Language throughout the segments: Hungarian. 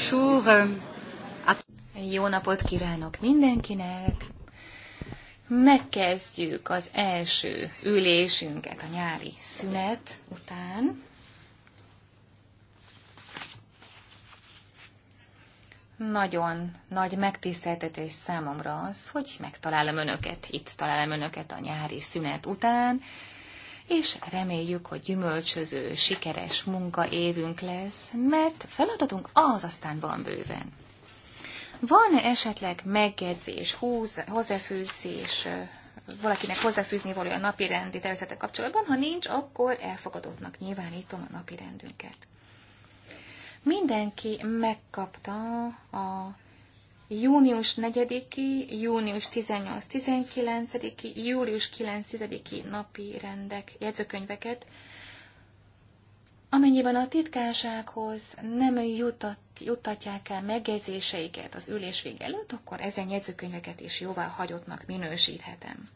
Bonjour. Jó napot kívánok mindenkinek! Megkezdjük az első ülésünket a nyári szünet után. Nagyon nagy megtiszteltetés számomra az, hogy megtalálom önöket, itt találom önöket a nyári szünet után és reméljük, hogy gyümölcsöző, sikeres munka évünk lesz, mert feladatunk az aztán van bőven. Van-e esetleg megjegyzés, hozzáfűzés, valakinek hozzáfűzni való a napi rendi tervezete kapcsolatban? Ha nincs, akkor elfogadottnak nyilvánítom a napi rendünket. Mindenki megkapta a június 4-i, június 18-19-i, július 9-i napi rendek, jegyzőkönyveket, amennyiben a titkársághoz nem jutat, jutatják el megjegyzéseiket az ülés vége előtt, akkor ezen jegyzőkönyveket is jóvá hagyottnak minősíthetem.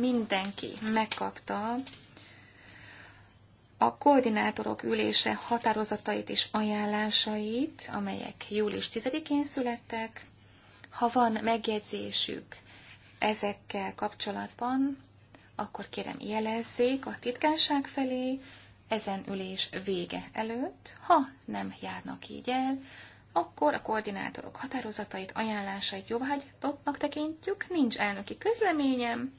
Mindenki megkapta a koordinátorok ülése határozatait és ajánlásait, amelyek július 10-én születtek. Ha van megjegyzésük ezekkel kapcsolatban, akkor kérem jelezzék a titkárság felé ezen ülés vége előtt. Ha nem járnak így el, akkor a koordinátorok határozatait, ajánlásait jóvágyottnak tekintjük, nincs elnöki közleményem,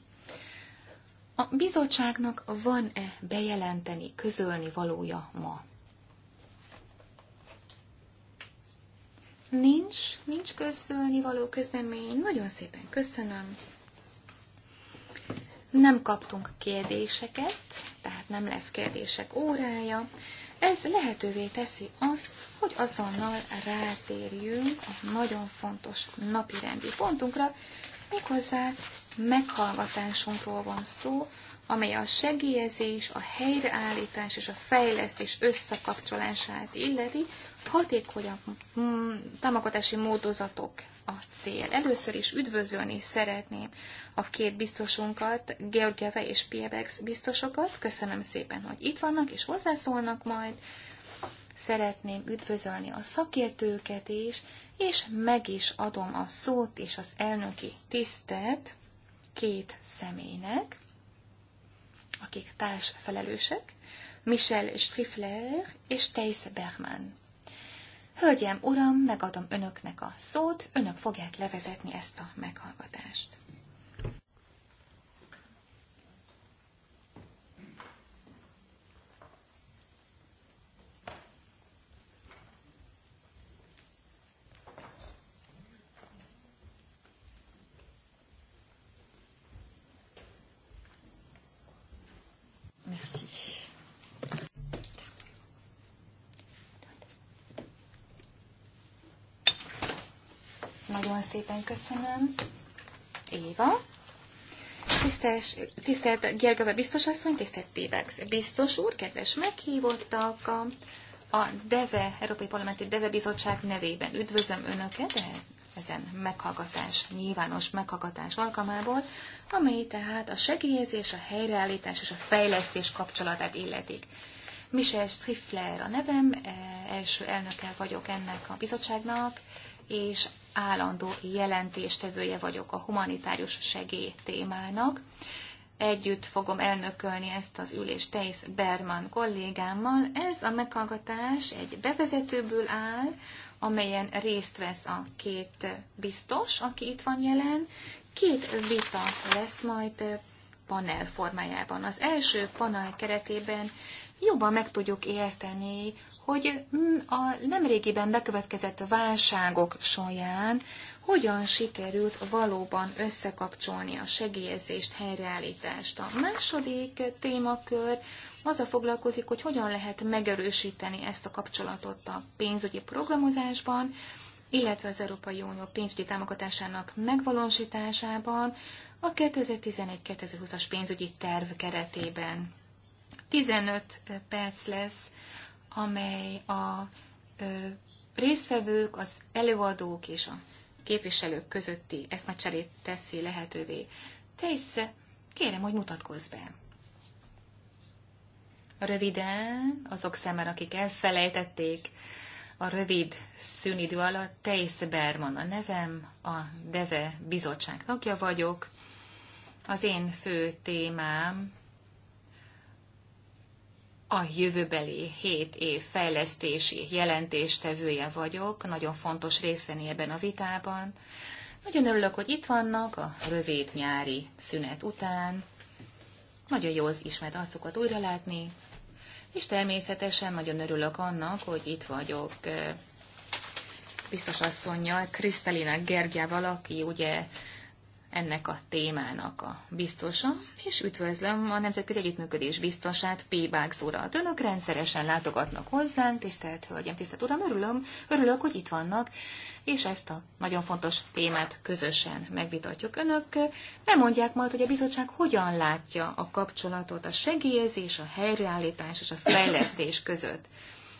a bizottságnak van-e bejelenteni, közölni valója ma? Nincs, nincs közölni való közlemény. Nagyon szépen köszönöm. Nem kaptunk kérdéseket, tehát nem lesz kérdések órája. Ez lehetővé teszi azt, hogy azonnal rátérjünk a nagyon fontos napirendi pontunkra, méghozzá meghallgatásunkról van szó, amely a segélyezés, a helyreállítás és a fejlesztés összekapcsolását illeti, hatékonyabb mm, támogatási módozatok a cél. Először is üdvözölni szeretném a két biztosunkat, Georgieve és Piebex biztosokat. Köszönöm szépen, hogy itt vannak és hozzászólnak majd. Szeretném üdvözölni a szakértőket is, és meg is adom a szót és az elnöki tisztet két személynek, akik társ felelősek, Michel Strifler és Thais Bergman. Hölgyem, uram, megadom önöknek a szót, önök fogják levezetni ezt a meghallgatást. Merci. Nagyon szépen köszönöm. Éva. Tisztes, tisztelt Gergőbe biztos asszony, tisztelt Pébex biztos úr, kedves meghívottak a, a DEVE, Európai Parlamenti DEVE Bizottság nevében. Üdvözlöm Önöket, ezen meghallgatás, nyilvános meghallgatás alkalmából, amely tehát a segélyezés, a helyreállítás és a fejlesztés kapcsolatát illetik. Michel Striffler a nevem, e, első elnöke vagyok ennek a bizottságnak, és állandó jelentéstevője vagyok a humanitárius segély témának. Együtt fogom elnökölni ezt az ülést Teis Berman kollégámmal. Ez a meghallgatás egy bevezetőből áll, amelyen részt vesz a két biztos, aki itt van jelen. Két vita lesz majd panel formájában. Az első panel keretében jobban meg tudjuk érteni, hogy a nemrégiben bekövetkezett válságok során hogyan sikerült valóban összekapcsolni a segélyezést, helyreállítást. A második témakör azzal foglalkozik, hogy hogyan lehet megerősíteni ezt a kapcsolatot a pénzügyi programozásban, illetve az Európai Unió pénzügyi támogatásának megvalósításában a 2011-2020-as pénzügyi terv keretében. 15 perc lesz, amely a résztvevők, az előadók és a képviselők közötti eszmecserét teszi lehetővé. Te is, kérem, hogy mutatkozz be. Röviden, azok szemben, akik elfelejtették, a rövid szünidő alatt Tejsz Berman a nevem, a DEVE bizottság tagja vagyok. Az én fő témám a jövőbeli 7 év fejlesztési jelentéstevője vagyok, nagyon fontos részt venni ebben a vitában. Nagyon örülök, hogy itt vannak a rövid nyári szünet után. Nagyon jó az ismert arcokat újra látni, és természetesen nagyon örülök annak, hogy itt vagyok eh, biztos asszonynal, Krisztalina Gergyával, aki ugye ennek a témának a biztosa, és üdvözlöm a Nemzetközi Együttműködés biztosát, P. Bágz urat. Önök rendszeresen látogatnak hozzánk, tisztelt Hölgyem, tisztelt Uram, örülöm, örülök, hogy itt vannak, és ezt a nagyon fontos témát közösen megvitatjuk. Önök mondják majd, hogy a bizottság hogyan látja a kapcsolatot a segélyezés, a helyreállítás és a fejlesztés között,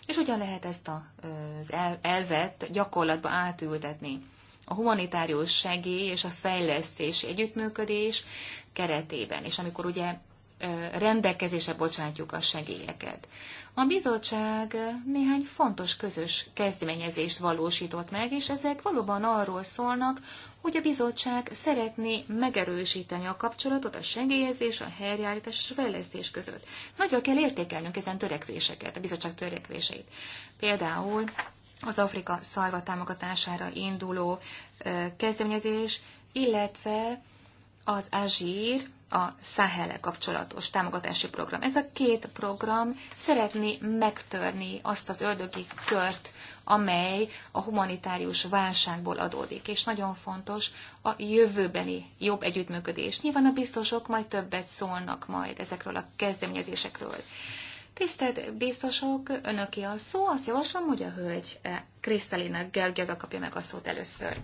és hogyan lehet ezt az elvet gyakorlatba átültetni a humanitárius segély és a fejlesztés együttműködés keretében, és amikor ugye rendelkezésre bocsátjuk a segélyeket. A bizottság néhány fontos közös kezdeményezést valósított meg, és ezek valóban arról szólnak, hogy a bizottság szeretné megerősíteni a kapcsolatot a segélyezés, a helyreállítás és a fejlesztés között. Nagyra kell értékelnünk ezen törekvéseket, a bizottság törekvéseit. Például az Afrika szarva támogatására induló kezdeményezés, illetve az Azsír, a Száhele kapcsolatos támogatási program. Ez a két program szeretné megtörni azt az ördögi kört, amely a humanitárius válságból adódik, és nagyon fontos a jövőbeni jobb együttműködés. Nyilván a biztosok majd többet szólnak majd ezekről a kezdeményezésekről. Tisztelt biztosok, önöki a szó, azt javaslom, hogy a hölgy eh, Krisztalina Gergyaga kapja meg a szót először.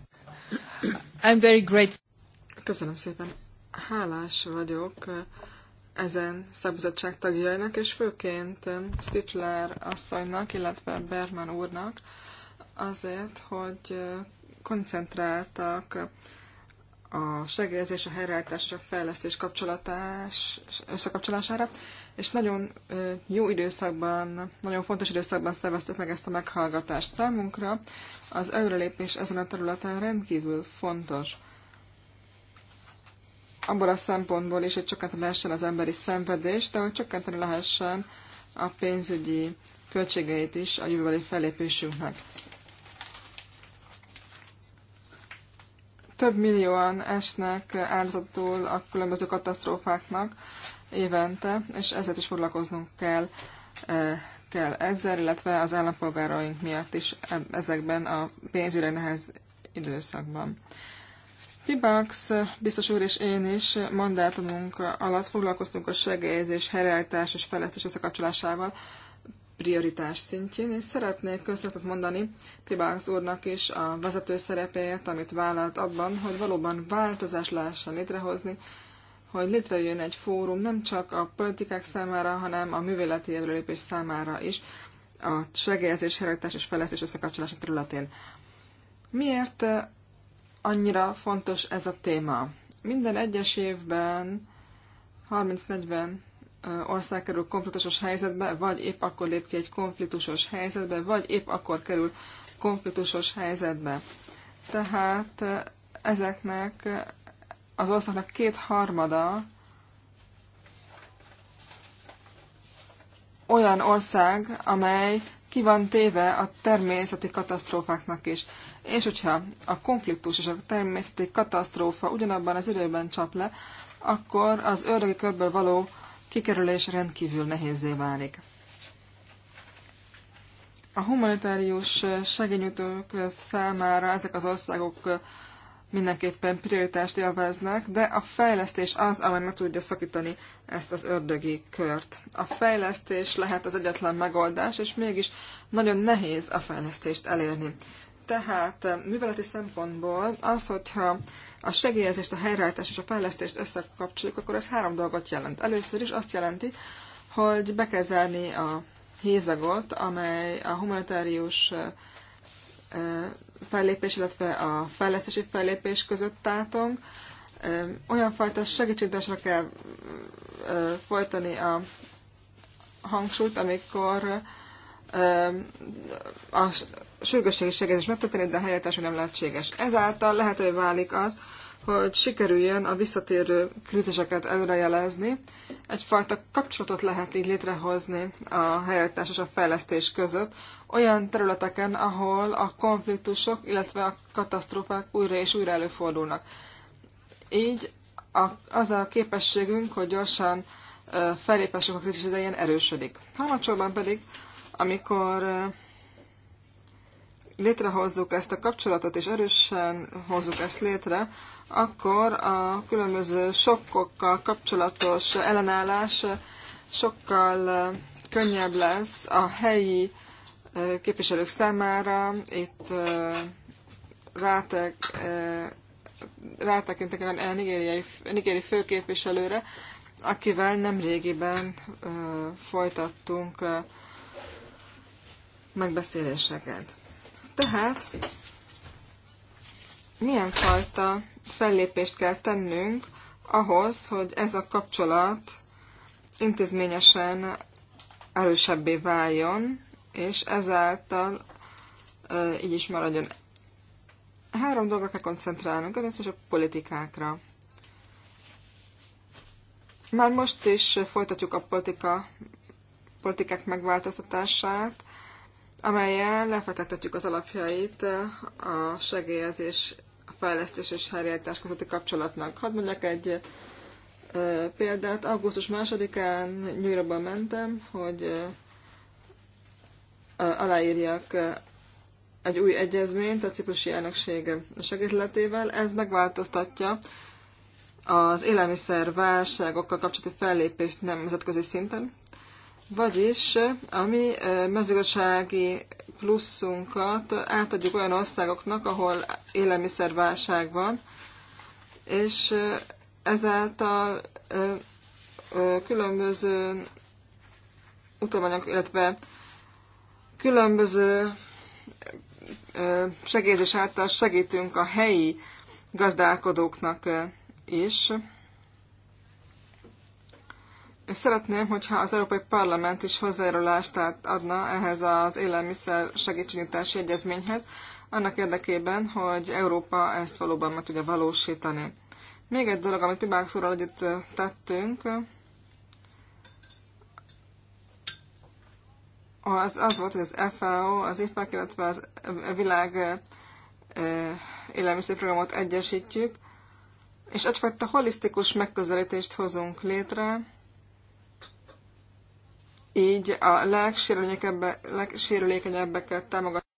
I'm very grateful. Köszönöm szépen. Hálás vagyok eh, ezen szakbizottság tagjainak, és főként eh, Stifler asszonynak, illetve Berman úrnak, azért, hogy koncentráltak a segélyezés, a helyreállítás, a fejlesztés kapcsolatás, összekapcsolására, és nagyon jó időszakban, nagyon fontos időszakban szerveztük meg ezt a meghallgatást számunkra. Az előrelépés ezen a területen rendkívül fontos. Abból a szempontból is, hogy csökkenteni lehessen az emberi szenvedést, de hogy csökkenteni lehessen a pénzügyi költségeit is a jövőbeli fellépésünknek. Több millióan esnek áldozatul a különböző katasztrófáknak, évente, és ezért is foglalkoznunk kell, e, kell ezzel, illetve az állampolgáraink miatt is e, ezekben a pénzügyre nehez időszakban. Fibax biztos úr és én is mandátumunk alatt foglalkoztunk a segélyezés, helyreállítás és fejlesztés összekapcsolásával prioritás szintjén, és szeretnék köszönetet mondani Pibax úrnak is a vezető szerepéért, amit vállalt abban, hogy valóban változást lehessen létrehozni hogy létrejön egy fórum nem csak a politikák számára, hanem a műveleti előlépés számára is, a segélyezés, hereditás és fejlesztés összekapcsolása területén. Miért eh, annyira fontos ez a téma? Minden egyes évben 30-40 eh, ország kerül konfliktusos helyzetbe, vagy épp akkor lép ki egy konfliktusos helyzetbe, vagy épp akkor kerül konfliktusos helyzetbe. Tehát eh, ezeknek az országnak két harmada olyan ország, amely ki van téve a természeti katasztrófáknak is. És hogyha a konfliktus és a természeti katasztrófa ugyanabban az időben csap le, akkor az ördögi körből való kikerülés rendkívül nehézé válik. A humanitárius segényütők számára ezek az országok mindenképpen prioritást élveznek, de a fejlesztés az, amely meg tudja szakítani ezt az ördögi kört. A fejlesztés lehet az egyetlen megoldás, és mégis nagyon nehéz a fejlesztést elérni. Tehát eh, műveleti szempontból az, hogyha a segélyezést, a helyreállítást és a fejlesztést összekapcsoljuk, akkor ez három dolgot jelent. Először is azt jelenti, hogy be kell zárni a hézagot, amely a humanitárius eh, eh, fellépés, illetve a fejlesztési fellépés között tátong. Olyan fajta segítségdásra kell folytani a hangsúlyt, amikor a sürgősségi segítés megtörténik, de a nem lehetséges. Ezáltal lehetővé válik az, hogy sikerüljön a visszatérő kríziseket előrejelezni. Egyfajta kapcsolatot lehet így létrehozni a helyettes és a fejlesztés között, olyan területeken, ahol a konfliktusok, illetve a katasztrófák újra és újra előfordulnak. Így a, az a képességünk, hogy gyorsan felépessünk a krízis idején erősödik. Harmadsorban pedig, amikor létrehozzuk ezt a kapcsolatot, és erősen hozzuk ezt létre, akkor a különböző sokkokkal kapcsolatos ellenállás sokkal könnyebb lesz a helyi képviselők számára. Itt rátek, rátekintek a nigériai, nigéri főképviselőre, akivel nem régiben folytattunk megbeszéléseket. Tehát milyen fajta fellépést kell tennünk ahhoz, hogy ez a kapcsolat intézményesen erősebbé váljon, és ezáltal e, így is maradjon. Három dologra kell koncentrálnunk, először is a politikákra. Már most is folytatjuk a politika, politikák megváltoztatását, amelyen lefektetjük az alapjait a segélyezés, a fejlesztés és helyreállítás közötti kapcsolatnak. Hadd mondjak egy példát. Augusztus másodikán Nyújraban mentem, hogy aláírjak egy új egyezményt a ciprusi elnökség segítletével. Ez megváltoztatja az élelmiszer válságokkal kapcsolatos fellépést nemzetközi szinten, vagyis a mi mezőgazdasági pluszunkat átadjuk olyan országoknak, ahol élelmiszerválság van, és ezáltal különböző utalványok, illetve Különböző segélyezés által segítünk a helyi gazdálkodóknak is. És szeretném, hogyha az Európai Parlament is hozzájárulást adna ehhez az élelmiszer segítségnyújtási egyezményhez, annak érdekében, hogy Európa ezt valóban meg tudja valósítani. Még egy dolog, amit Pibák szóral együtt tettünk, az, az volt, hogy az FAO, az IFAK, illetve az, a e, világ e, e, élelmiszerprogramot egyesítjük, és egyfajta holisztikus megközelítést hozunk létre, így a legsérülékenyebbeket támogatjuk.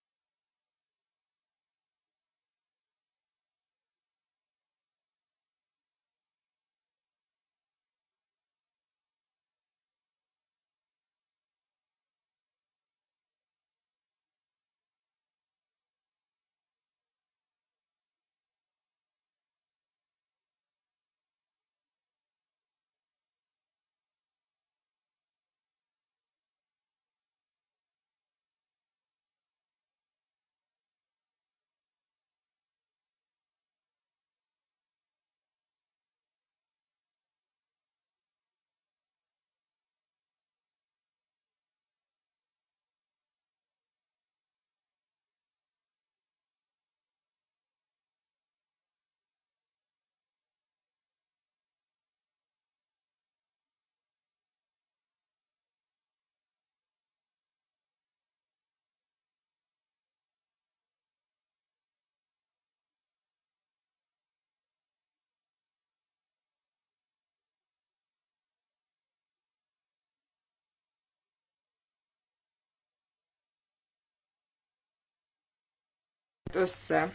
össze.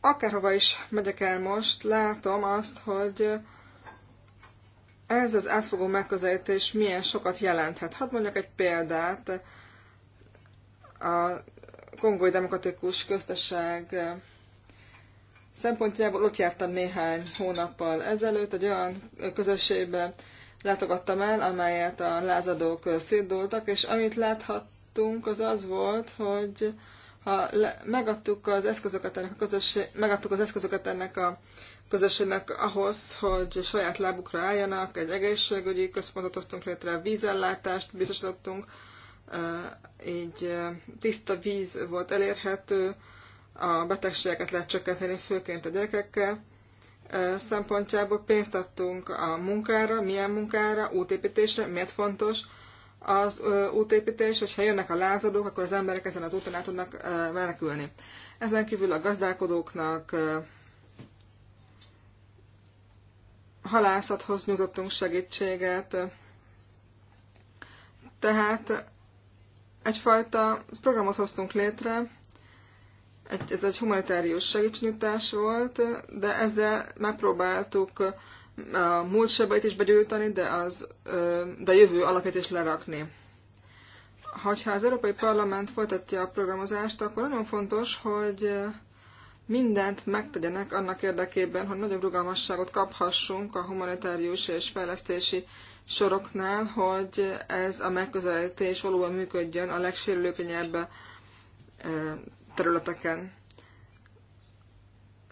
Akárhova is megyek el most, látom azt, hogy ez az átfogó megközelítés milyen sokat jelenthet. Hadd mondjak egy példát. A Kongói Demokratikus Köztesség szempontjából ott jártam néhány hónappal ezelőtt, egy olyan közösségbe látogattam el, amelyet a lázadók szétdoltak, és amit láthat, láttunk, az az volt, hogy ha le, megadtuk az eszközöket ennek a közösség, megadtuk az eszközöket ennek a közösségnek ahhoz, hogy saját lábukra álljanak, egy egészségügyi központot hoztunk létre, vízellátást biztosítottunk, így tiszta víz volt elérhető, a betegségeket lehet csökkenteni, főként a gyerekekkel szempontjából pénzt adtunk a munkára, milyen munkára, útépítésre, miért fontos, az útépítés, hogyha jönnek a lázadók, akkor az emberek ezen az úton át tudnak menekülni. Ezen kívül a gazdálkodóknak halászathoz nyújtottunk segítséget, tehát egyfajta programot hoztunk létre, egy, ez egy humanitárius segítségnyújtás volt, de ezzel megpróbáltuk a múlt sebeit is begyűjteni, de, az, de a jövő alapját is lerakni. Hogyha az Európai Parlament folytatja a programozást, akkor nagyon fontos, hogy mindent megtegyenek annak érdekében, hogy nagyobb rugalmasságot kaphassunk a humanitárius és fejlesztési soroknál, hogy ez a megközelítés valóban működjön a legsérülékenyebb területeken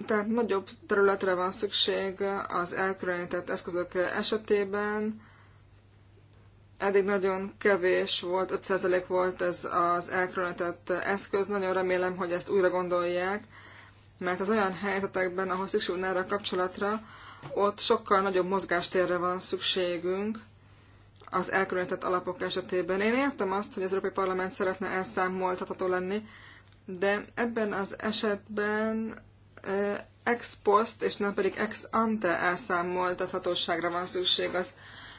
tehát nagyobb területre van szükség az elkülönített eszközök esetében. Eddig nagyon kevés volt, 5% volt ez az elkülönített eszköz. Nagyon remélem, hogy ezt újra gondolják, mert az olyan helyzetekben, ahol szükség van erre a kapcsolatra, ott sokkal nagyobb mozgástérre van szükségünk az elkülönített alapok esetében. Én értem azt, hogy az Európai Parlament szeretne elszámoltatható lenni, de ebben az esetben ex post és nem pedig ex ante elszámoltathatóságra van szükség. Az,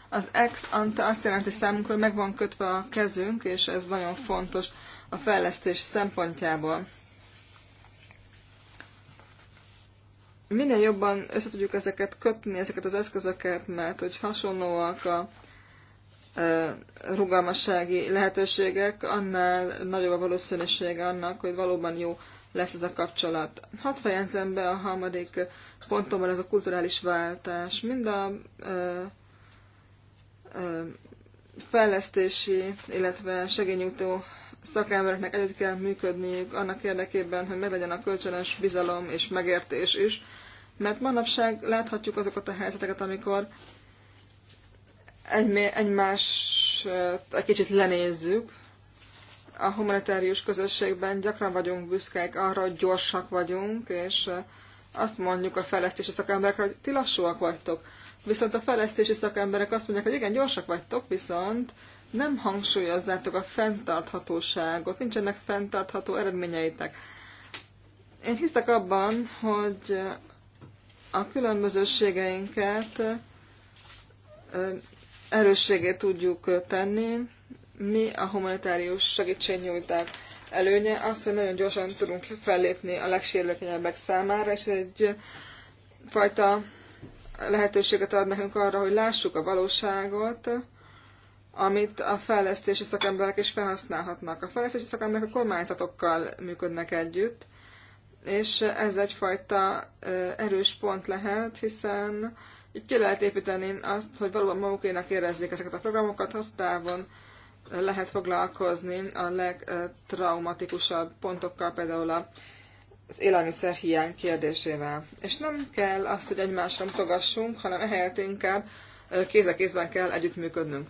az ex ante azt jelenti számunkra, hogy meg van kötve a kezünk, és ez nagyon fontos a fejlesztés szempontjából. Minél jobban össze tudjuk ezeket kötni, ezeket az eszközöket, mert hogy hasonlóak a rugalmassági lehetőségek, annál nagyobb a valószínűsége annak, hogy valóban jó lesz ez a kapcsolat. Hadd fejezzem be a harmadik pontomban ez a kulturális váltás. Mind a ö, ö, fejlesztési, illetve segényújtó szakembereknek együtt kell működniük annak érdekében, hogy meglegyen a kölcsönös bizalom és megértés is. Mert manapság láthatjuk azokat a helyzeteket, amikor egymást egy kicsit lenézzük, a humanitárius közösségben gyakran vagyunk büszkék arra, hogy gyorsak vagyunk, és azt mondjuk a fejlesztési szakemberek: hogy ti lassúak vagytok. Viszont a fejlesztési szakemberek azt mondják, hogy igen, gyorsak vagytok, viszont nem hangsúlyozzátok a fenntarthatóságot, nincsenek fenntartható eredményeitek. Én hiszek abban, hogy a különbözőségeinket erősségét tudjuk tenni, mi a humanitárius segítségnyújtás előnye az, hogy nagyon gyorsan tudunk fellépni a legsérülékenyebbek számára, és egy fajta lehetőséget ad nekünk arra, hogy lássuk a valóságot, amit a fejlesztési szakemberek is felhasználhatnak. A fejlesztési szakemberek a kormányzatokkal működnek együtt, és ez egyfajta erős pont lehet, hiszen így ki lehet építeni azt, hogy valóban magukénak érezzék ezeket a programokat, hosszú lehet foglalkozni a legtraumatikusabb pontokkal, például az hiány kérdésével. És nem kell azt, hogy egymásra mutogassunk, hanem ehelyett inkább kéz a kézben kell együttműködnünk.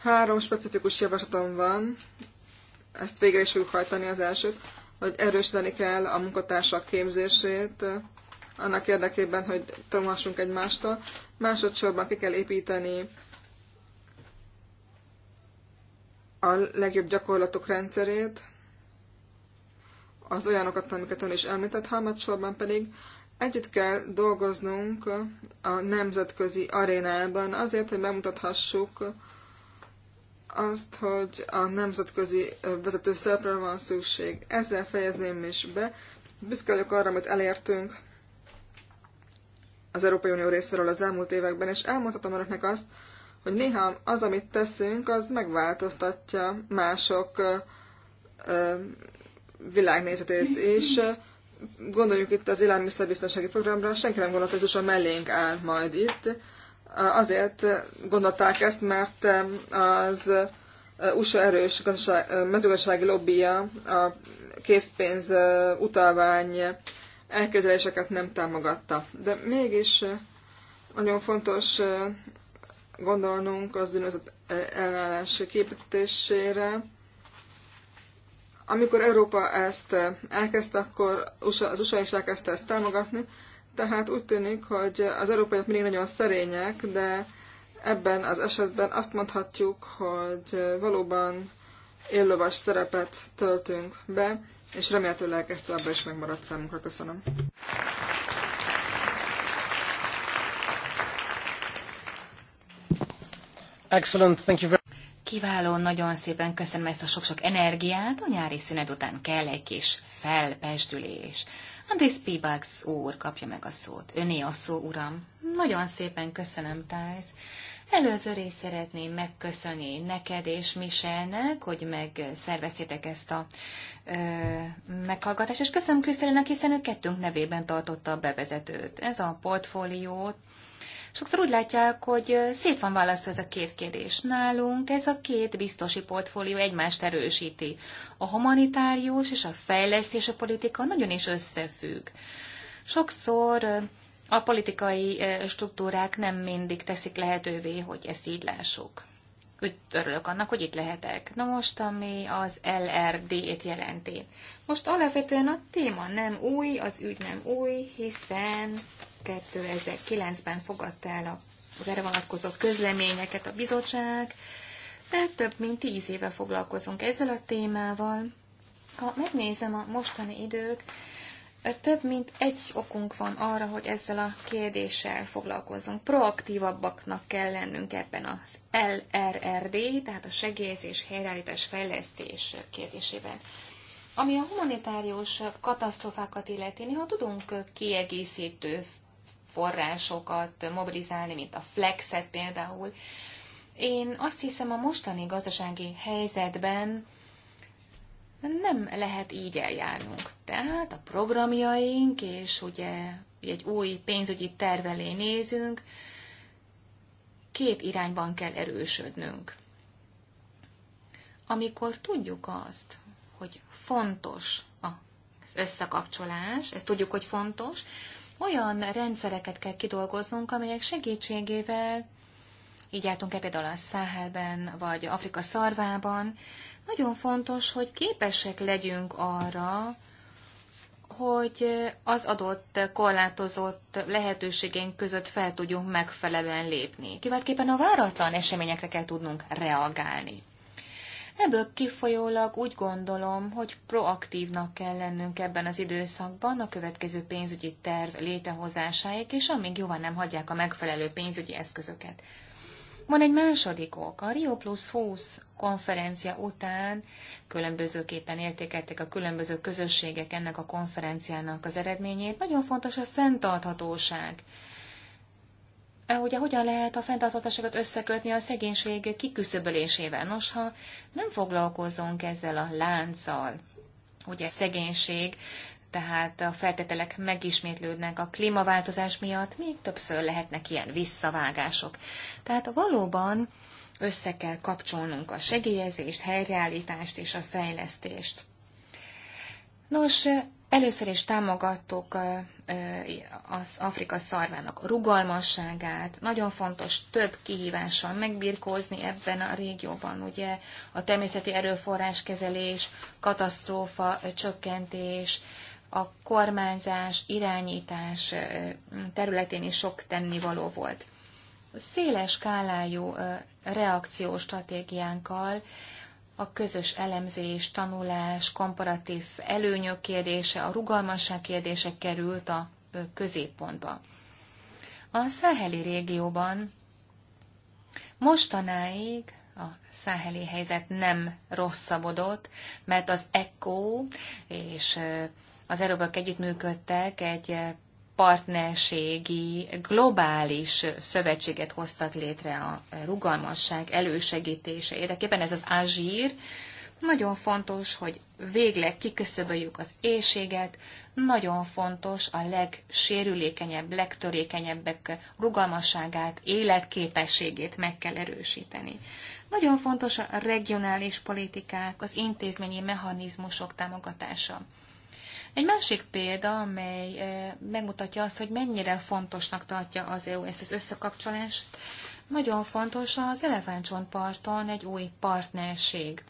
Három specifikus javaslatom van, ezt végre is fogjuk hajtani az elsőt, hogy erősíteni kell a munkatársak képzését, annak érdekében, hogy tanulhassunk egymástól. Másodszorban ki kell építeni a legjobb gyakorlatok rendszerét, az olyanokat, amiket ön is említett, harmadsorban pedig együtt kell dolgoznunk a nemzetközi arénában azért, hogy bemutathassuk azt, hogy a nemzetközi vezető szerepre van szükség. Ezzel fejezném is be. Büszke vagyok arra, amit elértünk az Európai Unió részéről az elmúlt években, és elmondhatom önöknek azt, hogy néha az, amit teszünk, az megváltoztatja mások világnézetét is. Gondoljuk itt az élelmiszerbiztonsági programra, senki nem gondolta, hogy a mellénk áll majd itt. Azért gondolták ezt, mert az USA erős mezőgazdasági lobbija a készpénz utalvány elképzeléseket nem támogatta. De mégis nagyon fontos gondolnunk az gyűlölet ellenállás képítésére. Amikor Európa ezt elkezdte, akkor az USA is elkezdte ezt támogatni, tehát úgy tűnik, hogy az európaiak mindig nagyon szerények, de ebben az esetben azt mondhatjuk, hogy valóban éllovas szerepet töltünk be, és remélhetőleg ezt továbbra is megmarad számunkra. Köszönöm. Excellent, thank you very Kiváló, nagyon szépen köszönöm ezt a sok-sok energiát. A nyári szünet után kell egy kis felpesdülés. Andrész Pibax úr kapja meg a szót. Öné a szó, uram. Nagyon szépen köszönöm, Tájsz. Előző is szeretném megköszönni neked és Michelnek, hogy megszerveztétek ezt a ö, meghallgatást, és köszönöm Krisztelinek, hiszen ő kettőnk nevében tartotta a bevezetőt. Ez a portfólió Sokszor úgy látják, hogy szét van választva ez a két kérdés. Nálunk ez a két biztosi portfólió egymást erősíti. A humanitárius és a fejlesztési politika nagyon is összefügg. Sokszor a politikai struktúrák nem mindig teszik lehetővé, hogy ezt így lássuk. Úgy örülök annak, hogy itt lehetek. Na most, ami az LRD-t jelenti. Most alapvetően a téma nem új, az ügy nem új, hiszen 2009-ben fogadta el az erre vonatkozó közleményeket a bizottság, de több mint tíz éve foglalkozunk ezzel a témával. Ha megnézem a mostani idők, több mint egy okunk van arra, hogy ezzel a kérdéssel foglalkozunk. Proaktívabbaknak kell lennünk ebben az LRRD, tehát a segélyezés, helyreállítás, fejlesztés kérdésében. Ami a humanitárius katasztrofákat illeti, ha tudunk kiegészítő forrásokat mobilizálni, mint a flexet például. Én azt hiszem, a mostani gazdasági helyzetben nem lehet így eljárnunk. Tehát a programjaink, és ugye egy új pénzügyi tervelé nézünk, két irányban kell erősödnünk. Amikor tudjuk azt, hogy fontos az összekapcsolás, ezt tudjuk, hogy fontos, olyan rendszereket kell kidolgoznunk, amelyek segítségével, így jártunk -e például a Száhelben, vagy Afrika szarvában, nagyon fontos, hogy képesek legyünk arra, hogy az adott korlátozott lehetőségénk között fel tudjunk megfelelően lépni. Kiváltképpen a váratlan eseményekre kell tudnunk reagálni. Ebből kifolyólag úgy gondolom, hogy proaktívnak kell lennünk ebben az időszakban a következő pénzügyi terv létehozásáig és amíg jóval nem hagyják a megfelelő pénzügyi eszközöket. Van egy második ok, a Rio Plus 20 konferencia után különbözőképpen értékelték a különböző közösségek ennek a konferenciának az eredményét. Nagyon fontos a fenntarthatóság ugye hogyan lehet a fenntarthatóságot összekötni a szegénység kiküszöbölésével. Nos, ha nem foglalkozunk ezzel a lánccal, hogy a szegénység, tehát a feltételek megismétlődnek a klímaváltozás miatt, még többször lehetnek ilyen visszavágások. Tehát valóban össze kell kapcsolnunk a segélyezést, helyreállítást és a fejlesztést. Nos, Először is támogattuk az Afrika szarvának rugalmasságát. Nagyon fontos több kihívással megbirkózni ebben a régióban, ugye a természeti erőforrás kezelés, katasztrófa csökkentés, a kormányzás, irányítás területén is sok tennivaló volt. Széles skálájú reakciós stratégiánkkal a közös elemzés, tanulás, komparatív előnyök kérdése, a rugalmasság kérdése került a középpontba. A száheli régióban mostanáig a száheli helyzet nem rosszabbodott, mert az ECO és az erőbök együttműködtek egy partnerségi, globális szövetséget hoztak létre a rugalmasság elősegítése érdekében. Ez az Azsír. Nagyon fontos, hogy végleg kiköszöböljük az éjséget, nagyon fontos a legsérülékenyebb, legtörékenyebbek rugalmasságát, életképességét meg kell erősíteni. Nagyon fontos a regionális politikák, az intézményi mechanizmusok támogatása. Egy másik példa, amely eh, megmutatja azt, hogy mennyire fontosnak tartja az EU ezt az összekapcsolást, nagyon fontos az elefántcsontparton egy új partnerség.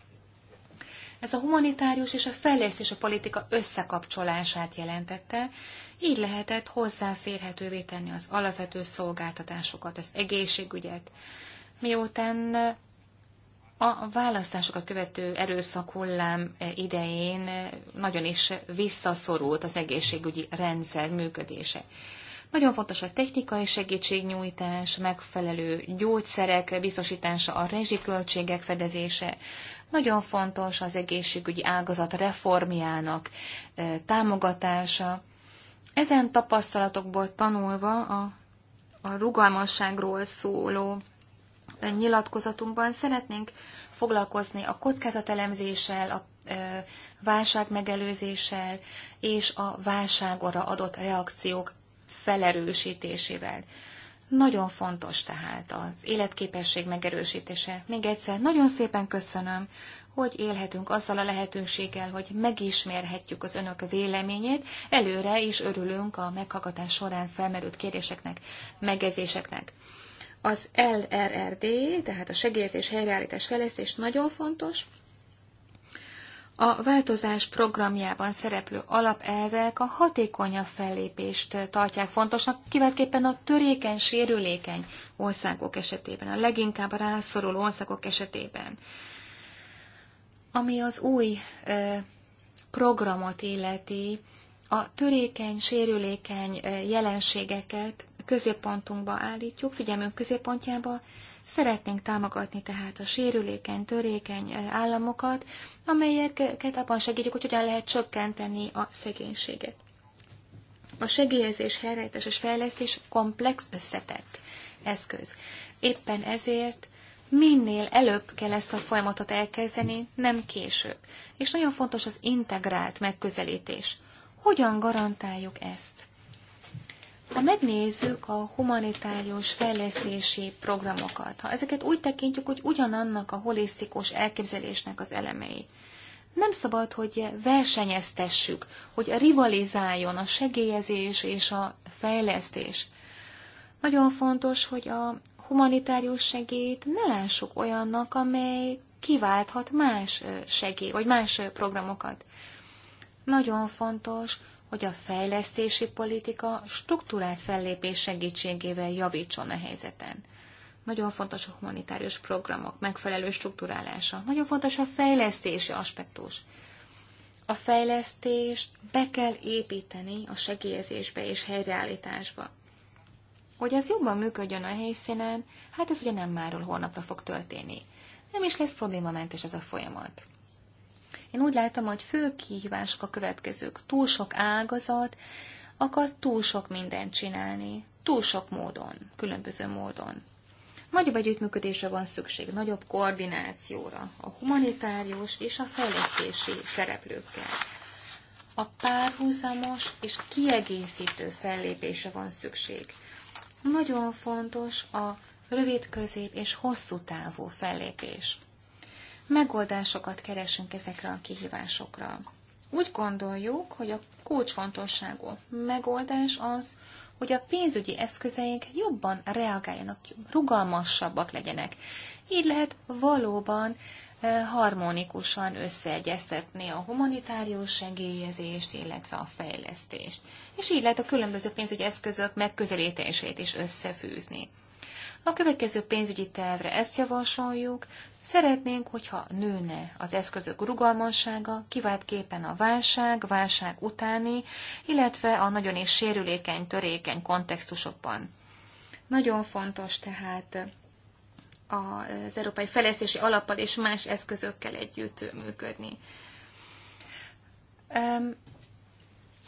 Ez a humanitárius és a fejlesztés a politika összekapcsolását jelentette, így lehetett hozzáférhetővé tenni az alapvető szolgáltatásokat, az egészségügyet. Miután a választásokat követő erőszak hullám idején nagyon is visszaszorult az egészségügyi rendszer működése. Nagyon fontos a technikai segítségnyújtás, megfelelő gyógyszerek biztosítása, a rezsiköltségek fedezése. Nagyon fontos az egészségügyi ágazat reformjának támogatása. Ezen tapasztalatokból tanulva a, a rugalmasságról szóló nyilatkozatunkban szeretnénk foglalkozni a kockázatelemzéssel, a válság megelőzéssel és a válságora adott reakciók felerősítésével. Nagyon fontos tehát az életképesség megerősítése. Még egyszer nagyon szépen köszönöm, hogy élhetünk azzal a lehetőséggel, hogy megismerhetjük az önök véleményét, előre is örülünk a meghallgatás során felmerült kérdéseknek, megezéseknek. Az LRRD, tehát a segélyezés, helyreállítás, fejlesztés nagyon fontos. A változás programjában szereplő alapelvek a hatékonyabb fellépést tartják fontosnak, kiváltképpen a törékeny, sérülékeny országok esetében, a leginkább rászoruló országok esetében. Ami az új ö, programot illeti, a törékeny, sérülékeny jelenségeket középpontunkba állítjuk, figyelmünk középpontjába, szeretnénk támogatni tehát a sérülékeny, törékeny eh, államokat, amelyeket abban segítjük, hogy hogyan lehet csökkenteni a szegénységet. A segélyezés, helyrejtés és fejlesztés komplex összetett eszköz. Éppen ezért minél előbb kell ezt a folyamatot elkezdeni, nem később. És nagyon fontos az integrált megközelítés. Hogyan garantáljuk ezt? Ha megnézzük a humanitárius fejlesztési programokat, ha ezeket úgy tekintjük, hogy ugyanannak a holisztikus elképzelésnek az elemei, nem szabad, hogy versenyeztessük, hogy rivalizáljon a segélyezés és a fejlesztés. Nagyon fontos, hogy a humanitárius segélyt ne lássuk olyannak, amely kiválthat más segély, vagy más programokat. Nagyon fontos, hogy a fejlesztési politika struktúrált fellépés segítségével javítson a helyzeten. Nagyon fontos a humanitárius programok megfelelő struktúrálása. Nagyon fontos a fejlesztési aspektus. A fejlesztést be kell építeni a segélyezésbe és helyreállításba. Hogy ez jobban működjön a helyszínen, hát ez ugye nem máról holnapra fog történni. Nem is lesz problémamentes ez a folyamat. Én úgy látom, hogy fő kihívások a következők. Túl sok ágazat, akar túl sok mindent csinálni, túl sok módon, különböző módon. Nagyobb együttműködésre van szükség, nagyobb koordinációra a humanitárius és a fejlesztési szereplőkkel. A párhuzamos és kiegészítő fellépése van szükség. Nagyon fontos a rövid, közép és hosszú távú fellépés megoldásokat keresünk ezekre a kihívásokra. Úgy gondoljuk, hogy a kulcsfontosságú megoldás az, hogy a pénzügyi eszközeink jobban reagáljanak, rugalmasabbak legyenek. Így lehet valóban eh, harmonikusan összeegyeztetni a humanitárius segélyezést, illetve a fejlesztést. És így lehet a különböző pénzügyi eszközök megközelítését is összefűzni. A következő pénzügyi tervre ezt javasoljuk, szeretnénk, hogyha nőne az eszközök rugalmassága, kiváltképpen a válság, válság utáni, illetve a nagyon is sérülékeny, törékeny kontextusokban. Nagyon fontos tehát az Európai Fejlesztési Alappal és más eszközökkel együtt működni.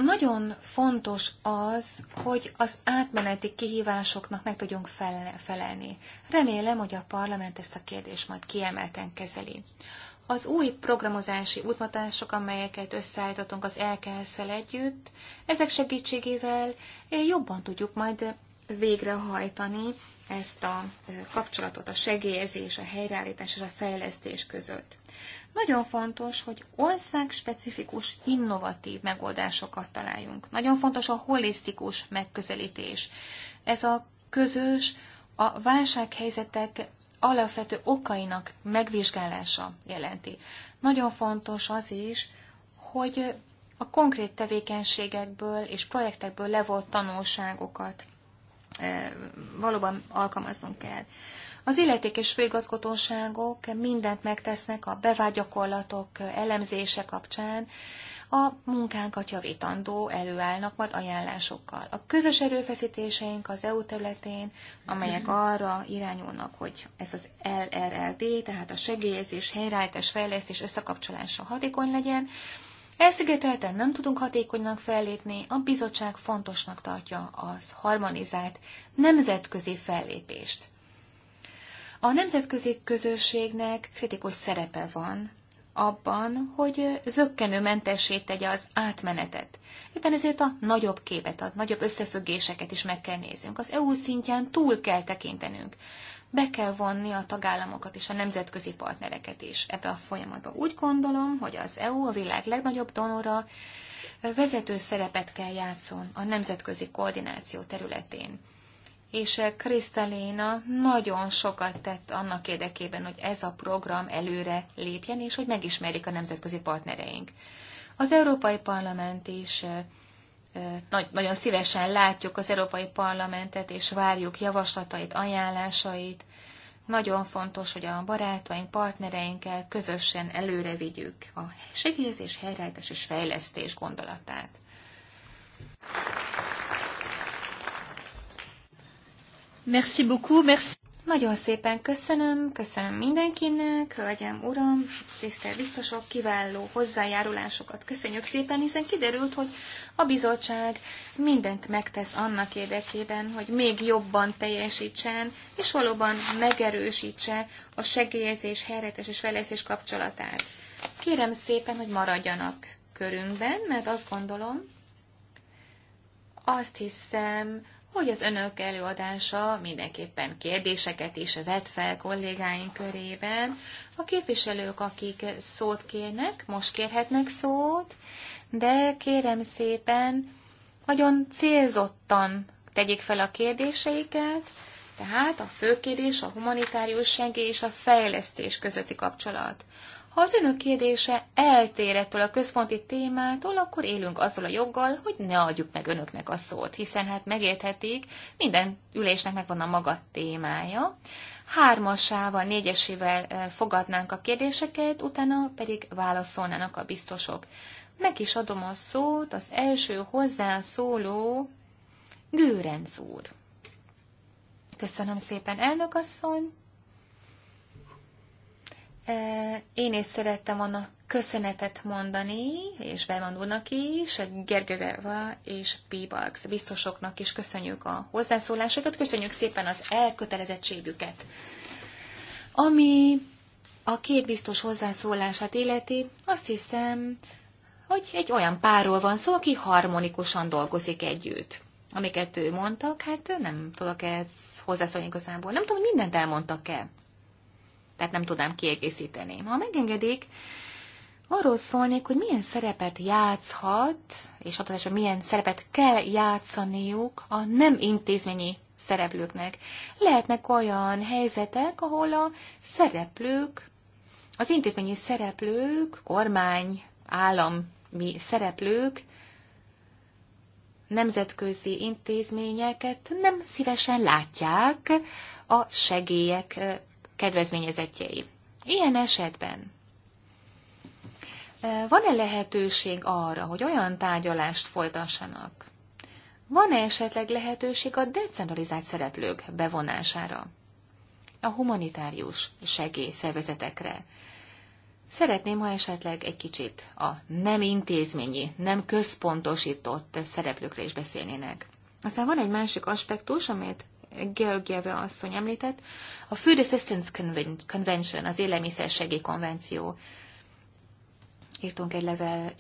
Nagyon fontos az, hogy az átmeneti kihívásoknak meg tudjunk felelni. Remélem, hogy a parlament ezt a kérdést majd kiemelten kezeli. Az új programozási útmatások, amelyeket összeállítottunk az lks együtt, ezek segítségével jobban tudjuk majd végrehajtani ezt a kapcsolatot, a segélyezés, a helyreállítás és a fejlesztés között. Nagyon fontos, hogy országspecifikus, innovatív megoldásokat találjunk. Nagyon fontos a holisztikus megközelítés. Ez a közös, a válsághelyzetek alapvető okainak megvizsgálása jelenti. Nagyon fontos az is, hogy a konkrét tevékenységekből és projektekből levolt tanulságokat eh, valóban alkalmazunk el. Az és főigazgatóságok mindent megtesznek a bevágyakorlatok elemzése kapcsán, a munkánkat javítandó előállnak majd ajánlásokkal. A közös erőfeszítéseink az EU területén, amelyek arra irányulnak, hogy ez az LRLD, tehát a segélyezés, helyreállítás, fejlesztés összekapcsolása hatékony legyen, Elszigetelten nem tudunk hatékonynak fellépni, a bizottság fontosnak tartja az harmonizált nemzetközi fellépést. A nemzetközi közösségnek kritikus szerepe van abban, hogy zöggenőmentessé tegye az átmenetet. Éppen ezért a nagyobb képet, a nagyobb összefüggéseket is meg kell néznünk. Az EU szintján túl kell tekintenünk. Be kell vonni a tagállamokat és a nemzetközi partnereket is ebbe a folyamatba. Úgy gondolom, hogy az EU a világ legnagyobb donora vezető szerepet kell játszon a nemzetközi koordináció területén és eh, Kristalina nagyon sokat tett annak érdekében, hogy ez a program előre lépjen, és hogy megismerjék a nemzetközi partnereink. Az Európai Parlament is eh, eh, nagyon szívesen látjuk az Európai Parlamentet, és várjuk javaslatait, ajánlásait. Nagyon fontos, hogy a barátaink, partnereinkkel közösen előre vigyük a segélyezés, helyreállítás és fejlesztés gondolatát. Merci beaucoup, merci. Nagyon szépen köszönöm, köszönöm mindenkinek, hölgyem, uram, tisztelt biztosok, kiváló hozzájárulásokat köszönjük szépen, hiszen kiderült, hogy a bizottság mindent megtesz annak érdekében, hogy még jobban teljesítsen, és valóban megerősítse a segélyezés, helyretes és fejlesztés kapcsolatát. Kérem szépen, hogy maradjanak körünkben, mert azt gondolom, azt hiszem, hogy az önök előadása mindenképpen kérdéseket is vet fel kollégáink körében. A képviselők, akik szót kérnek, most kérhetnek szót, de kérem szépen, nagyon célzottan tegyék fel a kérdéseiket, tehát a fő kérdés a humanitárius segély és a fejlesztés közötti kapcsolat. Ha az önök kérdése eltér ettől a központi témától, akkor élünk azzal a joggal, hogy ne adjuk meg önöknek a szót, hiszen hát megérthetik, minden ülésnek megvan a maga témája. Hármasával, négyesével eh, fogadnánk a kérdéseket, utána pedig válaszolnának a biztosok. Meg is adom a szót az első hozzászóló Gőrenc úr. Köszönöm szépen, elnök asszony! Én is szerettem volna köszönetet mondani, és Belmondónak is, Gergőveva és Pibax biztosoknak is köszönjük a hozzászólásokat, köszönjük szépen az elkötelezettségüket. Ami a két biztos hozzászólását illeti, azt hiszem, hogy egy olyan párról van szó, aki harmonikusan dolgozik együtt. Amiket ő mondtak, hát nem tudok ez hozzászólni igazából. Nem tudom, hogy mindent elmondtak-e tehát nem tudnám kiegészíteni. Ha megengedik, arról szólnék, hogy milyen szerepet játszhat, és adott esetben milyen szerepet kell játszaniuk a nem intézményi szereplőknek. Lehetnek olyan helyzetek, ahol a szereplők, az intézményi szereplők, kormány, állami szereplők nemzetközi intézményeket nem szívesen látják a segélyek kedvezményezettjei. Ilyen esetben e, van-e lehetőség arra, hogy olyan tárgyalást folytassanak? Van-e esetleg lehetőség a decentralizált szereplők bevonására? A humanitárius segélyszervezetekre. Szeretném, ha esetleg egy kicsit a nem intézményi, nem központosított szereplőkre is beszélnének. Aztán van egy másik aspektus, amit Georgieva asszony említett, a Food Assistance Convention, az élelmiszersegély konvenció. Írtunk egy level,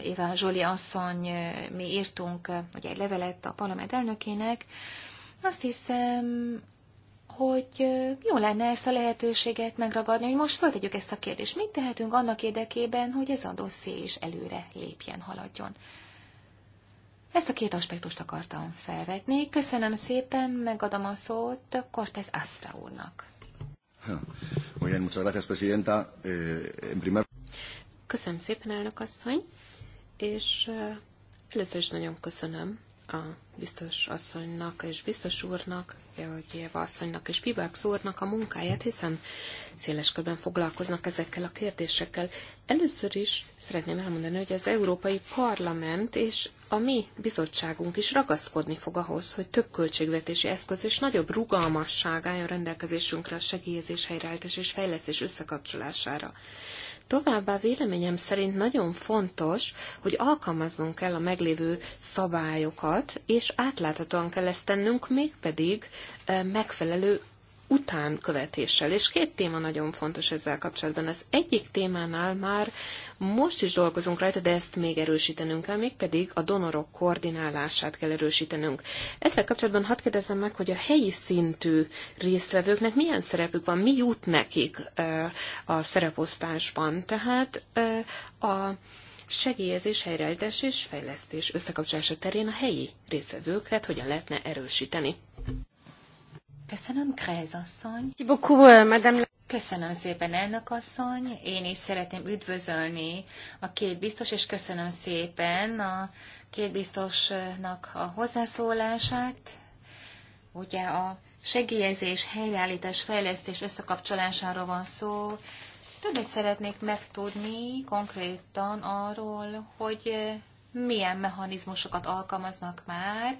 Éva Zsoli asszony, mi írtunk ugye egy levelet a parlament elnökének. Azt hiszem, hogy jó lenne ezt a lehetőséget megragadni, hogy most föltegyük ezt a kérdést. Mit tehetünk annak érdekében, hogy ez a dosszié is előre lépjen, haladjon? Ezt a két aspektust akartam felvetni. Köszönöm szépen, megadom a szót Cortez Astra úrnak. Eh, köszönöm szépen, elnök asszony, és eh, először is nagyon köszönöm a biztos asszonynak és biztos úrnak, Éva asszonynak és Pibax úrnak a munkáját, hiszen széles körben foglalkoznak ezekkel a kérdésekkel. Először is szeretném elmondani, hogy az Európai Parlament és a mi bizottságunk is ragaszkodni fog ahhoz, hogy több költségvetési eszköz és nagyobb rugalmasság álljon rendelkezésünkre a segélyezés, helyreállítás és fejlesztés összekapcsolására. Továbbá véleményem szerint nagyon fontos, hogy alkalmaznunk kell a meglévő szabályokat, és átláthatóan kell ezt tennünk, mégpedig eh, megfelelő utánkövetéssel. És két téma nagyon fontos ezzel kapcsolatban. Az egyik témánál már most is dolgozunk rajta, de ezt még erősítenünk kell, mégpedig a donorok koordinálását kell erősítenünk. Ezzel kapcsolatban hadd kérdezzem meg, hogy a helyi szintű résztvevőknek milyen szerepük van, mi jut nekik eh, a szereposztásban. Tehát eh, a segélyezés, helyreállítás és fejlesztés összekapcsolása terén a helyi résztvevőket hogyan lehetne erősíteni. Köszönöm, Krejz asszony. Euh, köszönöm szépen, elnök asszony. Én is szeretném üdvözölni a két biztos, és köszönöm szépen a két biztosnak a hozzászólását. Ugye a segélyezés, helyreállítás, fejlesztés összekapcsolásáról van szó. Többet szeretnék megtudni konkrétan arról, hogy milyen mechanizmusokat alkalmaznak már,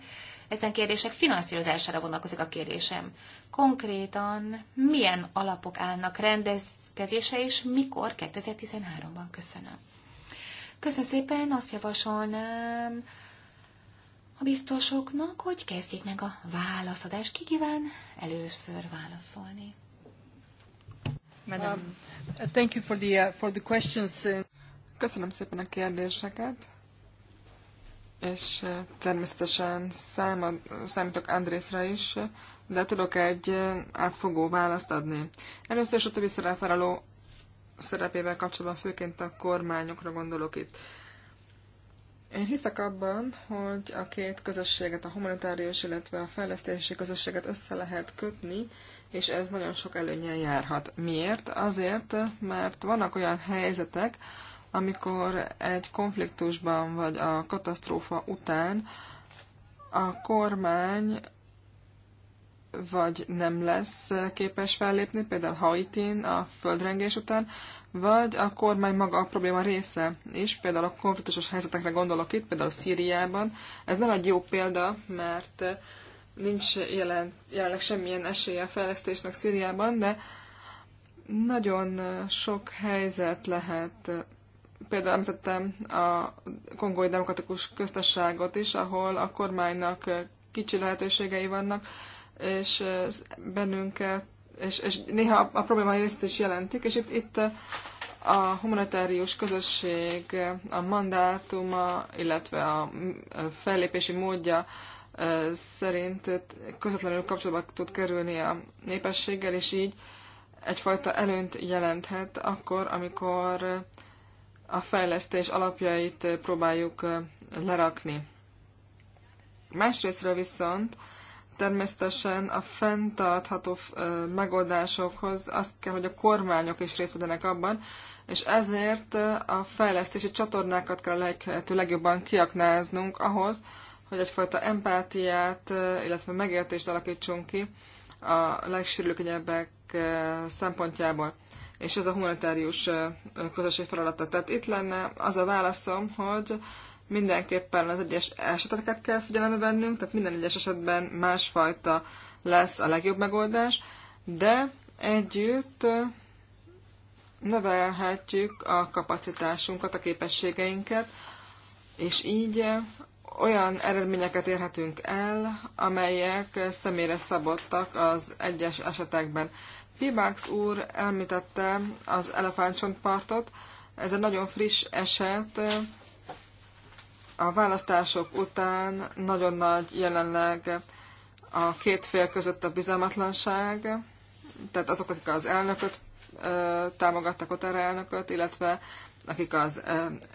ezen kérdések finanszírozására vonatkozik a kérdésem. Konkrétan milyen alapok állnak rendezkezése, és mikor 2013-ban? Köszönöm. Köszönöm szépen, azt javasolnám a biztosoknak, hogy kezdjék meg a válaszadást. Ki kíván először válaszolni? Madam. thank you for the, uh, for the questions. Köszönöm szépen a kérdéseket és természetesen számad, számítok Andrészra is, de tudok egy átfogó választ adni. Először is a többi szerepvállaló szerepével kapcsolatban főként a kormányokra gondolok itt. Én hiszek abban, hogy a két közösséget, a humanitárius, illetve a fejlesztési közösséget össze lehet kötni, és ez nagyon sok előnyel járhat. Miért? Azért, mert vannak olyan helyzetek, amikor egy konfliktusban vagy a katasztrófa után a kormány vagy nem lesz képes fellépni, például Haitin a földrengés után, vagy a kormány maga a probléma része is, például a konfliktusos helyzetekre gondolok itt, például Szíriában. Ez nem egy jó példa, mert nincs jelen, jelenleg semmilyen esélye a fejlesztésnek Szíriában, de nagyon sok helyzet lehet például említettem a Kongói Demokratikus Köztességot is, ahol a kormánynak eh, kicsi lehetőségei vannak, és eh, bennünket, és, és néha a problémai részét is jelentik, és itt, itt eh, a humanitárius közösség a mandátuma, illetve a fellépési módja szerint közvetlenül kapcsolatba tud kerülni a népességgel, és így egyfajta előnyt jelenthet akkor, amikor a fejlesztés alapjait eh, próbáljuk eh, lerakni. Másrésztről viszont természetesen a fenntartható eh, megoldásokhoz azt kell, hogy a kormányok is részt vegyenek abban, és ezért a fejlesztési csatornákat kell a lehető legjobban kiaknáznunk ahhoz, hogy egyfajta empátiát, illetve megértést alakítsunk ki a legsérülékenyebbek szempontjából és ez a humanitárius közösség feladata. Tehát itt lenne az a válaszom, hogy mindenképpen az egyes eseteket kell figyelembe vennünk, tehát minden egyes esetben másfajta lesz a legjobb megoldás, de együtt növelhetjük a kapacitásunkat, a képességeinket, és így olyan eredményeket érhetünk el, amelyek személyre szabottak az egyes esetekben. Pibax úr elmítette az elefántcsontpartot. Ez egy nagyon friss eset. A választások után nagyon nagy jelenleg a két fél között a bizalmatlanság, tehát azok, akik az elnököt támogatták, ott erre elnököt, illetve akik az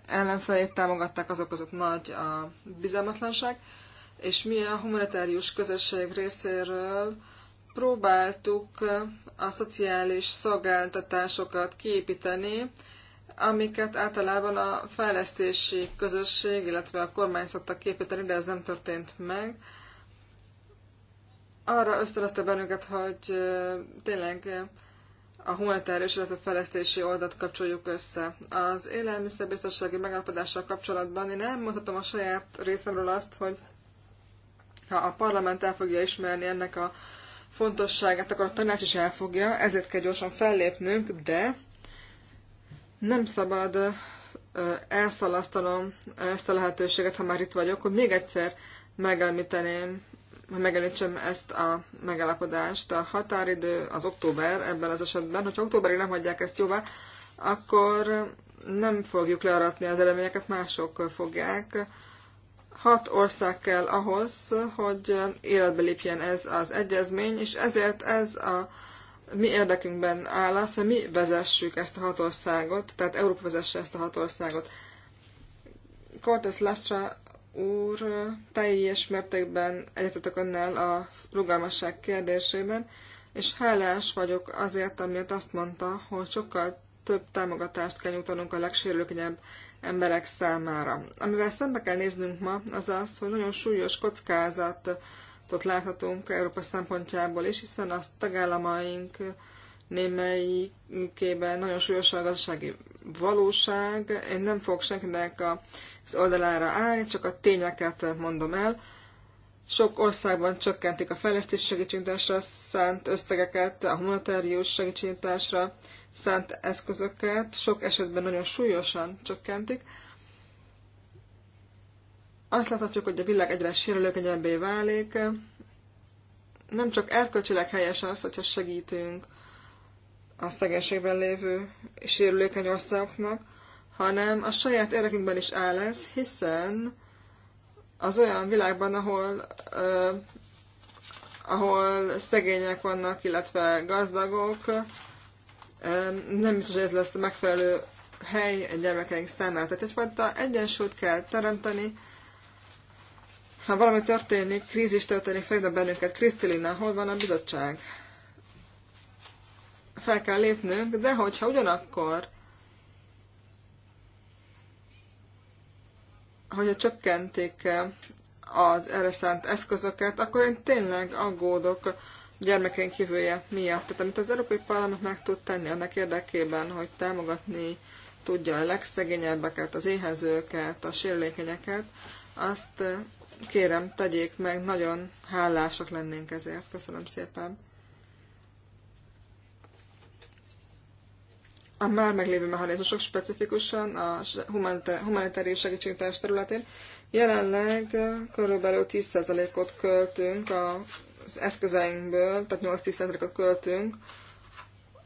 ellenfelét támogatták, azok között nagy a bizalmatlanság, és mi a humanitárius közösség részéről próbáltuk eh, a szociális szolgáltatásokat kiépíteni, amiket általában a fejlesztési közösség, illetve a kormány szokta képíteni, de ez nem történt meg. Arra ösztönözte bennünket, hogy eh, tényleg eh, a humanitárius, illetve a fejlesztési oldalt kapcsoljuk össze. Az élelmiszerbiztonsági megállapodással kapcsolatban én nem mondhatom a saját részemről azt, hogy ha a parlament el fogja ismerni ennek a fontosságát akkor a tanács is elfogja, ezért kell gyorsan fellépnünk, de nem szabad elszalasztanom ezt a lehetőséget, ha már itt vagyok, hogy még egyszer megelmíteném, megemlítsem ezt a megállapodást. A határidő az október ebben az esetben, hogyha októberig nem hagyják ezt jóvá, akkor nem fogjuk learatni az eleményeket, mások fogják Hat ország kell ahhoz, hogy életbe lépjen ez az egyezmény, és ezért ez a mi érdekünkben áll az, hogy mi vezessük ezt a hat országot, tehát Európa vezesse ezt a hat országot. Cortes Lastra úr teljes mértékben egyetetek önnel a rugalmasság kérdésében, és hálás vagyok azért, amiért azt mondta, hogy sokkal több támogatást kell nyújtanunk a legsérülékenyebb emberek számára. Amivel szembe kell néznünk ma, az az, hogy nagyon súlyos kockázatot láthatunk Európa szempontjából is, hiszen a tagállamaink némelyikében nagyon súlyos a gazdasági valóság. Én nem fogok senkinek az oldalára állni, csak a tényeket mondom el. Sok országban csökkentik a fejlesztési segítségnyújtásra szánt összegeket, a humanitárius segítségnyújtásra, szánt eszközöket sok esetben nagyon súlyosan csökkentik. Azt láthatjuk, hogy a világ egyre sérülőkenyebbé válik. Nem csak erkölcsileg helyes az, hogyha segítünk a szegénységben lévő sérülékeny országoknak, hanem a saját érdekünkben is áll ez, hiszen az olyan világban, ahol, uh, ahol szegények vannak, illetve gazdagok, nem biztos, hogy ez lesz a megfelelő hely a gyermekeink számára. Tehát egyfajta egyensúlyt kell teremteni. Ha valami történik, krízis történik, felhívnak bennünket. Krisztilina, hol van a bizottság? Fel kell lépnünk, de hogyha ugyanakkor hogyha csökkentik az erre szánt eszközöket, akkor én tényleg aggódok gyermekeink jövője miatt. Tehát amit az Európai Parlament meg tud tenni annak érdekében, hogy támogatni tudja a legszegényebbeket, az éhezőket, a sérülékenyeket, azt eh, kérem, tegyék meg, nagyon hálásak lennénk ezért. Köszönöm szépen. A már meglévő mechanizmusok specifikusan a humanitárius segítségtárs területén jelenleg eh, körülbelül 10%-ot költünk a az eszközeinkből, tehát 8-10%-ot költünk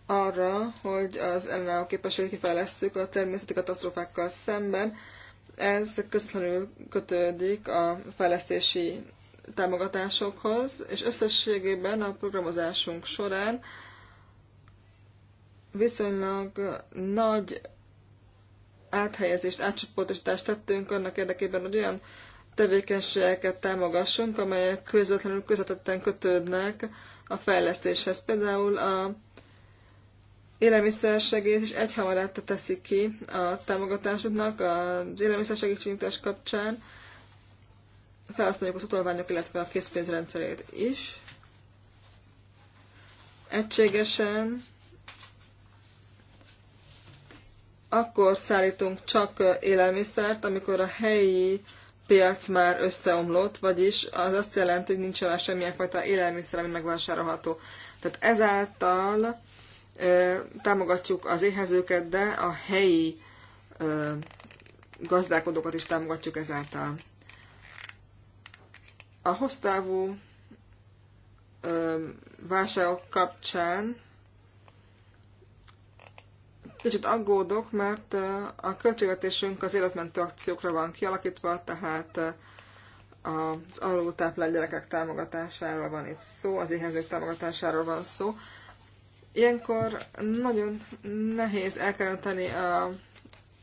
arra, hogy az ellenálló képességet kifejlesztjük a természeti katasztrófákkal szemben. Ez közvetlenül kötődik a fejlesztési támogatásokhoz, és összességében a programozásunk során viszonylag nagy áthelyezést, átcsoportosítást tettünk annak érdekében, hogy olyan tevékenységeket támogassunk, amelyek közvetlenül közvetetten kötődnek a fejlesztéshez. Például a élelmiszersegélyt is egy hamarát teszik ki a támogatásunknak az élelmiszersegítségnyújtás kapcsán. Felhasználjuk az utolványok, illetve a készpénzrendszerét is. Egységesen akkor szállítunk csak élelmiszert, amikor a helyi piac már összeomlott, vagyis az azt jelenti, hogy nincs már semmilyen fajta élelmiszer, ami megvásárolható. Tehát ezáltal ö, támogatjuk az éhezőket, de a helyi ö, gazdálkodókat is támogatjuk ezáltal. A hosszú távú kapcsán Kicsit aggódok, mert a költségvetésünk az életmentő akciókra van kialakítva, tehát az alultáplált gyerekek támogatásáról van itt szó, az éhezők támogatásáról van szó. Ilyenkor nagyon nehéz elkerülteni a,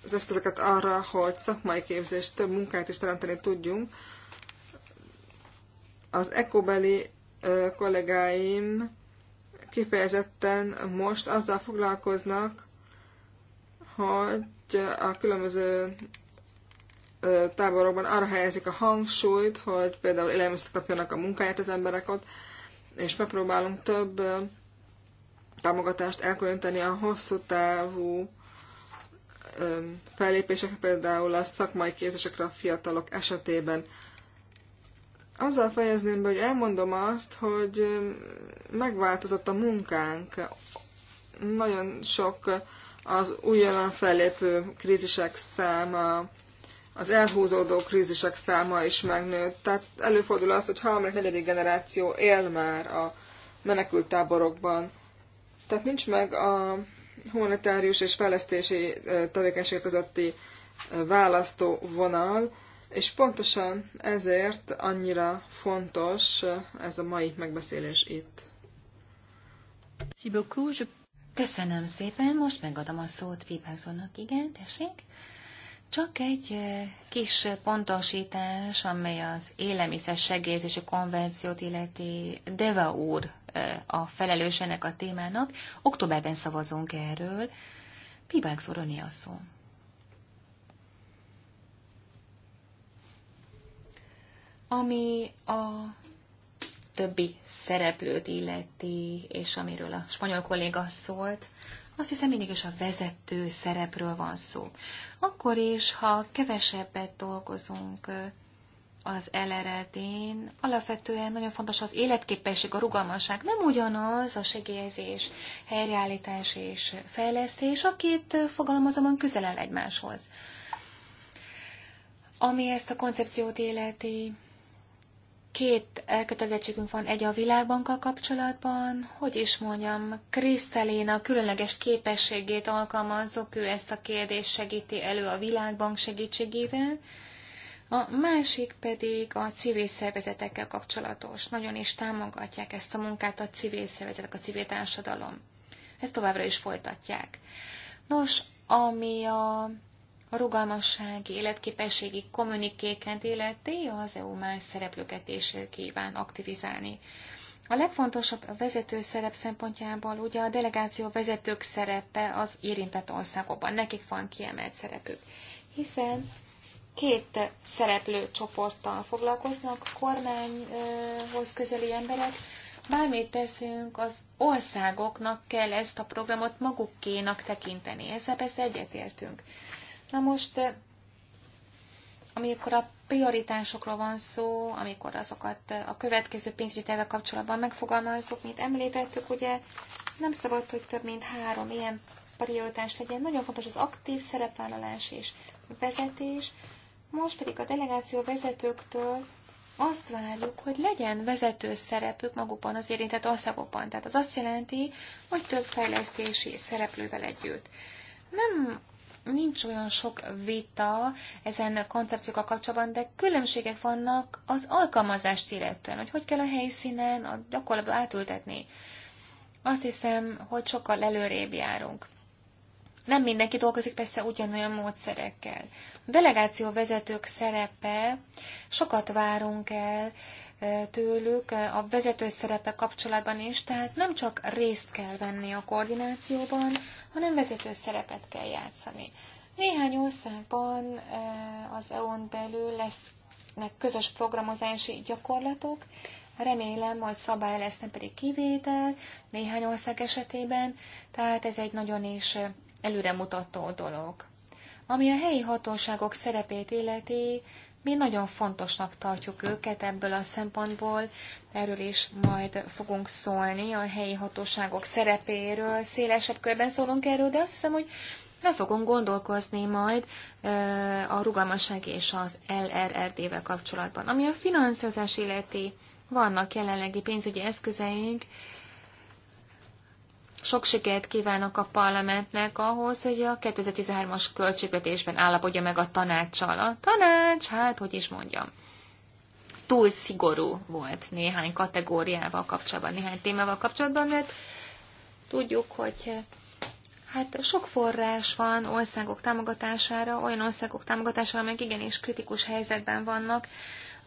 az eszközöket arra, hogy szakmai képzés több munkát is teremteni tudjunk. Az ekobeli kollégáim kifejezetten most azzal foglalkoznak, hogy a különböző táborokban arra helyezik a hangsúlyt, hogy például élelmiszt kapjanak a munkáját az emberek ott, és megpróbálunk több támogatást elkülöníteni a hosszú távú fellépések, például a szakmai képzésekre a fiatalok esetében. Azzal fejezném be, hogy elmondom azt, hogy megváltozott a munkánk. Nagyon sok az újonnan fellépő krízisek száma, az elhúzódó krízisek száma is megnőtt. Tehát előfordul az, hogy harmadik, negyedik generáció él már a menekülttáborokban. Tehát nincs meg a humanitárius és fejlesztési tevékenység közötti választó vonal, és pontosan ezért annyira fontos ez a mai megbeszélés itt. Köszönöm szépen, most megadom a szót Pipázónak, igen, tessék. Csak egy kis pontosítás, amely az élelmiszer segélyezési konvenciót illeti Deva úr a felelős ennek a témának. Októberben szavazunk erről. Pibák Zoroni a szó. Ami a többi szereplőt illeti, és amiről a spanyol kolléga szólt, azt hiszem mindig is a vezető szerepről van szó. Akkor is, ha kevesebbet dolgozunk az eleredén, alapvetően nagyon fontos az életképesség, a rugalmasság. Nem ugyanaz a segélyezés, helyreállítás és fejlesztés, akit két fogalom közel áll egymáshoz. Ami ezt a koncepciót életi, két elkötelezettségünk van, egy a világbankkal kapcsolatban, hogy is mondjam, Kriszteléna különleges képességét alkalmazzuk, ő ezt a kérdést segíti elő a világbank segítségével, a másik pedig a civil szervezetekkel kapcsolatos. Nagyon is támogatják ezt a munkát a civil szervezetek, a civil társadalom. Ezt továbbra is folytatják. Nos, ami a a rugalmassági, életképességi kommunikéket életé az EU más szereplőket is kíván aktivizálni. A legfontosabb a vezető szerep szempontjából ugye a delegáció vezetők szerepe az érintett országokban. Nekik van kiemelt szerepük, hiszen két szereplő csoporttal foglalkoznak, kormányhoz közeli emberek, bármit teszünk, az országoknak kell ezt a programot magukénak tekinteni. Ezzel persze egyetértünk. Na most, eh, amikor a prioritásokról van szó, amikor azokat eh, a következő pénzügyi tervek kapcsolatban megfogalmazok mint említettük, ugye nem szabad, hogy több mint három ilyen prioritás legyen. Nagyon fontos az aktív szerepvállalás és vezetés. Most pedig a delegáció vezetőktől azt várjuk, hogy legyen vezető szerepük magukban az érintett országokban. Tehát az azt jelenti, hogy több fejlesztési szereplővel együtt. Nem nincs olyan sok vita ezen a koncepciókkal kapcsolatban, de különbségek vannak az alkalmazást illetően, hogy hogy kell a helyszínen, a gyakorlatban átültetni. Azt hiszem, hogy sokkal előrébb járunk. Nem mindenki dolgozik persze ugyanolyan módszerekkel. A delegáció vezetők szerepe, sokat várunk el tőlük a vezető szerepe kapcsolatban is, tehát nem csak részt kell venni a koordinációban, hanem vezető szerepet kell játszani. Néhány országban az EON belül lesznek közös programozási gyakorlatok, remélem, hogy szabály lesz, nem pedig kivétel néhány ország esetében, tehát ez egy nagyon is előremutató dolog. Ami a helyi hatóságok szerepét illeti, mi nagyon fontosnak tartjuk őket ebből a szempontból, erről is majd fogunk szólni, a helyi hatóságok szerepéről, szélesebb körben szólunk erről, de azt hiszem, hogy le fogunk gondolkozni majd a rugalmasság és az LRRD-vel kapcsolatban. Ami a finanszírozás illeti, vannak jelenlegi pénzügyi eszközeink, sok sikert kívánok a parlamentnek ahhoz, hogy a 2013-as költségvetésben állapodja meg a tanácssal. A tanács, hát, hogy is mondjam, túl szigorú volt néhány kategóriával kapcsolatban, néhány témával kapcsolatban, mert tudjuk, hogy hát sok forrás van országok támogatására, olyan országok támogatására, amelyek igenis kritikus helyzetben vannak,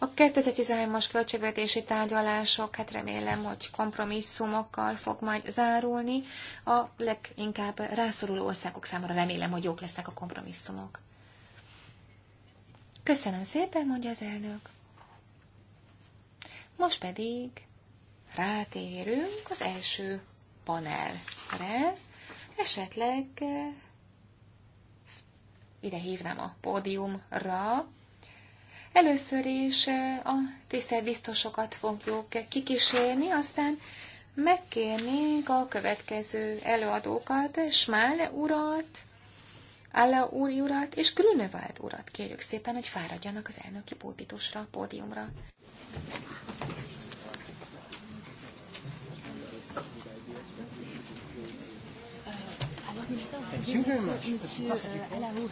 a 2013-as költségvetési tárgyalások, hát remélem, hogy kompromisszumokkal fog majd zárulni. A leginkább rászoruló országok számára remélem, hogy jók lesznek a kompromisszumok. Köszönöm szépen, mondja az elnök. Most pedig rátérünk az első panelre. Esetleg eh, ide hívnám a pódiumra Először is a tisztelt biztosokat fogjuk kikísérni, aztán megkérnénk a következő előadókat, Smále urat, Alla úri urat és Grünewald urat kérjük szépen, hogy fáradjanak az elnöki pulpitusra, a pódiumra. Thank you very much.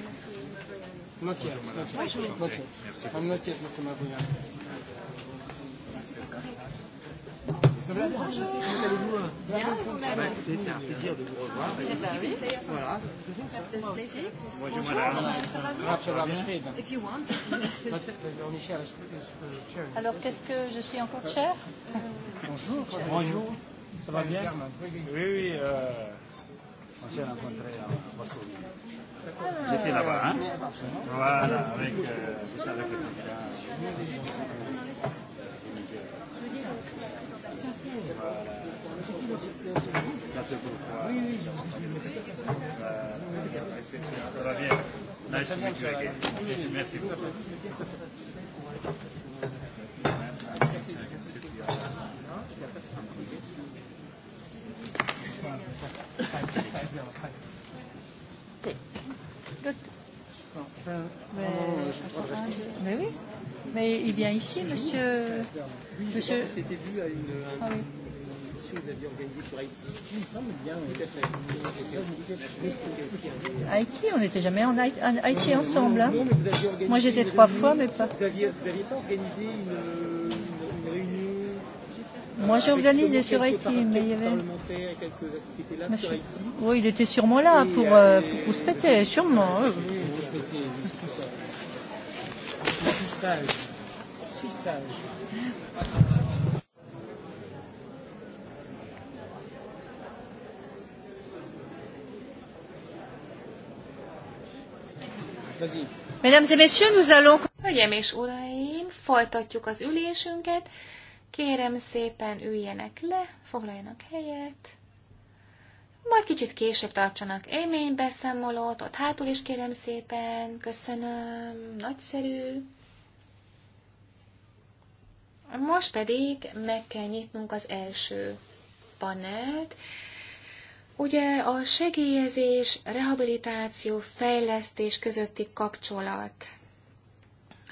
Not yet. Not yet. Not yet. I'm not yet, Mr. Mabouya. C'est un plaisir de vous revoir. Voilà. Alors qu'est-ce que je suis encore chair Bonjour. Bonjour. Ça va bien Oui, oui. Euh, on s'est rencontrés à Varsovie. Vous étiez là-bas, hein Voilà, avec, euh, avec le Oui, oui, Très bien. Nice to meet you again. Merci beaucoup. Thank you. Euh, mais, mais oui. Mais il vient ici, monsieur. monsieur. C'était vu à une. Ah, oui. Haïti, on n'était jamais en Haïti ensemble. Hein. Moi j'étais trois fois, mais pas. Vous n'aviez pas organisé une euh, Moi j'organise des sur Haïti, mais il y avait. Monsieur... Oui, il était sûrement là pour, euh, pour prospecter, sûrement. Oui. Si sage. Si sage. Mesdames et messieurs, nous allons... Hölgyeim és uraim, folytatjuk az ülésünket. Kérem szépen üljenek le, foglaljanak helyet. Majd kicsit később tartsanak élménybeszámolót, ott hátul is kérem szépen, köszönöm, nagyszerű. Most pedig meg kell nyitnunk az első panelt. Ugye a segélyezés, rehabilitáció, fejlesztés közötti kapcsolat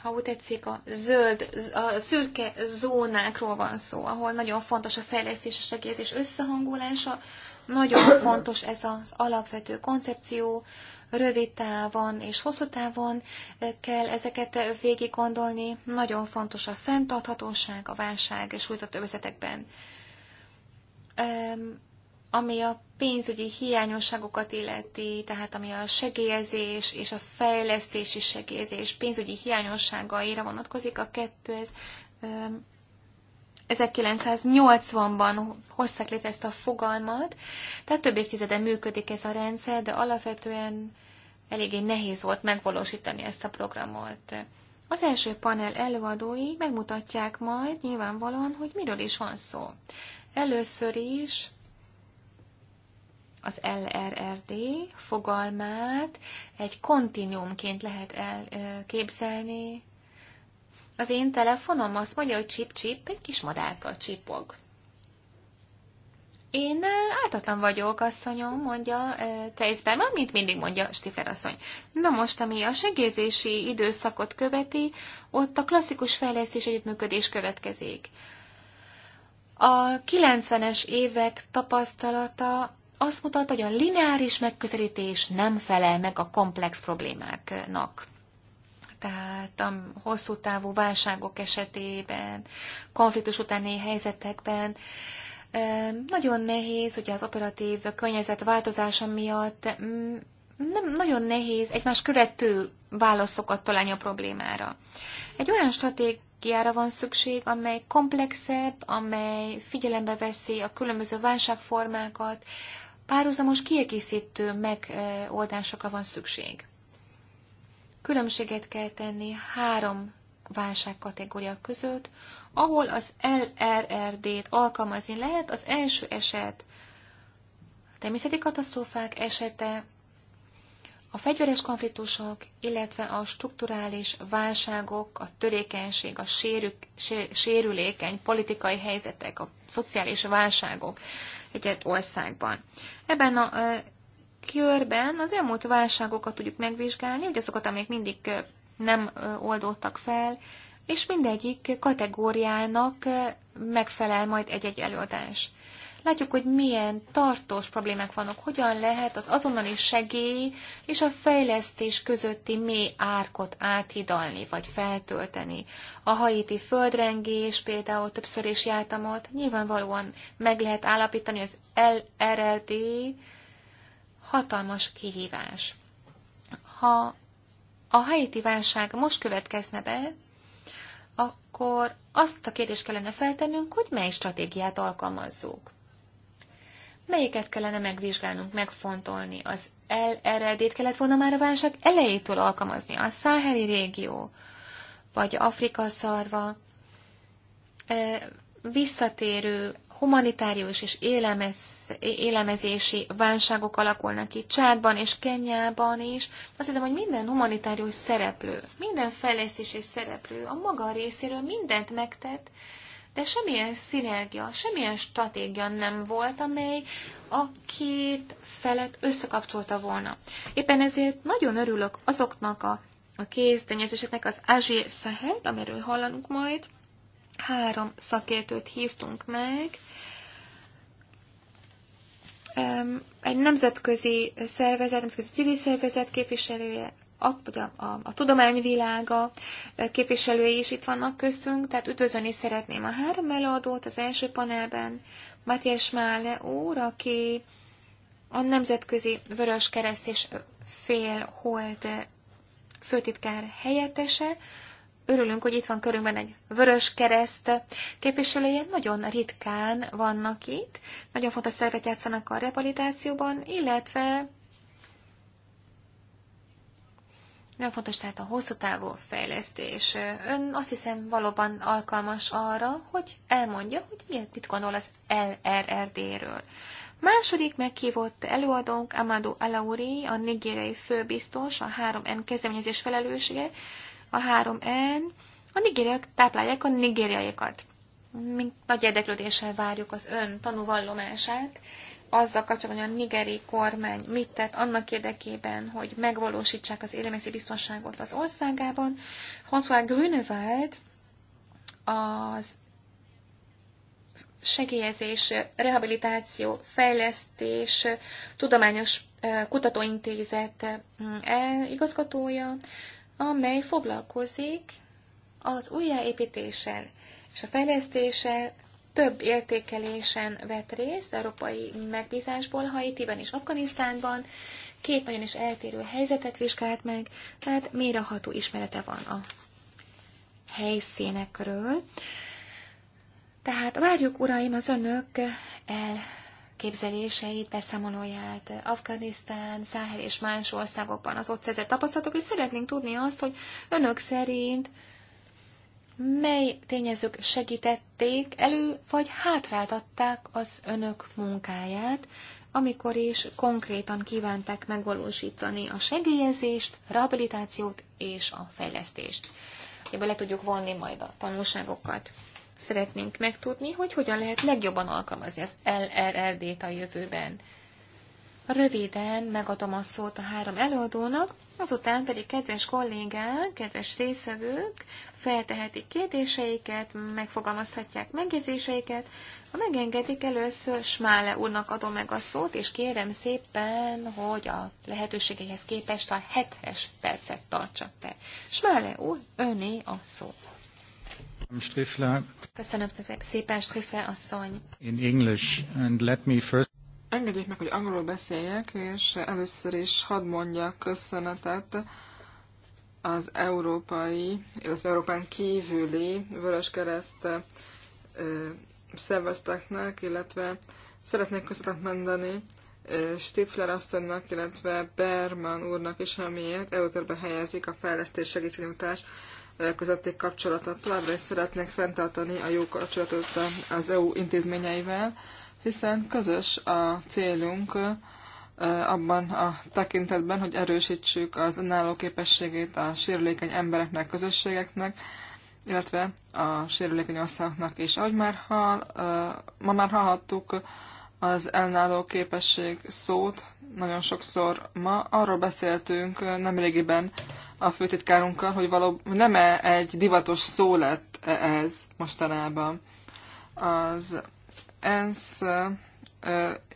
ha úgy tetszik, a zöld, a szürke zónákról van szó, ahol nagyon fontos a fejlesztés és segítés összehangolása, nagyon fontos ez az alapvető koncepció, rövid távon és hosszú távon eh, kell ezeket eh, végig gondolni, nagyon fontos a fenntarthatóság, a válság és újtott övezetekben ami a pénzügyi hiányosságokat illeti, tehát ami a segélyezés és a fejlesztési segélyezés pénzügyi hiányosságaira vonatkozik, a kettő ez 1980-ban hozták létre ezt a fogalmat, tehát több évtizeden működik ez a rendszer, de alapvetően eléggé nehéz volt megvalósítani ezt a programot. Az első panel előadói megmutatják majd nyilvánvalóan, hogy miről is van szó. Először is az LRRD fogalmát egy kontinuumként lehet elképzelni. Az én telefonom azt mondja, hogy csip-csip, egy kis madárka csipog. Én áltatlan vagyok, asszonyom, mondja Tejszben, mint mindig mondja Stifler asszony. Na most, ami a segélyzési időszakot követi, ott a klasszikus fejlesztés együttműködés következik. A 90-es évek tapasztalata azt mutatta, hogy a lineáris megközelítés nem felel meg a komplex problémáknak. Tehát a hosszú távú válságok esetében, konfliktus utáni helyzetekben nagyon nehéz, hogy az operatív környezet változása miatt mm, nem nagyon nehéz egymás követő válaszokat találni a problémára. Egy olyan stratégia, stratégiára van szükség, amely komplexebb, amely figyelembe veszi a különböző válságformákat, párhuzamos kiegészítő megoldásokra van szükség. Különbséget kell tenni három válságkategória között, ahol az LRRD-t alkalmazni lehet. Az első eset a természeti katasztrófák esete, a fegyveres konfliktusok, illetve a strukturális válságok, a törékenység, a sérük, sérülékeny politikai helyzetek, a szociális válságok egy-egy országban. Ebben a körben az elmúlt válságokat tudjuk megvizsgálni, ugye azokat, amik mindig nem oldódtak fel, és mindegyik kategóriának megfelel majd egy-egy előadás. Látjuk, hogy milyen tartós problémák vannak, hogyan lehet az azonnali segély és a fejlesztés közötti mély árkot áthidalni vagy feltölteni. A haiti földrengés például többször is jártam ott, nyilvánvalóan meg lehet állapítani, az LRLD hatalmas kihívás. Ha a haiti válság most következne be, akkor azt a kérdést kellene feltennünk, hogy mely stratégiát alkalmazzuk. Melyiket kellene megvizsgálnunk, megfontolni? Az LRD-t kellett volna már a válság elejétől alkalmazni, a száheli régió, vagy Afrika szarva, visszatérő humanitárius és élemez élemezési válságok alakulnak ki Csádban és Kenyában is. Azt hiszem, hogy minden humanitárius szereplő, minden fejlesztési szereplő a maga részéről mindent megtett, de semmilyen szinergia, semmilyen stratégia nem volt, amely a két felet összekapcsolta volna. Éppen ezért nagyon örülök azoknak a, a kézdeményezéseknek az Azsi Szehet, amiről hallanunk majd. Három szakértőt hívtunk meg, egy nemzetközi szervezet, nemzetközi civil szervezet képviselője, a, a, a, a tudományvilága képviselői is itt vannak köztünk, tehát üdvözölni szeretném a három előadót az első panelben, Matthias Mále úr, aki a Nemzetközi Vörös Kereszt és Félhold főtitkár helyettese. Örülünk, hogy itt van körünkben egy Vörös Kereszt képviselője. Nagyon ritkán vannak itt, nagyon fontos szerepet játszanak a rehabilitációban, illetve Nagyon fontos tehát a hosszú távú fejlesztés. Ön azt hiszem valóban alkalmas arra, hogy elmondja, hogy miért mit gondol az LRRD-ről. Második meghívott előadónk Amadou Alauri, a nigériai főbiztos, a 3N kezdeményezés felelőssége. A 3N, a nigériak táplálják a nigériaiakat. Mint nagy érdeklődéssel várjuk az ön tanúvallomását, azzal kapcsolatban, hogy a nigeri kormány mit tett annak érdekében, hogy megvalósítsák az élelmiszer biztonságot az országában. François Grünewald az segélyezés, rehabilitáció, fejlesztés, tudományos eh, kutatóintézet mm, igazgatója, amely foglalkozik az újjáépítéssel és a fejlesztéssel, több értékelésen vett részt, európai megbízásból Haitiben és Afganisztánban, két nagyon is eltérő helyzetet vizsgált meg, tehát méreható ismerete van a helyszínekről. Tehát várjuk, uraim, az önök elképzeléseit, beszámolóját Afganisztán, Száhel és más országokban az ott szerzett tapasztalatok, és szeretnénk tudni azt, hogy önök szerint mely tényezők segítették elő, vagy hátráltatták az önök munkáját, amikor is konkrétan kívánták megvalósítani a segélyezést, rehabilitációt és a fejlesztést. Ebből le tudjuk vonni majd a tanulságokat. Szeretnénk megtudni, hogy hogyan lehet legjobban alkalmazni az LRRD-t a jövőben. Röviden megadom a szót a három előadónak, azután pedig kedves kollégák, kedves részvevők feltehetik kérdéseiket, megfogalmazhatják megjegyzéseiket. Ha megengedik, először Smále úrnak adom meg a szót, és kérem szépen, hogy a lehetőségeihez képest a hetes percet tartsa te. Smále úr, öné a szó. Köszönöm szépen, Strifle asszony. In English, and let me first... Engedjék meg, hogy angolul beszéljek, és először is hadd mondjak köszönetet az európai, illetve Európán kívüli Vöröskereszt szervezteknek, illetve szeretnék köszönetet mondani Stifler asszonynak, illetve Berman úrnak is, amiért előtérbe helyezik a fejlesztés segítségnyújtás közötti kapcsolatot. Továbbra is szeretnék fenntartani a jó kapcsolatot az EU intézményeivel, hiszen közös a célunk abban a tekintetben, hogy erősítsük az önálló képességét a sérülékeny embereknek, közösségeknek, illetve a sérülékeny országoknak is. Ahogy már hall, ma már hallhattuk az elnáló képesség szót, nagyon sokszor ma arról beszéltünk nemrégiben a főtitkárunkkal, hogy valóban nem -e egy divatos szó lett -e ez mostanában. Az ENSZ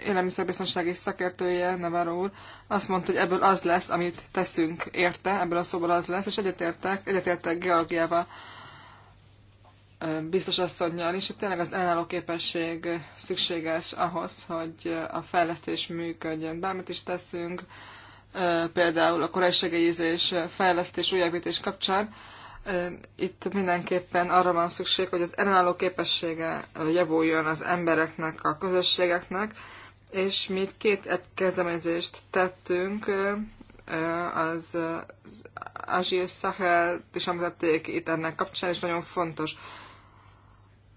élelmiszerbiztonsági szakértője, Navarro úr, azt mondta, hogy ebből az lesz, amit teszünk érte, ebből a szóból az lesz, és egyetértek, egyetértek Georgiával, biztos asszonynal is, hogy tényleg az ellenálló képesség szükséges ahhoz, hogy a fejlesztés működjön. Bármit is teszünk, például a korai segélyezés, fejlesztés, újjelvítés kapcsán, itt mindenképpen arra van szükség, hogy az ellenálló képessége javuljon az embereknek, a közösségeknek, és mi itt két kezdeményezést tettünk, az, az Azsír Szahel is említették itt ennek kapcsán, és nagyon fontos.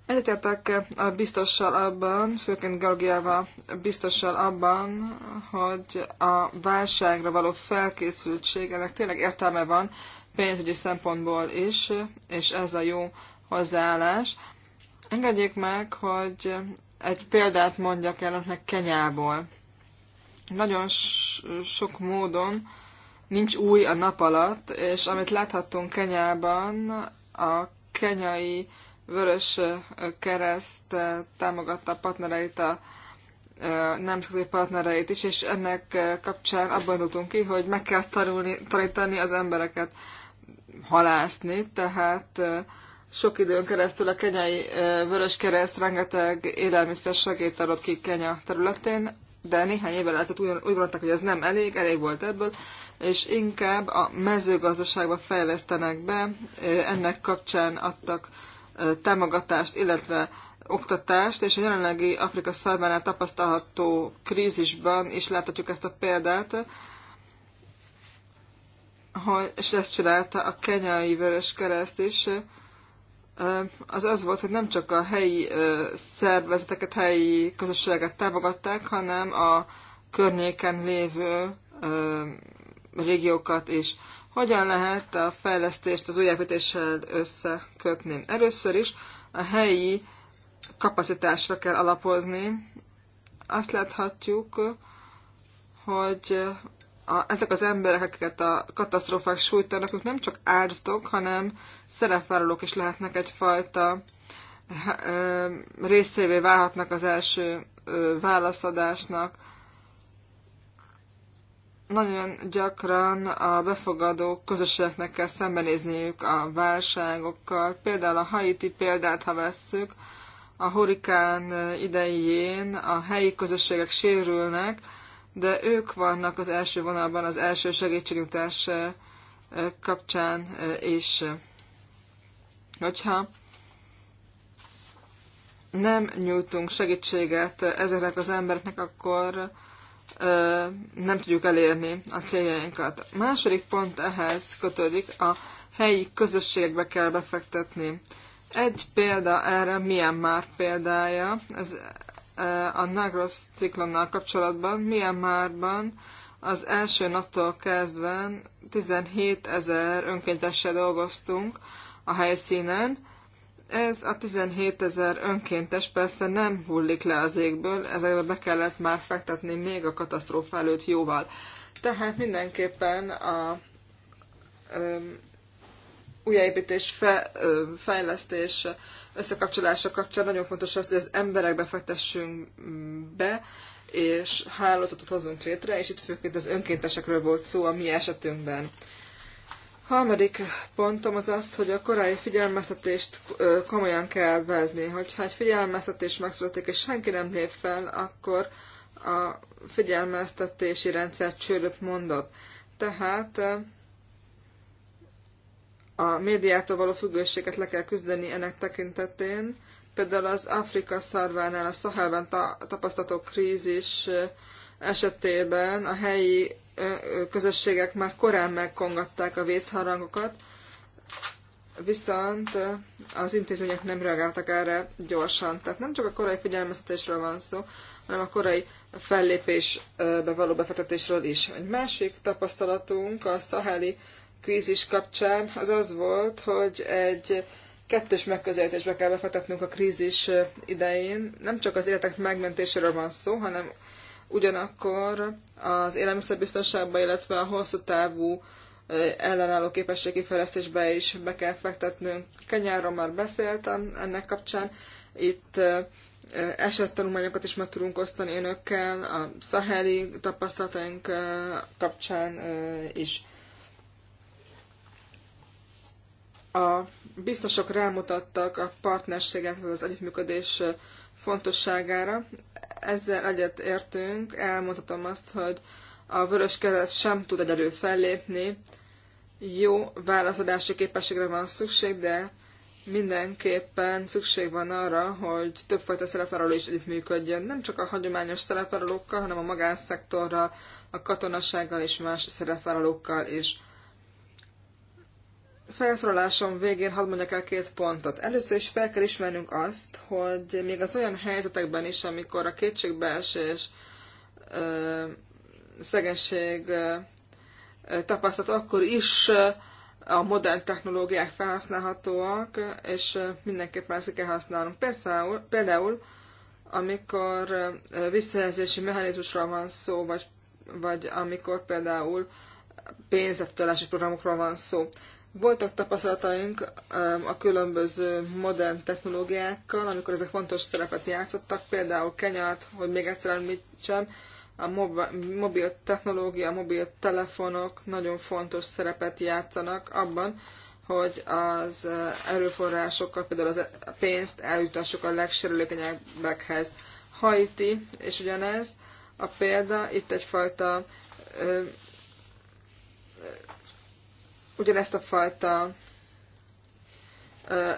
Egyetértek a biztossal abban, főként Georgiával biztossal abban, hogy a válságra való felkészültségenek tényleg értelme van, pénzügyi szempontból is, és ez a jó hozzáállás. Engedjék meg, hogy egy példát mondjak el önnek Kenyából. Nagyon sok módon nincs új a nap alatt, és amit láthattunk Kenyában, a kenyai Vörös Kereszt támogatta a partnereit, a nemzetközi partnereit is, és ennek kapcsán abban indultunk ki, hogy meg kell tanulni, tanítani az embereket halászni, tehát sok időn keresztül a kenyai kereszt rengeteg élelmiszer segélyt adott ki Kenya területén, de néhány évvel ezelőtt úgy, úgy gondoltak, hogy ez nem elég, elég volt ebből, és inkább a mezőgazdaságba fejlesztenek be, ennek kapcsán adtak támogatást, illetve oktatást, és a jelenlegi Afrika szarvánál tapasztalható krízisban is láthatjuk ezt a példát, hogy, és ezt csinálta a kenyai vörös kereszt is, az az volt, hogy nem csak a helyi szervezeteket, helyi közösséget támogatták, hanem a környéken lévő régiókat is. Hogyan lehet a fejlesztést az újjáépítéssel összekötni? Először is a helyi kapacitásra kell alapozni. Azt láthatjuk, hogy a, ezek az emberek, akiket a katasztrófák sújtanak, ők nem csak áldozatok, hanem szerepvállalók is lehetnek egyfajta részévé válhatnak az első válaszadásnak. Nagyon gyakran a befogadó közösségeknek kell szembenézniük a válságokkal. Például a Haiti példát, ha vesszük, a hurikán idején a helyi közösségek sérülnek, de ők vannak az első vonalban az első segítségnyújtás kapcsán, és hogyha nem nyújtunk segítséget ezeknek az embereknek, akkor nem tudjuk elérni a céljainkat. Második pont ehhez kötődik, a helyi közösségekbe kell befektetni. Egy példa erre, milyen már példája, ez a Nagros ciklonnal kapcsolatban márban az első naptól kezdve 17 ezer önkéntessel dolgoztunk a helyszínen. Ez a 17 ezer önkéntes persze nem hullik le az égből, ezekbe be kellett már fektetni még a katasztrófa előtt jóval. Tehát mindenképpen a ö, újjáépítés, fe, ö, fejlesztés összekapcsolása kapcsán nagyon fontos az, hogy az emberekbe fektessünk be, és hálózatot hozunk létre, és itt főként az önkéntesekről volt szó a mi esetünkben. Harmadik pontom az az, hogy a korai figyelmeztetést komolyan kell vezni. Hogyha egy figyelmeztetés megszületik, és senki nem lép fel, akkor a figyelmeztetési rendszer csődöt mondott. Tehát a médiától való függőséget le kell küzdeni ennek tekintetén. Például az Afrika szarvánál, a Szahelben ta- tapasztalható krízis esetében a helyi közösségek már korán megkongatták a vészharangokat, viszont az intézmények nem reagáltak erre gyorsan. Tehát nem csak a korai figyelmeztetésről van szó, hanem a korai fellépésbe való befektetésről is. Egy másik tapasztalatunk a szaheli krízis kapcsán az az volt, hogy egy kettős megközelítésbe kell befektetnünk a krízis idején. Nem csak az életek megmentéséről van szó, hanem ugyanakkor az élelmiszerbiztonságba, illetve a hosszú távú ellenálló képességi fejlesztésbe is be kell fektetnünk. Kenyáról már beszéltem ennek kapcsán. Itt esettanulmányokat is meg tudunk osztani önökkel, a szaheli tapasztalataink kapcsán is. a biztosok rámutattak a partnerségekhez az együttműködés fontosságára. Ezzel egyet értünk, elmondhatom azt, hogy a Vörös Kereszt sem tud egyedül fellépni, jó válaszadási képességre van szükség, de mindenképpen szükség van arra, hogy többfajta szerepvállaló is együttműködjön, nem csak a hagyományos szerepvállalókkal, hanem a magánszektorral, a katonasággal és más szerepvállalókkal is felszólalásom végén hadd mondjak el két pontot. Először is fel kell ismernünk azt, hogy még az olyan helyzetekben is, amikor a kétségbeesés, ö, szegénység tapasztalat, akkor is a modern technológiák felhasználhatóak, és mindenképpen ezt kell használnunk. Például, például amikor visszajelzési mechanizmusról van szó, vagy, vagy amikor például pénzettelési programokról van szó. Voltak tapasztalataink a különböző modern technológiákkal, amikor ezek fontos szerepet játszottak, például Kenyát, hogy még egyszer említsem, a mobil technológia, a mobil telefonok nagyon fontos szerepet játszanak abban, hogy az erőforrásokat, például az e, a pénzt eljutassuk a legsérülékenyebbekhez. Haiti, és ugyanez a példa, itt egyfajta ugyanezt a fajta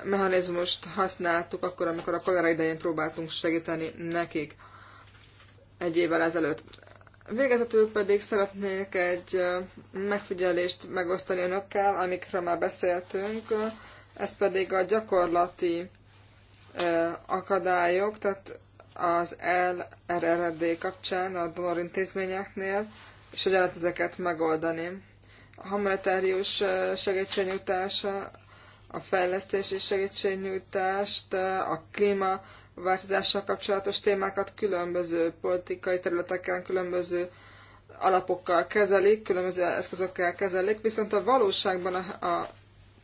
mechanizmust használtuk akkor, amikor a kolera idején próbáltunk segíteni nekik egy évvel ezelőtt. Végezetül pedig szeretnék egy megfigyelést megosztani önökkel, amikről már beszéltünk, ez pedig a gyakorlati akadályok, tehát az LRRD kapcsán a intézményeknél, és hogyan lehet ezeket megoldani a humanitárius segítségnyújtása, a fejlesztési segítségnyújtást, a klímaváltozással kapcsolatos témákat különböző politikai területeken, különböző alapokkal kezelik, különböző eszközökkel kezelik, viszont a valóságban, a, a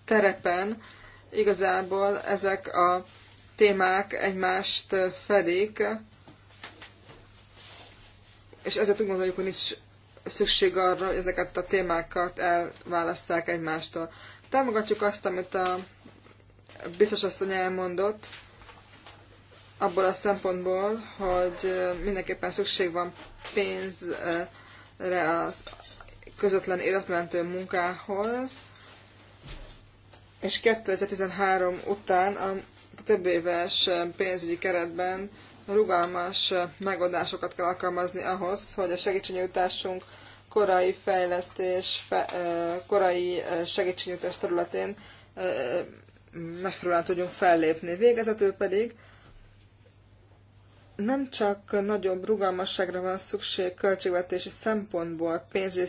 terepen igazából ezek a témák egymást fedik, és ezért úgy gondoljuk, hogy nincs szükség arra, hogy ezeket a témákat elválasszák egymástól. Támogatjuk azt, amit a biztos asszony elmondott, abból a szempontból, hogy mindenképpen szükség van pénzre az közvetlen életmentő munkához, és 2013 után a több éves pénzügyi keretben rugalmas megoldásokat kell alkalmazni ahhoz, hogy a segítségnyújtásunk korai fejlesztés, fe, korai segítségnyújtás területén megfelelően tudjunk fellépni. Végezetül pedig nem csak nagyobb rugalmasságra van szükség költségvetési szempontból, pénzügyi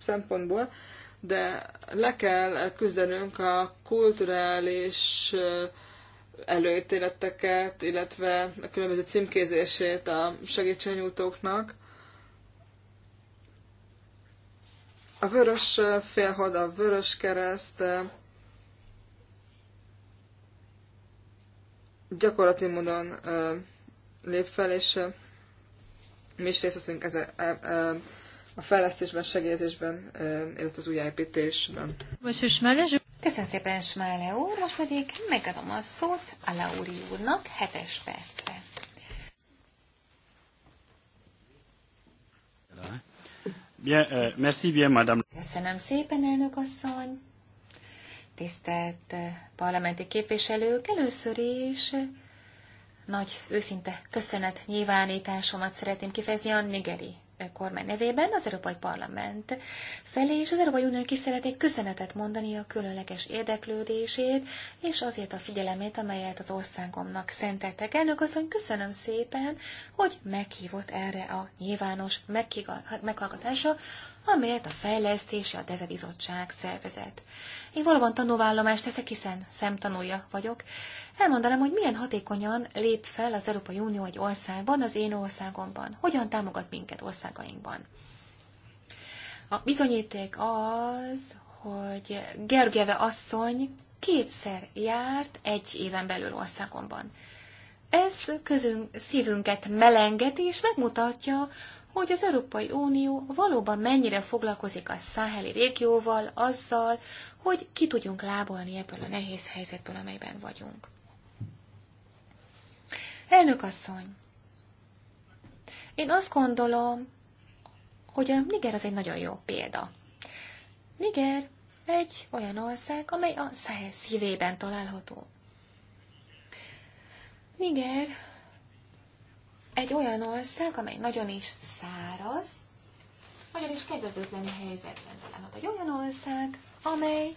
szempontból, de le kell küzdenünk a kulturális előítéleteket, illetve a különböző címkézését a segítségnyújtóknak. A vörös félhold, a vörös kereszt gyakorlati módon lép fel, és mi is részt veszünk a fejlesztésben, segélyezésben, illetve az újjáépítésben. Köszönöm szépen, Smále úr, most pedig megadom a szót a Lauri úrnak hetes percre. Euh, Köszönöm szépen, elnök asszony. Tisztelt parlamenti képviselők, először is nagy, őszinte köszönet nyilvánításomat szeretném kifejezni a nigeri E, kormány nevében az Európai Parlament felé, és az Európai Unió is szeretnék köszönetet mondani a különleges érdeklődését, és azért a figyelemét, amelyet az országomnak szenteltek. Elnök asszony, köszönöm szépen, hogy meghívott erre a nyilvános meghallgatása, amelyet a Fejlesztési a Deve Bizottság szervezett. Én valóban tanúvállomást teszek, hiszen szemtanúja vagyok. Elmondanám, hogy milyen hatékonyan lép fel az Európai Unió egy országban, az én országomban. Hogyan támogat minket országainkban. A bizonyíték az, hogy Gergeve asszony kétszer járt egy éven belül országomban. Ez közünk szívünket melengeti, és megmutatja, hogy az Európai Unió valóban mennyire foglalkozik a száheli régióval, azzal, hogy ki tudjunk lábolni ebből a nehéz helyzetből, amelyben vagyunk. Elnök asszony, én azt gondolom, hogy a Niger az egy nagyon jó példa. Niger egy olyan ország, amely a Sahel szívében található. Niger egy olyan ország, amely nagyon is száraz, nagyon is kedvezőtlen helyzetben található. Egy olyan ország, amely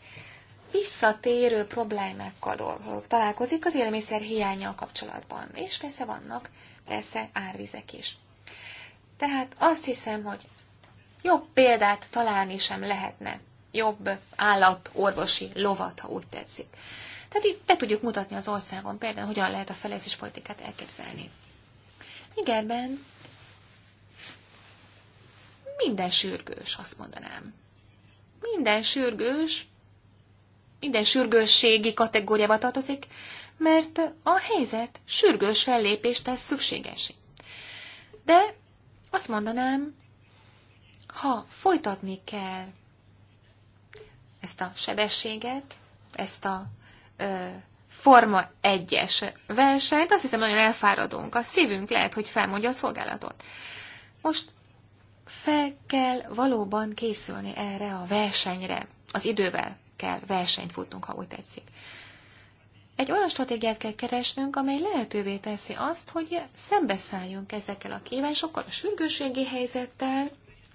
visszatérő problémákkal találkozik az élelmiszer hiányjal kapcsolatban. És persze vannak persze árvizek is. Tehát azt hiszem, hogy jobb példát találni sem lehetne. Jobb állatorvosi lovat, ha úgy tetszik. Tehát itt be tudjuk mutatni az országon például, hogyan lehet a felezés politikát elképzelni. Igerben minden sürgős, azt mondanám minden sürgős, minden sürgősségi kategóriába tartozik, mert a helyzet sürgős fellépést tesz szükségesé. De azt mondanám, ha folytatni kell ezt a sebességet, ezt a ö, forma egyes versenyt, azt hiszem nagyon elfáradunk, a szívünk lehet, hogy felmondja a szolgálatot. Most fel kell valóban készülni erre a versenyre. Az idővel kell versenyt futnunk, ha úgy tetszik. Egy olyan stratégiát kell keresnünk, amely lehetővé teszi azt, hogy szembeszálljunk ezekkel a kívásokkal, a sürgőségi helyzettel,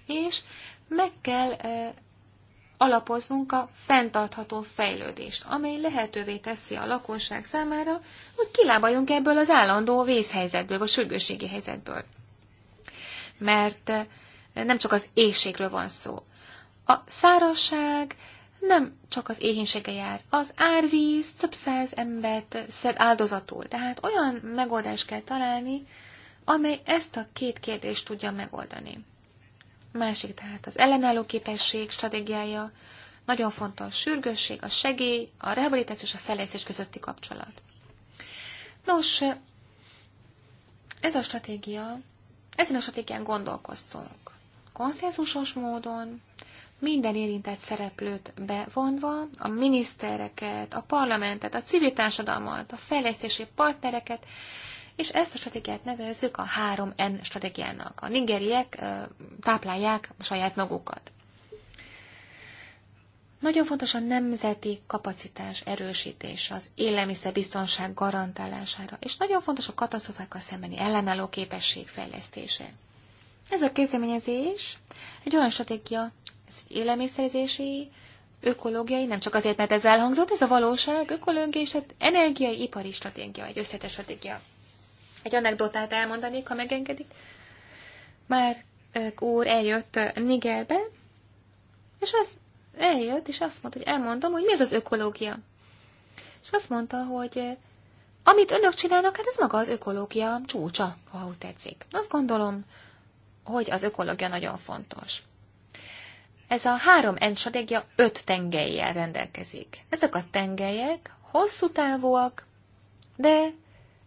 és meg kell e, alapoznunk a fenntartható fejlődést, amely lehetővé teszi a lakosság számára, hogy kilábaljunk ebből az állandó vészhelyzetből, vagy sürgőségi helyzetből. Mert nem csak az éjségről van szó. A szárazság nem csak az éhénysége jár, az árvíz több száz embert szed áldozatul. Tehát olyan megoldást kell találni, amely ezt a két kérdést tudja megoldani. Másik tehát az ellenálló képesség stratégiája, nagyon fontos a sürgősség, a segély, a rehabilitáció és a fejlesztés közötti kapcsolat. Nos, ez a stratégia, ezen a stratégián gondolkoztunk konszenzusos módon, minden érintett szereplőt bevonva, a minisztereket, a parlamentet, a civil társadalmat, a fejlesztési partnereket, és ezt a stratégiát nevezzük a 3N stratégiának. A nigeriek táplálják saját magukat. Nagyon fontos a nemzeti kapacitás erősítése, az élelmiszerbiztonság garantálására, és nagyon fontos a katasztrofákkal szembeni ellenálló képesség fejlesztése. Ez a kezdeményezés egy olyan stratégia, ez egy élelmiszerzési, ökológiai, nem csak azért, mert ez elhangzott, ez a valóság, ökológiai és hát energiai, ipari stratégia, egy összetett stratégia. Egy anekdotát elmondanék, ha megengedik. Már úr eljött Nigerbe, és az eljött, és azt mondta, hogy elmondom, hogy mi ez az ökológia. És azt mondta, hogy amit önök csinálnak, hát ez maga az ökológia csúcsa, ha úgy tetszik. Azt gondolom, hogy az ökológia nagyon fontos. Ez a három N stratégia öt tengelyjel rendelkezik. Ezek a tengelyek hosszú távúak, de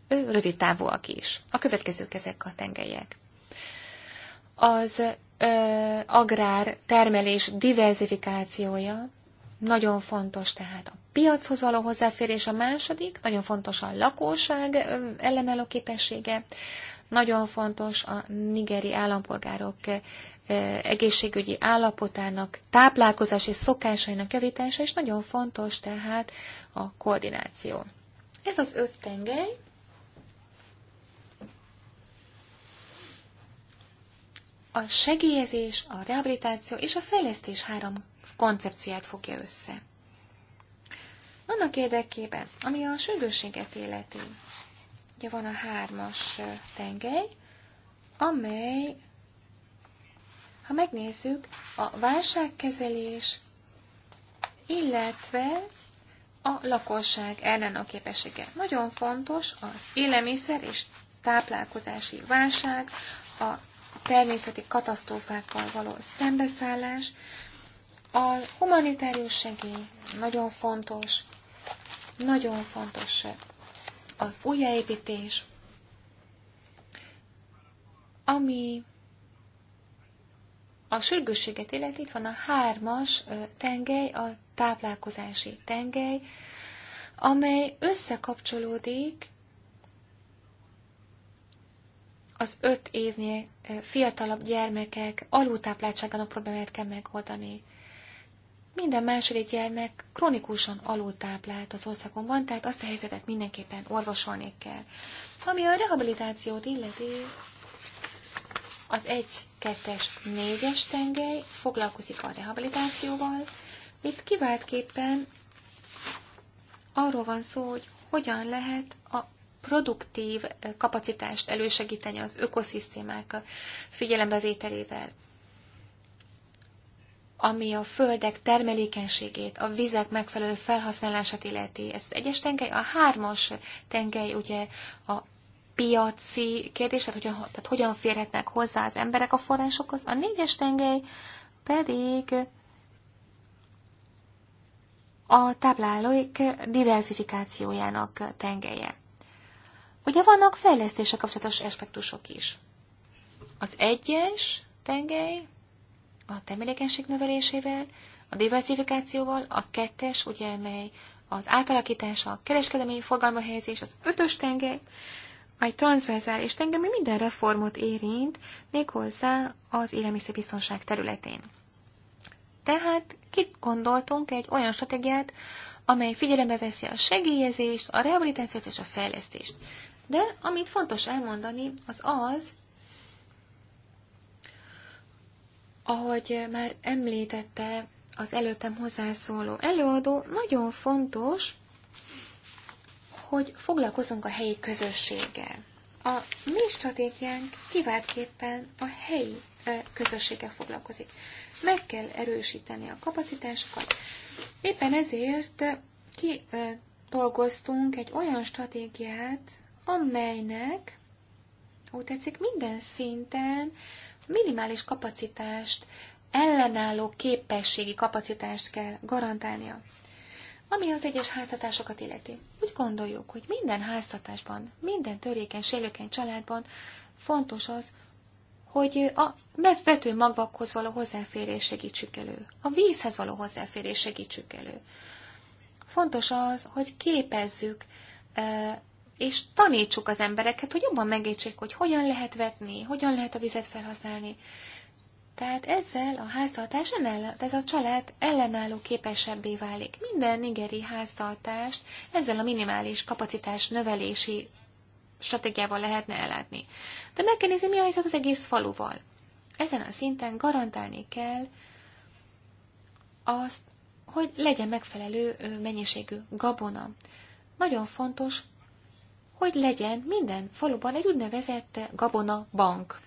rövid távúak is. A következők ezek a tengelyek. Az ö, agrár termelés diversifikációja nagyon fontos tehát a piachoz való hozzáférés a második, nagyon fontos a lakóság ellenálló képessége, nagyon fontos a nigeri állampolgárok eh, eh, egészségügyi állapotának, táplálkozási szokásainak javítása, és nagyon fontos tehát a koordináció. Ez az öt tengely. A segélyezés, a rehabilitáció és a fejlesztés három koncepcióját fogja össze. Annak érdekében, ami a sürgősséget életi, Ugye van a hármas tengely, amely, ha megnézzük, a válságkezelés, illetve a lakosság ellenálló képessége. Nagyon fontos az élelmiszer és táplálkozási válság, a természeti katasztrófákkal való szembeszállás, a humanitárius segély nagyon fontos, nagyon fontos az újjáépítés, ami a sürgősséget illeti, itt van a hármas tengely, a táplálkozási tengely, amely összekapcsolódik az öt évnél fiatalabb gyermekek alultápláltságának problémáját kell megoldani. Minden második gyermek kronikusan alultáplált az országomban, tehát azt a helyzetet mindenképpen orvosolni kell. Ami a rehabilitációt illeti, az 1, 2-es, 4-es tengely foglalkozik a rehabilitációval. Itt kiváltképpen arról van szó, hogy hogyan lehet a produktív kapacitást elősegíteni az ökoszisztémák figyelembevételével ami a földek termelékenységét, a vizek megfelelő felhasználását illeti. Ez az egyes tengely, a hármas tengely ugye a piaci kérdés, tehát, hogy, tehát hogyan férhetnek hozzá az emberek a forrásokhoz. A négyes tengely pedig a táplálóik diversifikációjának tengelye. Ugye vannak fejlesztése kapcsolatos aspektusok is. Az egyes tengely a termelékenység növelésével, a diversifikációval, a kettes, ugye, mely az átalakítás, a kereskedelmi fogalma helyezés, az ötös tenger, egy transzverzális tenger, ami minden reformot érint, méghozzá az élelmiszerbiztonság területén. Tehát kit gondoltunk egy olyan stratégiát, amely figyelembe veszi a segélyezést, a rehabilitációt és a fejlesztést. De amit fontos elmondani, az az, Ahogy már említette az előttem hozzászóló előadó, nagyon fontos, hogy foglalkozunk a helyi közösséggel. A mi stratégiánk kiváltképpen a helyi közösséggel foglalkozik. Meg kell erősíteni a kapacitásokat. Éppen ezért ki dolgoztunk egy olyan stratégiát, amelynek, úgy tetszik, minden szinten minimális kapacitást, ellenálló képességi kapacitást kell garantálnia. Ami az egyes háztatásokat illeti, úgy gondoljuk, hogy minden háztatásban, minden törékeny, sérülékeny családban fontos az, hogy a megvető magvakhoz való hozzáférés segítsük elő, a vízhez való hozzáférés segítsük elő. Fontos az, hogy képezzük eh, és tanítsuk az embereket, hogy jobban megértsék, hogy hogyan lehet vetni, hogyan lehet a vizet felhasználni. Tehát ezzel a háztartás, ez a család ellenálló képesebbé válik. Minden nigeri háztartást ezzel a minimális kapacitás növelési stratégiával lehetne ellátni. De meg kell nézni, mi a helyzet az egész faluval. Ezen a szinten garantálni kell azt, hogy legyen megfelelő mennyiségű gabona. Nagyon fontos hogy legyen minden faluban egy úgynevezett gabona bank.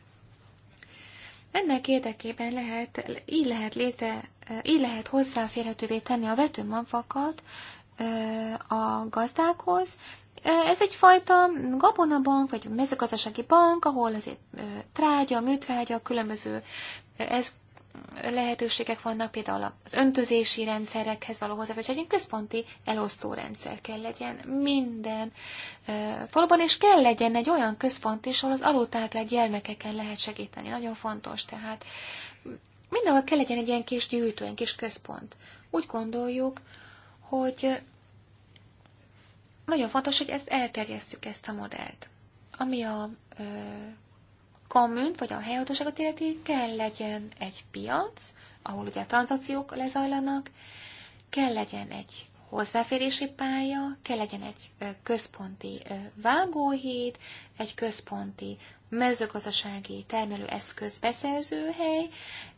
Ennek érdekében lehet, így lehet létre, így lehet hozzáférhetővé tenni a vetőmagvakat a gazdákhoz. Ez egyfajta gabonabank, vagy mezőgazdasági bank, ahol azért trágya, műtrágya, különböző lehetőségek vannak, például az öntözési rendszerekhez való hozzáférés, egy központi elosztó rendszer kell legyen minden faluban, és kell legyen egy olyan központ is, ahol az alultáplált gyermekeken lehet segíteni. Nagyon fontos, tehát mindenhol kell legyen egy ilyen kis gyűjtő, egy kis központ. Úgy gondoljuk, hogy nagyon fontos, hogy ezt elterjesztjük, ezt a modellt. Ami a kommunt vagy a helyhatóságot illeti, kell legyen egy piac, ahol ugye a tranzakciók lezajlanak, kell legyen egy hozzáférési pálya, kell legyen egy központi vágóhíd, egy központi mezőgazdasági termelőeszköz beszerzőhely,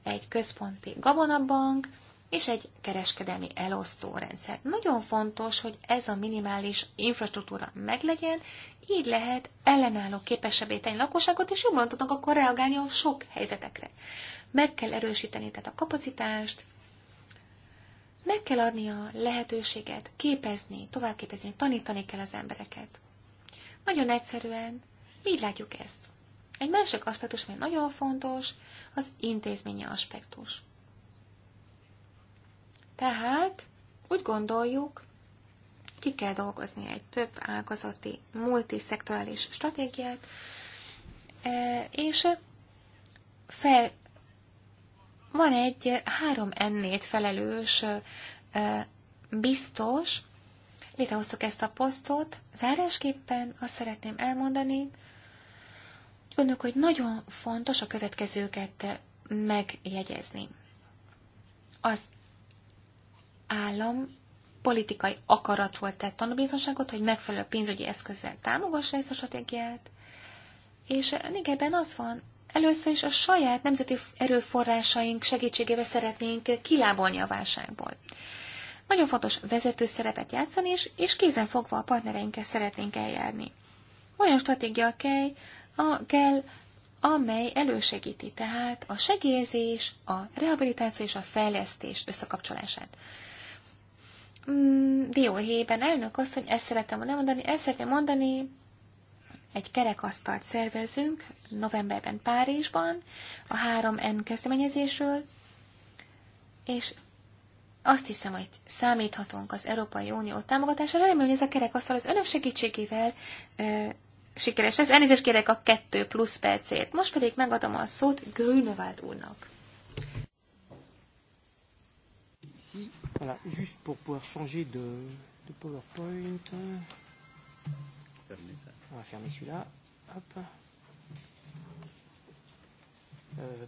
egy központi gabonabank, és egy kereskedelmi elosztó rendszer. Nagyon fontos, hogy ez a minimális infrastruktúra meglegyen, így lehet ellenálló képesebbé tenni lakosságot, és jobban tudnak akkor reagálni a sok helyzetekre. Meg kell erősíteni tehát a kapacitást, meg kell adni a lehetőséget, képezni, továbbképezni, tanítani kell az embereket. Nagyon egyszerűen, így látjuk ezt. Egy másik aspektus, ami nagyon fontos, az intézményi aspektus. Tehát úgy gondoljuk, ki kell dolgozni egy több ágazati, multiszektorális stratégiát, e, és fel, van egy három ennét felelős e, biztos, létrehoztuk ezt a posztot. Zárásképpen azt szeretném elmondani, gondolok, hogy nagyon fontos a következőket megjegyezni. Az állam politikai akarat volt tett tanúbizonságot, hogy megfelelő pénzügyi eszközzel támogassa ezt a stratégiát, és ebben az van, először is a saját nemzeti erőforrásaink segítségével szeretnénk kilábolni a válságból. Nagyon fontos vezető szerepet játszani, és, és kézenfogva a partnereinkkel szeretnénk eljárni. Olyan stratégia kell, a, kell, amely elősegíti tehát a segélyezés, a rehabilitáció és a fejlesztés összekapcsolását mm, dióhéjében elnök asszony, ezt szeretem volna mondani, ezt szeretem mondani, egy kerekasztalt szervezünk novemberben Párizsban a 3N kezdeményezésről, és azt hiszem, hogy számíthatunk az Európai Unió támogatására. Remélem, hogy ez a kerekasztal az önök segítségével e, sikeres lesz. Elnézést kérek a kettő plusz percét. Most pedig megadom a szót Grünewald úrnak. Voilà, juste pour pouvoir changer de, de PowerPoint. Fermer ça. On va fermer celui-là. Hop. Euh,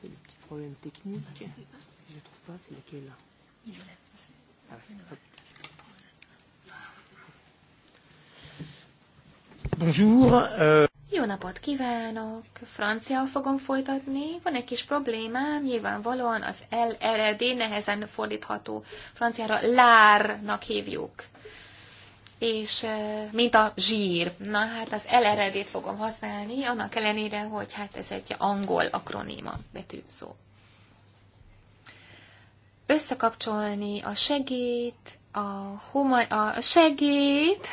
c'est le petit problème technique. Je ne trouve pas, c'est lequel ah ouais, hop. Bonjour. Euh... Jó napot kívánok! Franciául fogom folytatni. Van egy kis problémám, nyilvánvalóan az LRD nehezen fordítható. Franciára lárnak hívjuk. És eh, mint a zsír. Na hát az LRD-t fogom használni, annak ellenére, hogy hát ez egy angol akroníma betűszó. Összekapcsolni a segít, a, huma, a segít,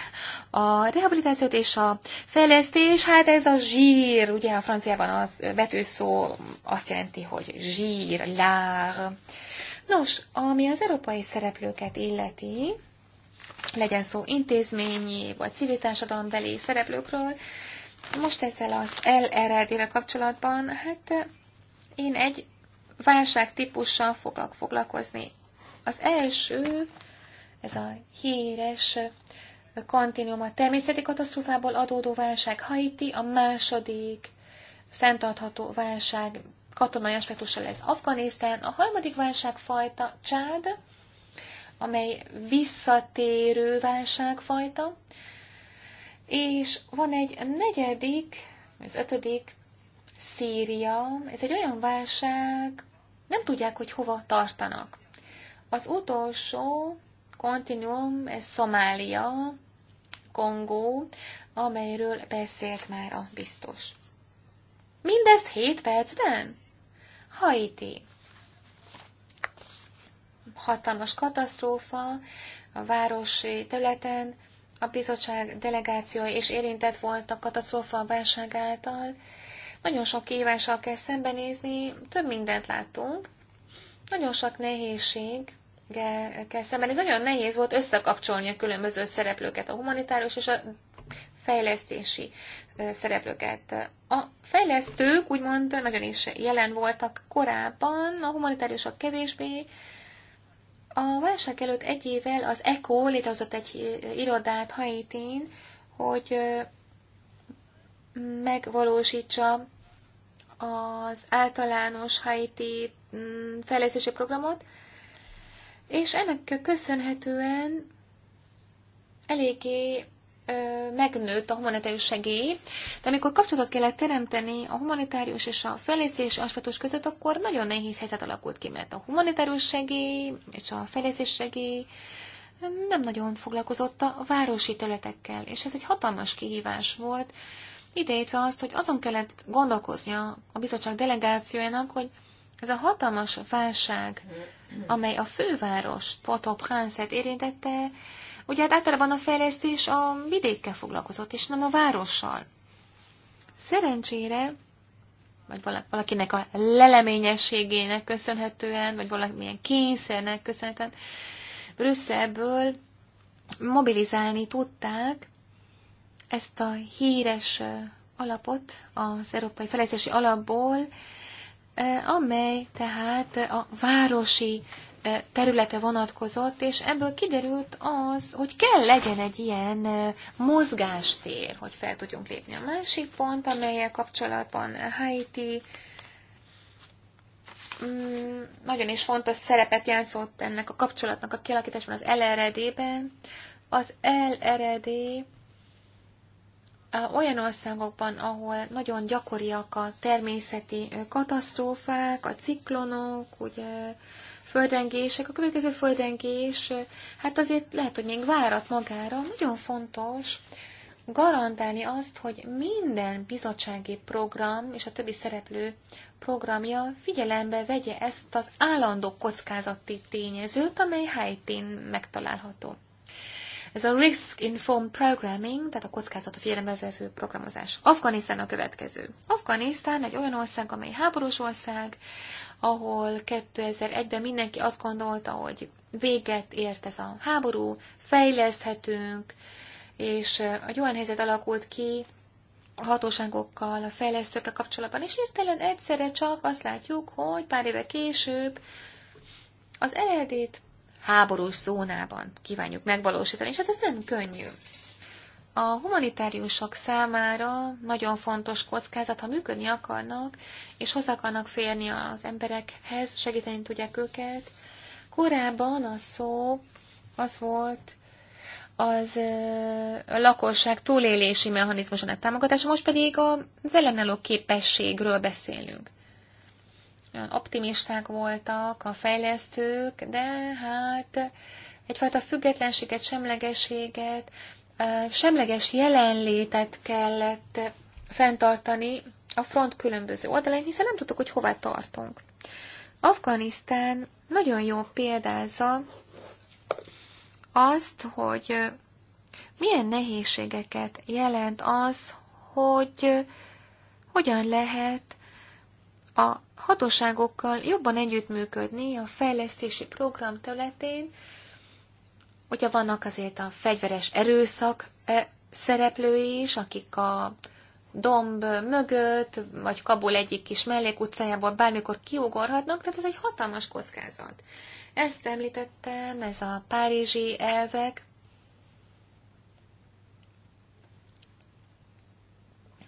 a rehabilitációt és a fejlesztés, hát ez a zsír, ugye a franciában az betűszó azt jelenti, hogy zsír, lár. Nos, ami az európai szereplőket illeti, legyen szó intézményi vagy civil társadalombeli szereplőkről, most ezzel az LRD-vel kapcsolatban, hát én egy válság típussal foglak foglalkozni. Az első ez a híres kontinuum a természeti katasztrófából adódó válság Haiti, a második fenntartható válság katonai aspektusa lesz Afganisztán, a harmadik válságfajta Csád, amely visszatérő válságfajta, és van egy negyedik, az ötödik, Szíria, ez egy olyan válság, nem tudják, hogy hova tartanak. Az utolsó kontinuum, ez Szomália, Kongó, amelyről beszélt már a biztos. Mindezt hét percben? Haiti. Hatalmas katasztrófa a városi területen, a bizottság delegációi és érintett volt a katasztrófa válság által. Nagyon sok kívással kell szembenézni, több mindent láttunk, nagyon sok nehézség, szemben. Ez nagyon nehéz volt összekapcsolni a különböző szereplőket, a humanitárius és a fejlesztési szereplőket. A fejlesztők úgymond nagyon is jelen voltak korábban, a humanitáriusok kevésbé. A válság előtt egy évvel az ECO létrehozott egy irodát Haitin, hogy megvalósítsa az általános Haiti mm, fejlesztési programot, és ennek köszönhetően eléggé megnőtt a humanitárius segély, de amikor kapcsolatot kellett teremteni a humanitárius és a fejlesztési aspektus között, akkor nagyon nehéz helyzet alakult ki, mert a humanitárius segély és a fejlesztés segély nem nagyon foglalkozott a városi területekkel, és ez egy hatalmas kihívás volt, ideértve azt, hogy azon kellett gondolkoznia a bizottság delegációjának, hogy ez a hatalmas válság, amely a főváros Potop-Hanszet érintette, ugye hát általában a fejlesztés a vidékkel foglalkozott, és nem a várossal. Szerencsére, vagy valakinek a leleményességének köszönhetően, vagy valamilyen kényszernek köszönhetően, Brüsszelből mobilizálni tudták ezt a híres alapot az Európai Fejlesztési Alapból, E, amely tehát a városi e, területe vonatkozott, és ebből kiderült az, hogy kell legyen egy ilyen e, mozgástér, hogy fel tudjunk lépni. A másik pont, amelyel kapcsolatban Haiti mm, nagyon is fontos szerepet játszott ennek a kapcsolatnak a kialakításban az LRD-ben. Az LRD olyan országokban, ahol nagyon gyakoriak a természeti katasztrófák, a ciklonok, ugye földrengések, a következő földrengés, hát azért lehet, hogy még várat magára. Nagyon fontos garantálni azt, hogy minden bizottsági program és a többi szereplő programja figyelembe vegye ezt az állandó kockázati tényezőt, amely helytén megtalálható. Ez a Risk Informed Programming, tehát a kockázatot figyelembe programozás. Afganisztán a következő. Afganisztán egy olyan ország, amely háborús ország, ahol 2001-ben mindenki azt gondolta, hogy véget ért ez a háború, fejleszthetünk, és egy olyan helyzet alakult ki, a hatóságokkal, a fejlesztőkkel kapcsolatban, és értelen egyszerre csak azt látjuk, hogy pár éve később az eredét háborús zónában kívánjuk megvalósítani, és hát ez nem könnyű. A humanitáriusok számára nagyon fontos kockázat, ha működni akarnak, és hozzá akarnak férni az emberekhez, segíteni tudják őket. Korábban a szó az volt az a lakosság túlélési mechanizmusának támogatása, most pedig az ellenálló képességről beszélünk olyan optimisták voltak a fejlesztők, de hát egyfajta függetlenséget, semlegességet, semleges jelenlétet kellett fenntartani a front különböző oldalán, hiszen nem tudtuk, hogy hová tartunk. Afganisztán nagyon jó példázza azt, hogy milyen nehézségeket jelent az, hogy hogyan lehet a hatóságokkal jobban együttműködni a fejlesztési program területén, Ugye vannak azért a fegyveres erőszak eh, szereplői is, akik a domb mögött, vagy Kabul egyik kis mellékutcájából bármikor kiugorhatnak, tehát ez egy hatalmas kockázat. Ezt említettem, ez a párizsi elvek,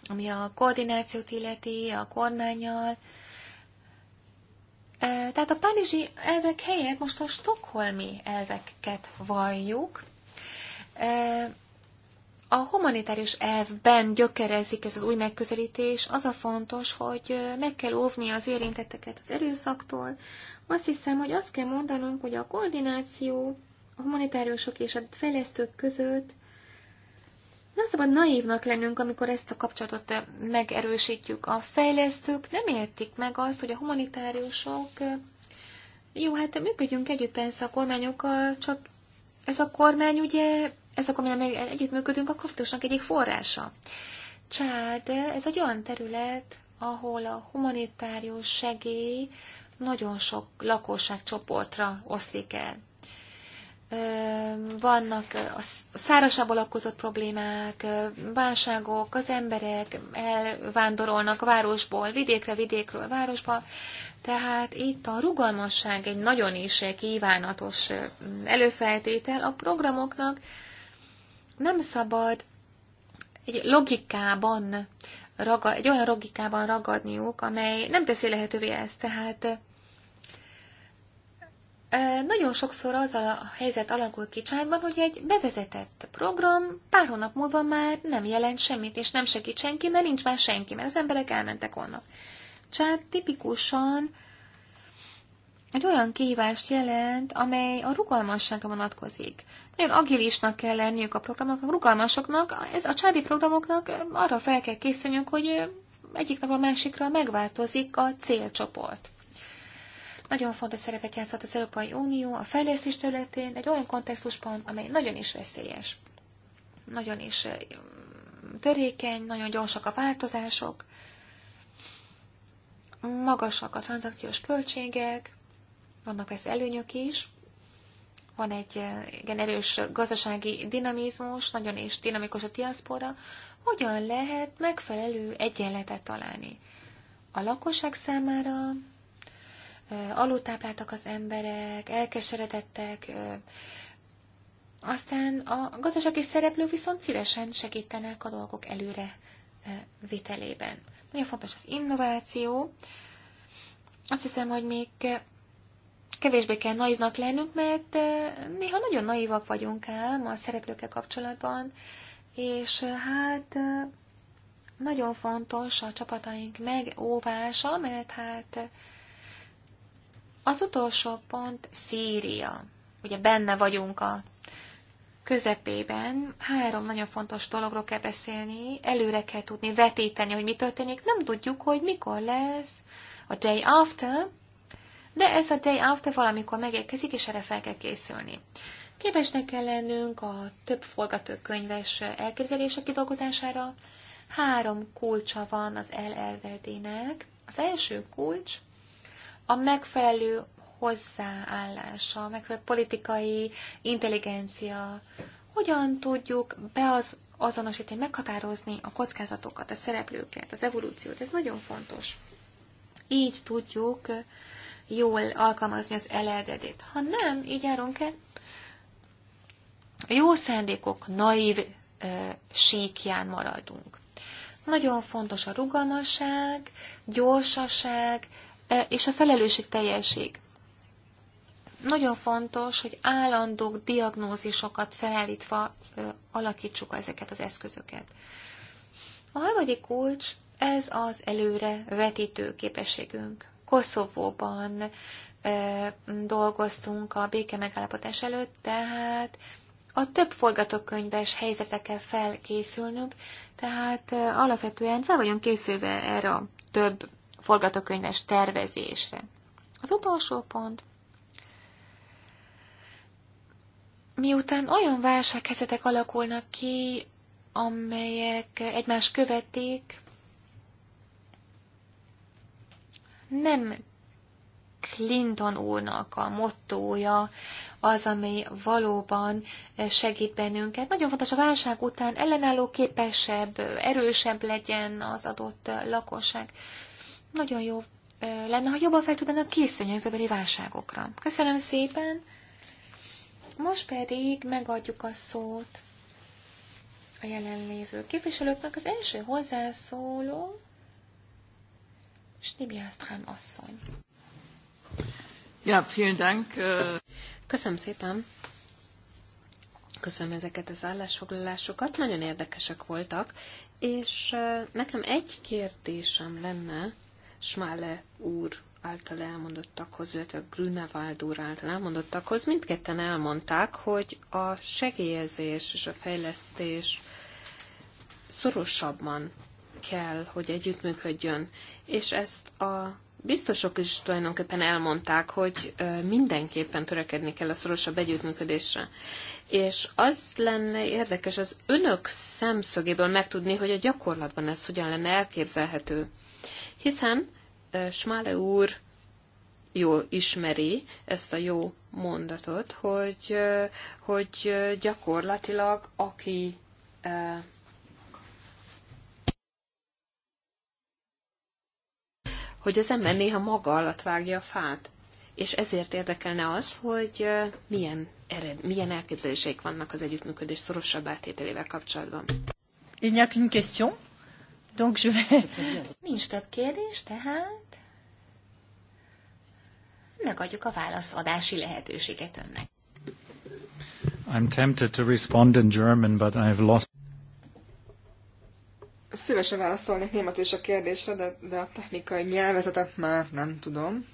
ami a koordinációt illeti, a kormányjal. Tehát a párizsi elvek helyett most a stokholmi elveket valljuk. A humanitárius elvben gyökerezik ez az új megközelítés. Az a fontos, hogy meg kell óvni az érintetteket az erőszaktól. Azt hiszem, hogy azt kell mondanunk, hogy a koordináció a humanitáriusok és a fejlesztők között nem szabad naívnak lennünk, amikor ezt a kapcsolatot eh, megerősítjük. A fejlesztők nem értik meg azt, hogy a humanitáriusok eh, jó, hát működjünk együtt persze a kormányokkal, csak ez a kormány ugye, ez a kormány, együtt működünk, a konfliktusnak egyik forrása. Csád, ez egy olyan terület, ahol a humanitárius segély nagyon sok lakosságcsoportra oszlik el vannak a szárasabb alakozott problémák, válságok, az emberek elvándorolnak városból, vidékre, vidékről városba, tehát itt a rugalmasság egy nagyon is kívánatos előfeltétel a programoknak. Nem szabad egy logikában, egy olyan logikában ragadniuk, amely nem teszi lehetővé ezt. Tehát nagyon sokszor az a helyzet alakul ki Csájban, hogy egy bevezetett program pár hónap múlva már nem jelent semmit, és nem segít senki, mert nincs már senki, mert az emberek elmentek onnan. Csát tipikusan egy olyan kihívást jelent, amely a rugalmasságra vonatkozik. Nagyon agilisnak kell lenniük a programoknak, a rugalmasoknak, ez a csádi programoknak arra fel kell készülnünk, hogy egyik napról a másikra megváltozik a célcsoport. Nagyon fontos szerepet játszott az Európai Unió a fejlesztés területén, egy olyan kontextusban, amely nagyon is veszélyes. Nagyon is törékeny, nagyon gyorsak a változások, magasak a tranzakciós költségek, vannak persze előnyök is, van egy igen erős gazdasági dinamizmus, nagyon is dinamikus a diaszpora, hogyan lehet megfelelő egyenletet találni a lakosság számára, alultápláltak az emberek, elkeseredettek, aztán a gazdasági szereplők viszont szívesen segítenek a dolgok előre vitelében. Nagyon fontos az innováció. Azt hiszem, hogy még kevésbé kell naivnak lennünk, mert néha nagyon naivak vagyunk ám a szereplőkkel kapcsolatban, és hát nagyon fontos a csapataink megóvása, mert hát az utolsó pont Szíria. Ugye benne vagyunk a közepében három nagyon fontos dologról kell beszélni, előre kell tudni vetíteni, hogy mi történik. Nem tudjuk, hogy mikor lesz a day after, de ez a day after valamikor megérkezik, és erre fel kell készülni. Képesnek kell lennünk a több forgatókönyves elképzelések kidolgozására. Három kulcsa van az LLVD-nek. Az első kulcs a megfelelő hozzáállása, a megfelelő politikai intelligencia, hogyan tudjuk az azonosítani, meghatározni a kockázatokat, a szereplőket, az evolúciót. Ez nagyon fontos. Így tudjuk jól alkalmazni az elelgedét. Ha nem, így járunk el. A jó szándékok naív e, síkján maradunk. Nagyon fontos a rugalmasság, gyorsaság, E, és a felelősségteljesség. Nagyon fontos, hogy állandó diagnózisokat felállítva alakítsuk ezeket az eszközöket. A harmadik kulcs, ez az előre vetítő képességünk. Koszovóban dolgoztunk a béke megállapodás előtt, tehát a több forgatókönyves helyzetekkel felkészülnünk, tehát alapvetően fel vagyunk készülve erre a több forgatókönyves tervezésre. Az utolsó pont. Miután olyan válsághelyzetek alakulnak ki, amelyek egymást követik, nem Clinton úrnak a mottója az, ami valóban segít bennünket. Nagyon fontos a válság után ellenálló képesebb, erősebb legyen az adott lakosság nagyon jó lenne, ha jobban fel tudnának készülni a jövőbeli válságokra. Köszönöm szépen! Most pedig megadjuk a szót a jelenlévő képviselőknek. Az első hozzászóló Stibiásztrán asszony. Ja, vielen Dank. Köszönöm szépen. Köszönöm ezeket az állásfoglalásokat, nagyon érdekesek voltak, és nekem egy kérdésem lenne, Smále úr által elmondottakhoz, illetve a Grünewald úr által elmondottakhoz, mindketten elmondták, hogy a segélyezés és a fejlesztés szorosabban kell, hogy együttműködjön. És ezt a biztosok is tulajdonképpen elmondták, hogy mindenképpen törekedni kell a szorosabb együttműködésre. És az lenne érdekes az önök szemszögéből megtudni, hogy a gyakorlatban ez hogyan lenne elképzelhető hiszen Smále úr jól ismeri ezt a jó mondatot, hogy, hogy gyakorlatilag aki hogy az ember néha maga alatt vágja a fát. És ezért érdekelne az, hogy milyen, ered, milyen elképzeléseik vannak az együttműködés szorosabb átételével kapcsolatban. Il n'y a qu'une question. Donc je vais... Nincs több kérdés, tehát megadjuk a válaszadási lehetőséget önnek. I'm tempted to respond in German, but I've lost... Szívesen válaszolnék németül is a kérdésre, de, de a technikai nyelvezetet már nem tudom.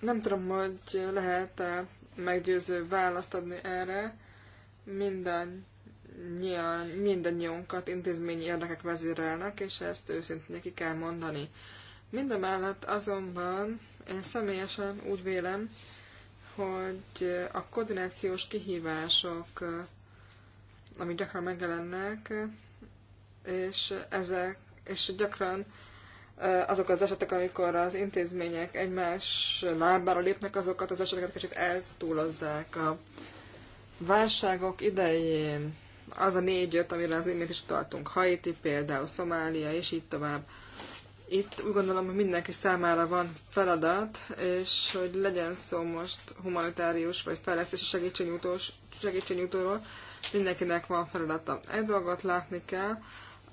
Nem tudom, hogy lehet-e meggyőző választ adni erre. Minden nyilván mindannyiunkat intézményi érdekek vezérelnek, és ezt őszintén neki kell mondani. Mindemellett azonban én személyesen úgy vélem, hogy a koordinációs kihívások, amik gyakran megjelennek, és ezek, és gyakran Eh, azok az esetek, amikor az intézmények egymás lábára lépnek, azokat az eseteket kicsit eltúlozzák. A válságok idején az a négy-öt, amire az imént is utaltunk, Haiti például, Szomália és így tovább. Itt úgy gondolom, hogy mindenki számára van feladat, és hogy legyen szó most humanitárius vagy fejlesztési segítségnyújtóról, mindenkinek van feladata. Egy dolgot látni kell,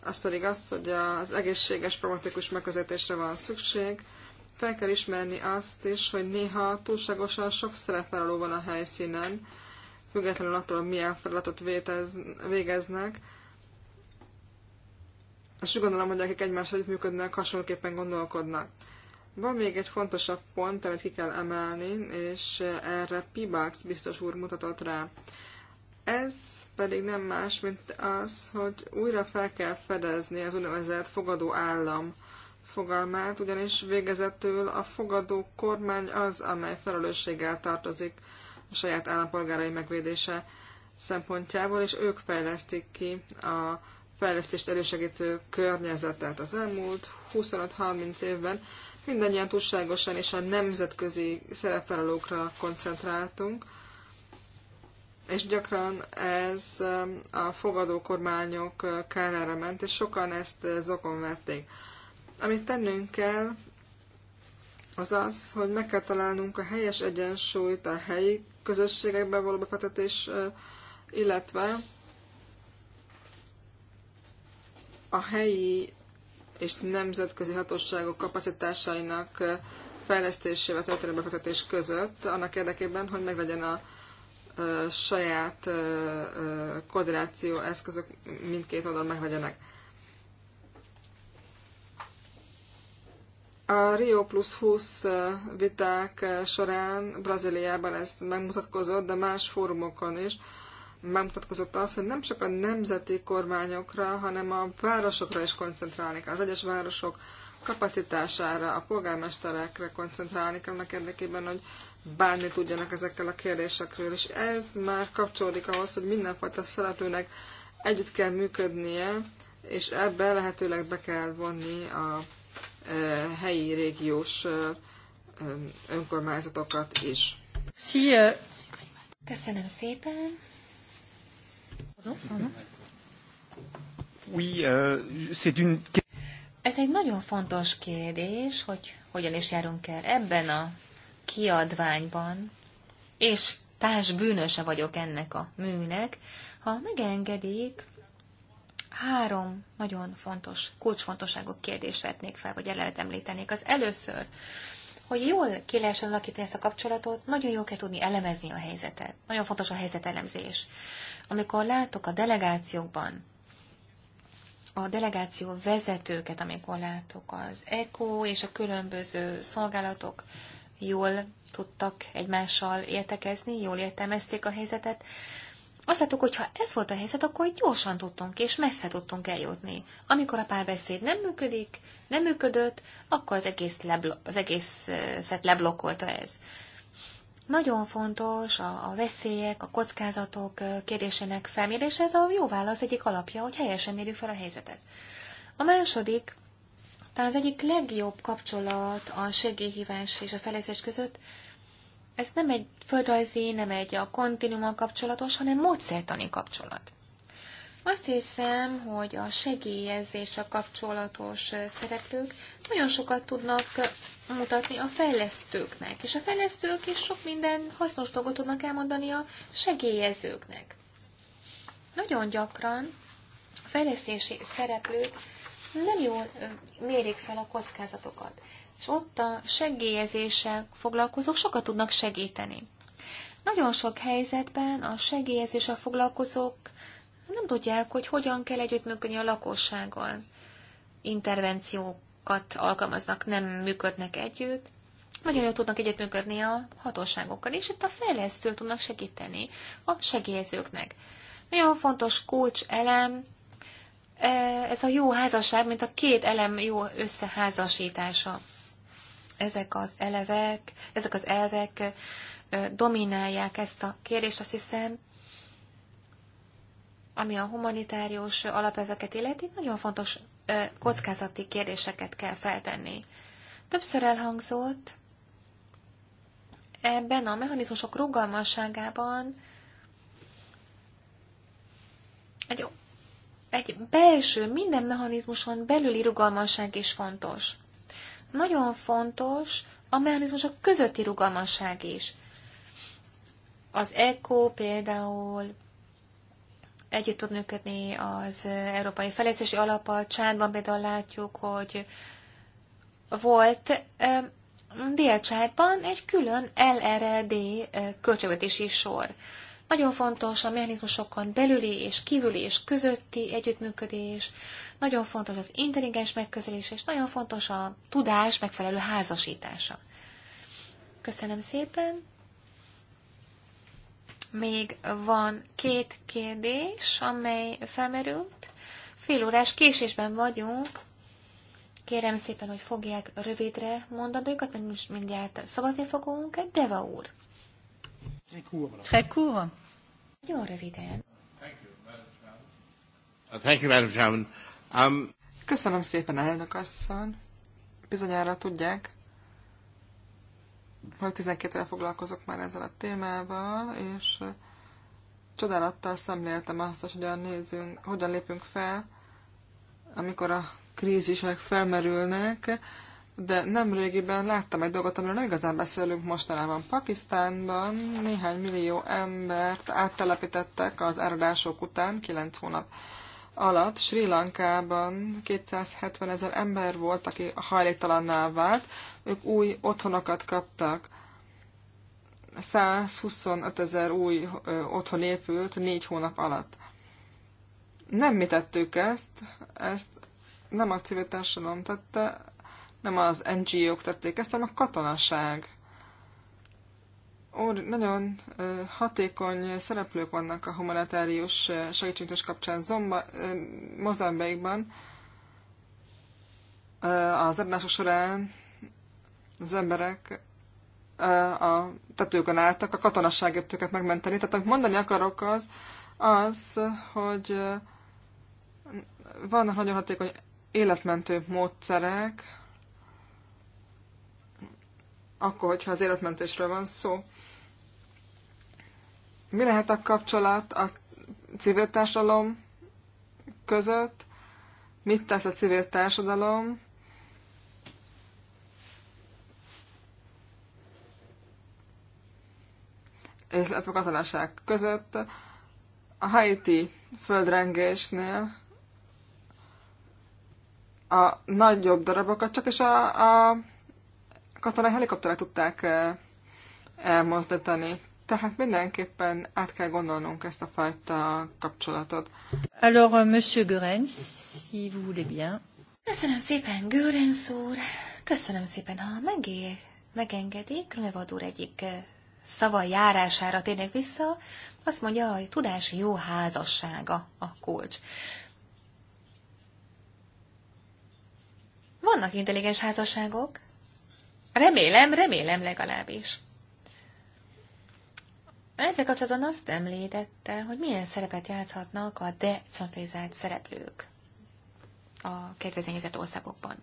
az pedig az, hogy az egészséges, pragmatikus megközelítésre van szükség. Fel kell ismerni azt is, hogy néha túlságosan sok szerepvállaló van a helyszínen, függetlenül attól, hogy milyen feladatot végeznek. És úgy gondolom, hogy akik egymással működnek, hasonlóképpen gondolkodnak. Van még egy fontosabb pont, amit ki kell emelni, és erre Pibax biztos úr mutatott rá. Ez pedig nem más, mint az, hogy újra fel kell fedezni az úgynevezett fogadó állam fogalmát, ugyanis végezetül a fogadó kormány az, amely felelősséggel tartozik a saját állampolgárai megvédése szempontjából, és ők fejlesztik ki a fejlesztést elősegítő környezetet. Az elmúlt 25-30 évben mindannyian túlságosan és a nemzetközi szerepvállalókra koncentráltunk, és gyakran ez a fogadó kormányok kárára ment, és sokan ezt zokon vették. Amit tennünk kell, az az, hogy meg kell találnunk a helyes egyensúlyt a helyi közösségekben való befektetés, illetve a helyi és nemzetközi hatóságok kapacitásainak fejlesztésével történő befektetés között, annak érdekében, hogy meglegyen a saját koordináció eszközök mindkét oldal meglegyenek. A Rio Plus 20 viták során Brazíliában ez megmutatkozott, de más fórumokon is megmutatkozott az, hogy nem csak a nemzeti kormányokra, hanem a városokra is koncentrálni kell. Az egyes városok kapacitására, a polgármesterekre koncentrálni kell annak érdekében, hogy bánni tudjanak ezekkel a kérdésekről. És ez már kapcsolódik ahhoz, hogy mindenfajta szereplőnek együtt kell működnie, és ebbe lehetőleg be kell vonni a e, helyi régiós e, önkormányzatokat is. Szia! Köszönöm szépen! Oui, euh, c'est une... Ez egy nagyon fontos kérdés, hogy hogyan is járunk el ebben a kiadványban, és bűnöse vagyok ennek a műnek, ha megengedik, három nagyon fontos, kulcsfontosságok kérdést vetnék fel, vagy elevet említenék. Az először, hogy jól ki lehessen alakítani ezt a kapcsolatot, nagyon jól kell tudni elemezni a helyzetet. Nagyon fontos a helyzetelemzés. Amikor látok a delegációkban, a delegáció vezetőket, amikor látok az ECO és a különböző szolgálatok jól tudtak egymással értekezni, jól értelmezték a helyzetet. Azt látok, hogy ha ez volt a helyzet, akkor gyorsan tudtunk és messze tudtunk eljutni. Amikor a párbeszéd nem működik, nem működött, akkor az, egész leblo- az egészet leblokkolta ez. Nagyon fontos a, a veszélyek, a kockázatok kérdésének felmérése, ez a jó válasz egyik alapja, hogy helyesen mérjük fel a helyzetet. A második, talán az egyik legjobb kapcsolat a segélyhívás és a felezés között, ez nem egy földrajzi, nem egy a kontinuumal kapcsolatos, hanem módszertani kapcsolat. Azt hiszem, hogy a segélyezés a kapcsolatos szereplők nagyon sokat tudnak mutatni a fejlesztőknek, és a fejlesztők is sok minden hasznos dolgot tudnak elmondani a segélyezőknek. Nagyon gyakran a fejlesztési szereplők nem jól mérik fel a kockázatokat. És ott a segélyezéssel foglalkozók sokat tudnak segíteni. Nagyon sok helyzetben a segélyezéssel foglalkozók nem tudják, hogy hogyan kell együttműködni a lakossággal. Intervenciókat alkalmaznak, nem működnek együtt. Nagyon jól tudnak együttműködni a hatóságokkal, és itt a fejlesztők tudnak segíteni a segélyezőknek. Nagyon fontos kulcs elem E, ez a jó házasság, mint a két elem jó összeházasítása. Ezek az elevek, ezek az elvek e, dominálják ezt a kérdést, azt hiszem, ami a humanitárius alapelveket illeti, nagyon fontos e, kockázati kérdéseket kell feltenni. Többször elhangzott, ebben a mechanizmusok rugalmasságában egy egy belső, minden mechanizmuson belüli rugalmasság is fontos. Nagyon fontos a mechanizmusok közötti rugalmasság is. Az ECO például együtt tud működni az Európai Fejlesztési Alapal. Csádban például látjuk, hogy volt Délcsádban egy külön LRD költségvetési sor. Nagyon fontos a mechanizmusokon belüli és kívüli és közötti együttműködés, nagyon fontos az intelligens megközelés, és nagyon fontos a tudás megfelelő házasítása. Köszönöm szépen! Még van két kérdés, amely felmerült. Fél órás késésben vagyunk. Kérem szépen, hogy fogják rövidre mondatokat, mert most mindjárt szavazni fogunk. Deva úr. Très court. Jó röviden. Thank you, Madam Chairman. Um... Köszönöm szépen, elnök asszony. Bizonyára tudják, hogy 12 éve foglalkozok már ezzel a témával, és csodálattal szemléltem azt, hogy hogyan nézünk, hogyan lépünk fel, amikor a krízisek felmerülnek, de nem régiben láttam egy dolgot, amiről nem igazán beszélünk mostanában. Pakisztánban néhány millió embert áttelepítettek az áradások után, 9 hónap alatt. Sri Lankában 270 ezer ember volt, aki hajléktalanná vált, ők új otthonokat kaptak. 125 ezer új otthon épült négy hónap alatt. Nem mi tettük ezt, ezt nem a civil társadalom tette, nem az NGO-k tették ezt, hanem a katonaság. Úr, nagyon hatékony szereplők vannak a humanitárius segítségtős kapcsán Zomba, Mozambikban. Az adások során az emberek a tetőkön álltak, a katonaság jött őket megmenteni. Tehát amit mondani akarok az, az, hogy vannak nagyon hatékony életmentő módszerek, akkor, hogyha az életmentésről van szó. Mi lehet a kapcsolat a civil társadalom között? Mit tesz a civil társadalom? és a katonaság között. A Haiti földrengésnél a nagyobb darabokat csak is a, a katonai helikopterek tudták eh, elmozdítani. Tehát mindenképpen át kell gondolnunk ezt a fajta kapcsolatot. Alors, euh, Monsieur Görens, si vous voulez bien. Köszönöm szépen, Görens úr. Köszönöm szépen, ha megé, megengedik. Grönevad úr egyik eh, szava járására térnek vissza, azt mondja, hogy tudás jó házassága a kulcs. Vannak intelligens házasságok, Remélem, remélem legalábbis. Ezzel kapcsolatban azt említette, hogy milyen szerepet játszhatnak a decentralizált szereplők a kedvezményezett országokban.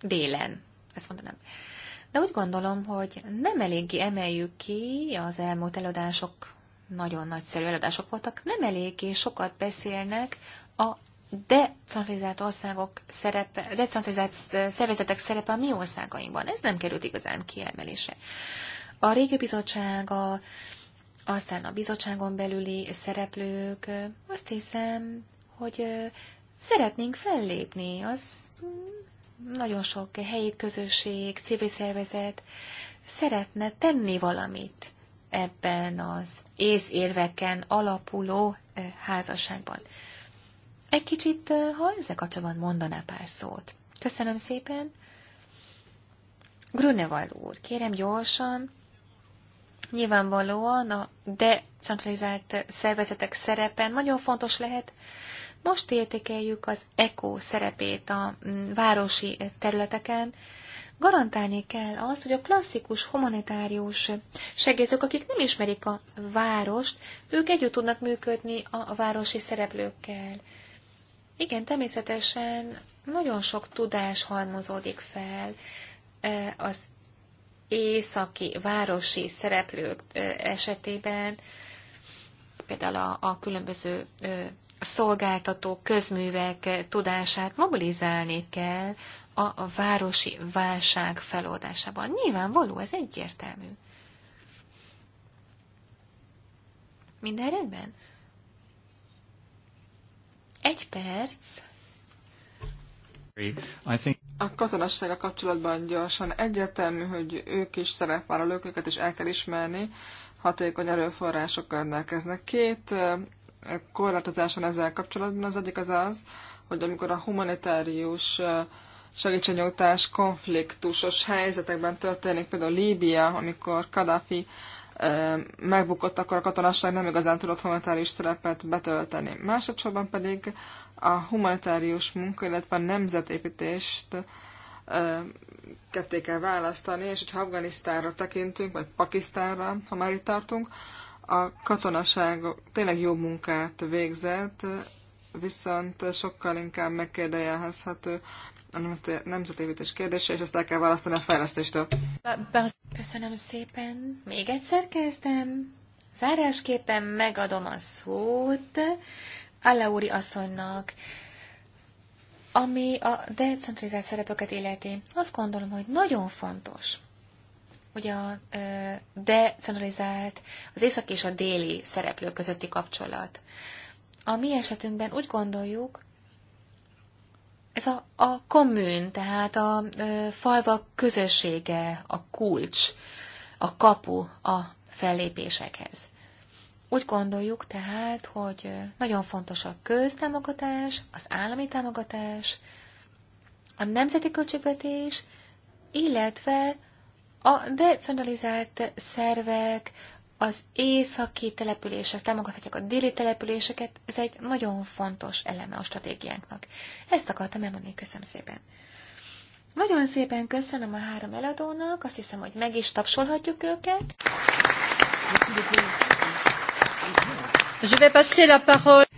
Délen, ezt mondanám. De úgy gondolom, hogy nem eléggé emeljük ki, az elmúlt előadások nagyon nagyszerű előadások voltak, nem eléggé sokat beszélnek a decentralizált országok szerepe, decentralizált szervezetek szerepe a mi országainkban. Ez nem került igazán kiemelése. A régi bizottsága, aztán a bizottságon belüli szereplők, azt hiszem, hogy szeretnénk fellépni. Az nagyon sok helyi közösség, civil szervezet szeretne tenni valamit ebben az észérveken alapuló házasságban. Egy kicsit, ha ezzel kapcsolatban mondaná pár szót. Köszönöm szépen. Grünewald úr, kérem gyorsan, nyilvánvalóan a decentralizált szervezetek szerepen nagyon fontos lehet. Most értékeljük az ECO szerepét a mm, városi területeken. Garantálni kell az, hogy a klasszikus humanitárius segélyzők, akik nem ismerik a várost, ők együtt tudnak működni a városi szereplőkkel. Igen, természetesen nagyon sok tudás halmozódik fel e, az északi városi szereplők e, esetében, például a, a különböző e, szolgáltató közművek tudását mobilizálni kell a városi válság feloldásában. Nyilvánvaló, ez egyértelmű. Minden rendben? Egy perc. A katonassága kapcsolatban gyorsan egyértelmű, hogy ők is szerepvállalók, őket is el kell ismerni, hatékony erőforrásokkal rendelkeznek. Két korlátozáson ezzel kapcsolatban az egyik az az, hogy amikor a humanitárius segítségnyújtás konfliktusos helyzetekben történik, például Líbia, amikor Kadhafi megbukott, akkor a katonasság nem igazán tudott humanitárius szerepet betölteni. Másodszorban pedig a humanitárius munka, illetve a nemzetépítést ketté kell választani, és hogyha Afganisztánra tekintünk, vagy Pakisztánra, ha már itt tartunk, a katonaság tényleg jó munkát végzett, viszont sokkal inkább megkérdejelhezhető a nemzetépítés kérdése, és ezt el kell választani a fejlesztéstől. Köszönöm szépen. Még egyszer kezdem. Zárásképpen megadom a szót Allauri asszonynak, ami a decentralizált szerepeket illeti. Azt gondolom, hogy nagyon fontos, hogy a decentralizált, az északi és a déli szereplők közötti kapcsolat. A mi esetünkben úgy gondoljuk, ez a, a kommun, tehát a ö, falvak közössége, a kulcs, a kapu a fellépésekhez. Úgy gondoljuk tehát, hogy nagyon fontos a köztámogatás, az állami támogatás, a nemzeti költségvetés, illetve a decentralizált szervek, az északi települések támogathatják a déli településeket, ez egy nagyon fontos eleme a stratégiánknak. Ezt akartam elmondani, köszönöm szépen. Nagyon szépen köszönöm a három eladónak, azt hiszem, hogy meg is tapsolhatjuk őket. Je vais passer la parole.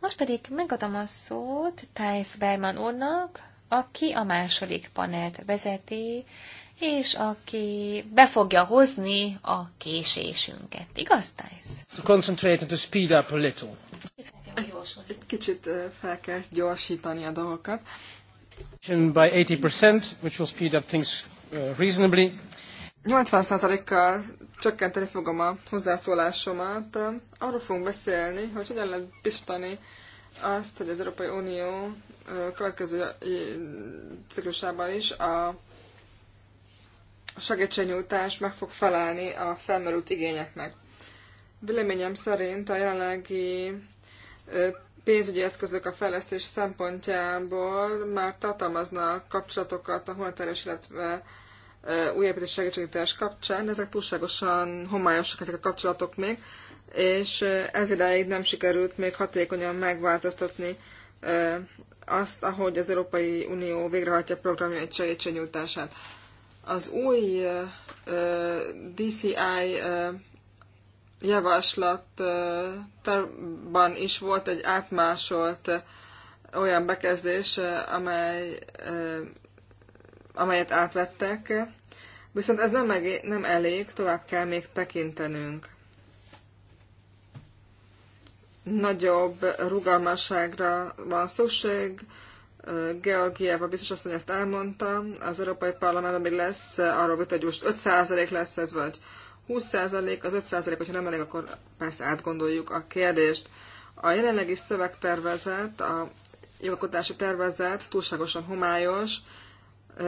Most pedig megadom a szót Thijs Berman úrnak, aki a második panelt vezeti, és aki be fogja hozni a késésünket. Igaz, to Concentrate and to speed up a little. egy Kicsit fel kell gyorsítani a dolgokat. By 80%, which will speed up things uh, reasonably. 80%-kal csökkenteni fogom a hozzászólásomat. Arról fogunk beszélni, hogy hogyan lehet biztani azt, hogy az Európai Unió következő ciklusában is a a segítségnyújtás meg fog felelni a felmerült igényeknek. Véleményem szerint a jelenlegi pénzügyi eszközök a fejlesztés szempontjából már tartalmaznak kapcsolatokat a humanitárius, illetve újjelpítés segítségnyújtás kapcsán. Ezek túlságosan homályosak ezek a kapcsolatok még, és ez ideig nem sikerült még hatékonyan megváltoztatni azt, ahogy az Európai Unió végrehajtja programjait segítségnyújtását. Az új DCI javaslatban is volt egy átmásolt olyan bekezdés, amely, amelyet átvettek, viszont ez nem, egé- nem elég, tovább kell még tekintenünk. Nagyobb rugalmasságra van szükség, Georgiával biztos hogy ezt elmondta, az Európai Parlamentben még lesz arról vita, hogy most 5% lesz ez, vagy 20%, az 5%, hogyha nem elég, akkor persze átgondoljuk a kérdést. A jelenlegi szövegtervezet, a jogalkotási tervezet túlságosan homályos,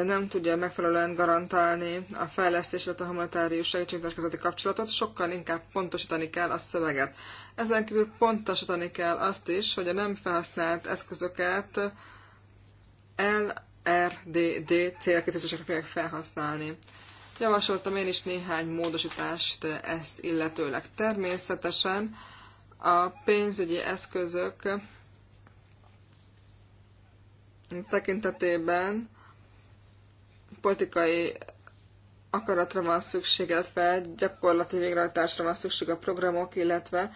nem tudja megfelelően garantálni a fejlesztés, illetve a humanitárius segítségnyújtás közötti kapcsolatot, sokkal inkább pontosítani kell a szöveget. Ezen kívül pontosítani kell azt is, hogy a nem felhasznált eszközöket LRDD célkitűzésekre fogják felhasználni. Javasoltam én is néhány módosítást ezt illetőleg. Természetesen a pénzügyi eszközök tekintetében politikai akaratra van szükség, illetve gyakorlati végrehajtásra van szükség a programok, illetve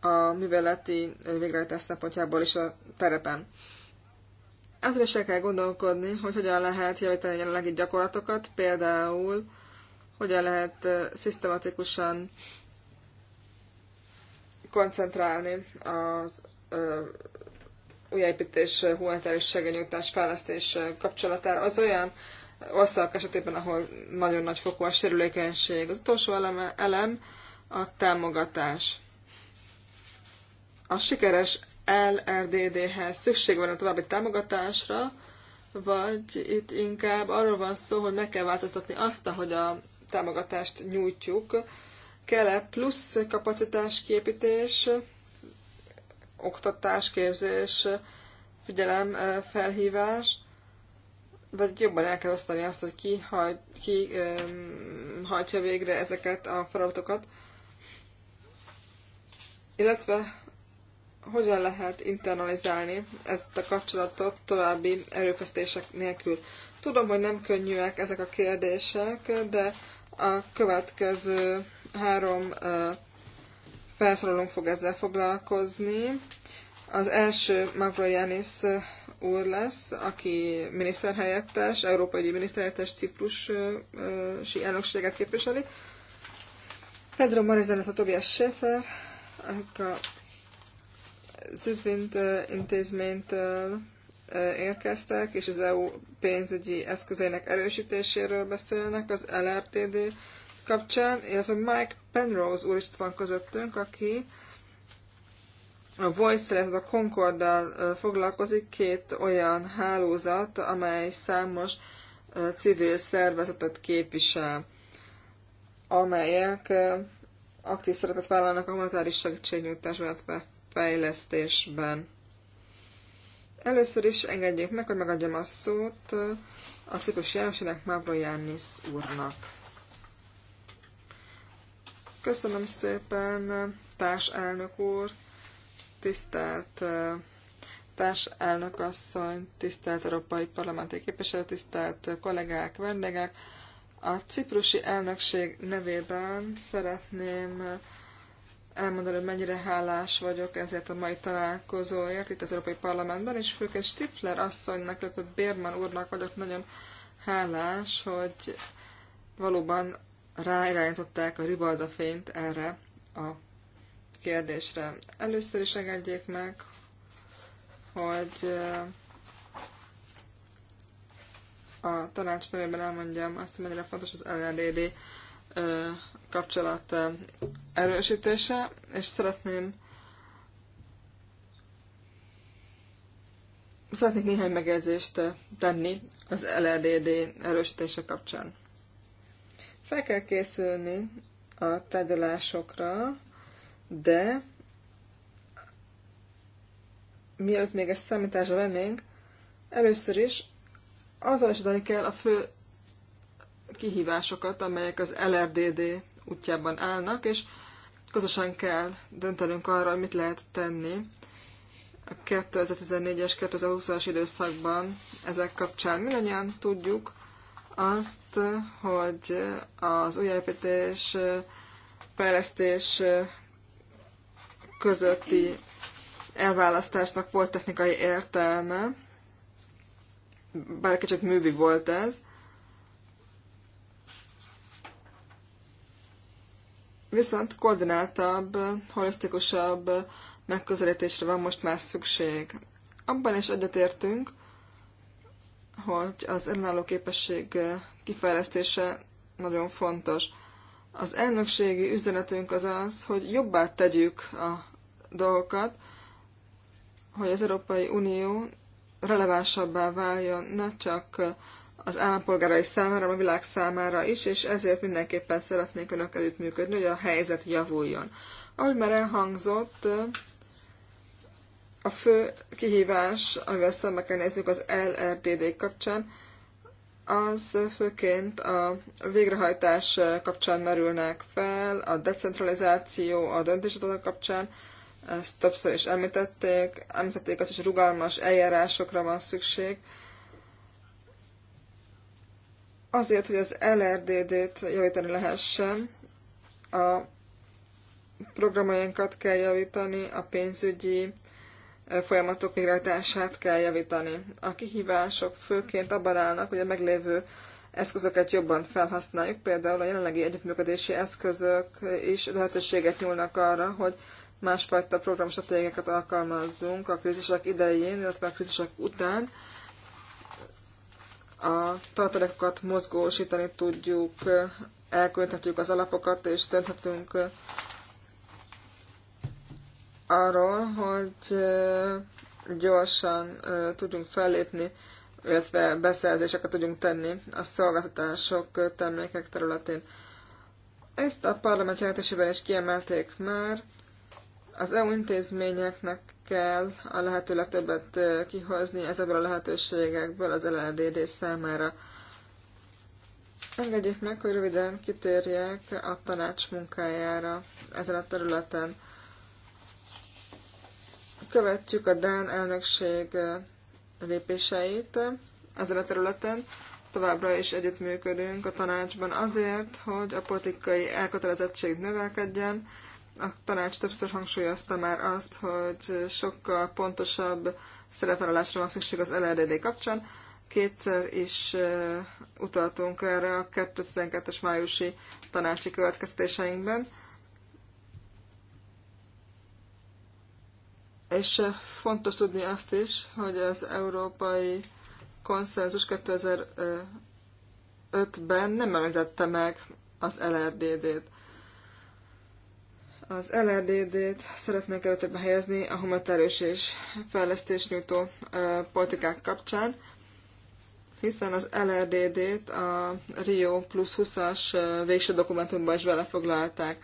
a műveleti végrehajtás szempontjából is a terepen. Azon is el kell gondolkodni, hogy hogyan lehet javítani a jelenlegi gyakorlatokat, például hogyan lehet szisztematikusan koncentrálni az ö, újjáépítés, humanitárius segényújtás, fejlesztés kapcsolatára. Az olyan országok esetében, ahol nagyon nagy fokú a sérülékenység. Az utolsó eleme, elem a támogatás. A sikeres LRDD-hez szükség van a további támogatásra, vagy itt inkább arról van szó, hogy meg kell változtatni azt, ahogy a támogatást nyújtjuk. Kell-e plusz kapacitás kiépítés, oktatás, képzés, figyelem, felhívás, vagy jobban el kell osztani azt, hogy ki, hagy, ki um, hajtja végre ezeket a feladatokat. Illetve hogyan lehet internalizálni ezt a kapcsolatot további erőfeszítések nélkül. Tudom, hogy nem könnyűek ezek a kérdések, de a következő három felszólalónk fog ezzel foglalkozni. Az első Mavroyanis úr lesz, aki miniszterhelyettes, európai miniszterhelyettes ciprusi elnökséget képviseli. Pedro Marizanet a Tobias Schäfer, a Züdvint intézménytől érkeztek, és az EU pénzügyi eszközeinek erősítéséről beszélnek az LRTD kapcsán, illetve Mike Penrose úr is van közöttünk, aki a Voice, illetve a Concorddal foglalkozik két olyan hálózat, amely számos civil szervezetet képvisel, amelyek aktív szerepet vállalnak a humanitáris segítségnyújtásban, illetve fejlesztésben. Először is engedjék meg, hogy megadjam a szót a Ciprus Jánosének Mavrojánis úrnak. Köszönöm szépen, társelnök úr, tisztelt eh, társelnök asszony, tisztelt Európai Parlamenti Képviselő, tisztelt kollégák, vendégek. A ciprusi elnökség nevében szeretném elmondani, hogy mennyire hálás vagyok ezért a mai találkozóért itt az Európai Parlamentben, és főként Stifler asszonynak, illetve Bérman úrnak vagyok nagyon hálás, hogy valóban ráirányították a ribalda fényt erre a kérdésre. Először is engedjék meg, hogy eh, a tanács nevében elmondjam azt, hogy mennyire fontos az LRD kapcsolat erősítése, és szeretném szeretnék néhány megjegyzést tenni az LRDD e erősítése kapcsán. Fel kell készülni a tárgyalásokra, de mielőtt még ezt számításra vennénk, először is azonosítani kell a fő kihívásokat, amelyek az LRDD e útjában állnak, és közösen kell döntenünk arra, hogy mit lehet tenni a 2014-es, 2020-as időszakban ezek kapcsán. Mindannyian tudjuk azt, hogy az újjelépítés fejlesztés közötti elválasztásnak volt technikai értelme, bár kicsit művi volt ez, Viszont koordináltabb, holisztikusabb megközelítésre van most már szükség. Abban is egyetértünk, hogy az önálló képesség kifejlesztése nagyon fontos. Az elnökségi üzenetünk az az, hogy jobbá tegyük a dolgokat, hogy az Európai Unió relevánsabbá váljon ne csak az állampolgárai számára, a világ számára is, és ezért mindenképpen szeretnénk önök működni, hogy a helyzet javuljon. Ahogy már elhangzott, a fő kihívás, amivel szembe kell néznünk az LRTD kapcsán, az főként a végrehajtás kapcsán merülnek fel, a decentralizáció, a döntéshozatal kapcsán, ezt többször is említették, említették azt is, rugalmas eljárásokra van szükség, azért, hogy az LRDD-t javítani lehessen, a programainkat kell javítani, a pénzügyi folyamatok végrehajtását kell javítani. A kihívások főként abban állnak, hogy a meglévő eszközöket jobban felhasználjuk, például a jelenlegi együttműködési eszközök is lehetőséget nyúlnak arra, hogy másfajta programstratégiákat alkalmazzunk a krízisek idején, illetve a krízisek után, a tartalékokat mozgósítani tudjuk, elkölthetjük az alapokat, és dönthetünk arról, hogy gyorsan tudjunk fellépni, illetve beszerzéseket tudjunk tenni a szolgáltatások termékek területén. Ezt a parlament jelentésében is kiemelték már, az EU intézményeknek kell a lehető legtöbbet kihozni ezekből a lehetőségekből az LLDD számára. Engedjék meg, hogy röviden kitérjek a tanács munkájára ezen a területen. Követjük a Dán elnökség lépéseit ezen a területen. Továbbra is együttműködünk a tanácsban azért, hogy a politikai elkötelezettség növelkedjen, a tanács többször hangsúlyozta már azt, hogy sokkal pontosabb szerepvállalásra van szükség az LRD kapcsán. Kétszer is utaltunk erre a 2012-es májusi tanácsi következtéseinkben. És fontos tudni azt is, hogy az európai konszenzus 2005-ben nem említette meg az LRDD-t. Az LRDD-t szeretnék előtte helyezni a humanitárius és fejlesztés nyújtó politikák kapcsán, hiszen az LRDD-t a Rio plusz 20-as végső dokumentumban is belefoglalták.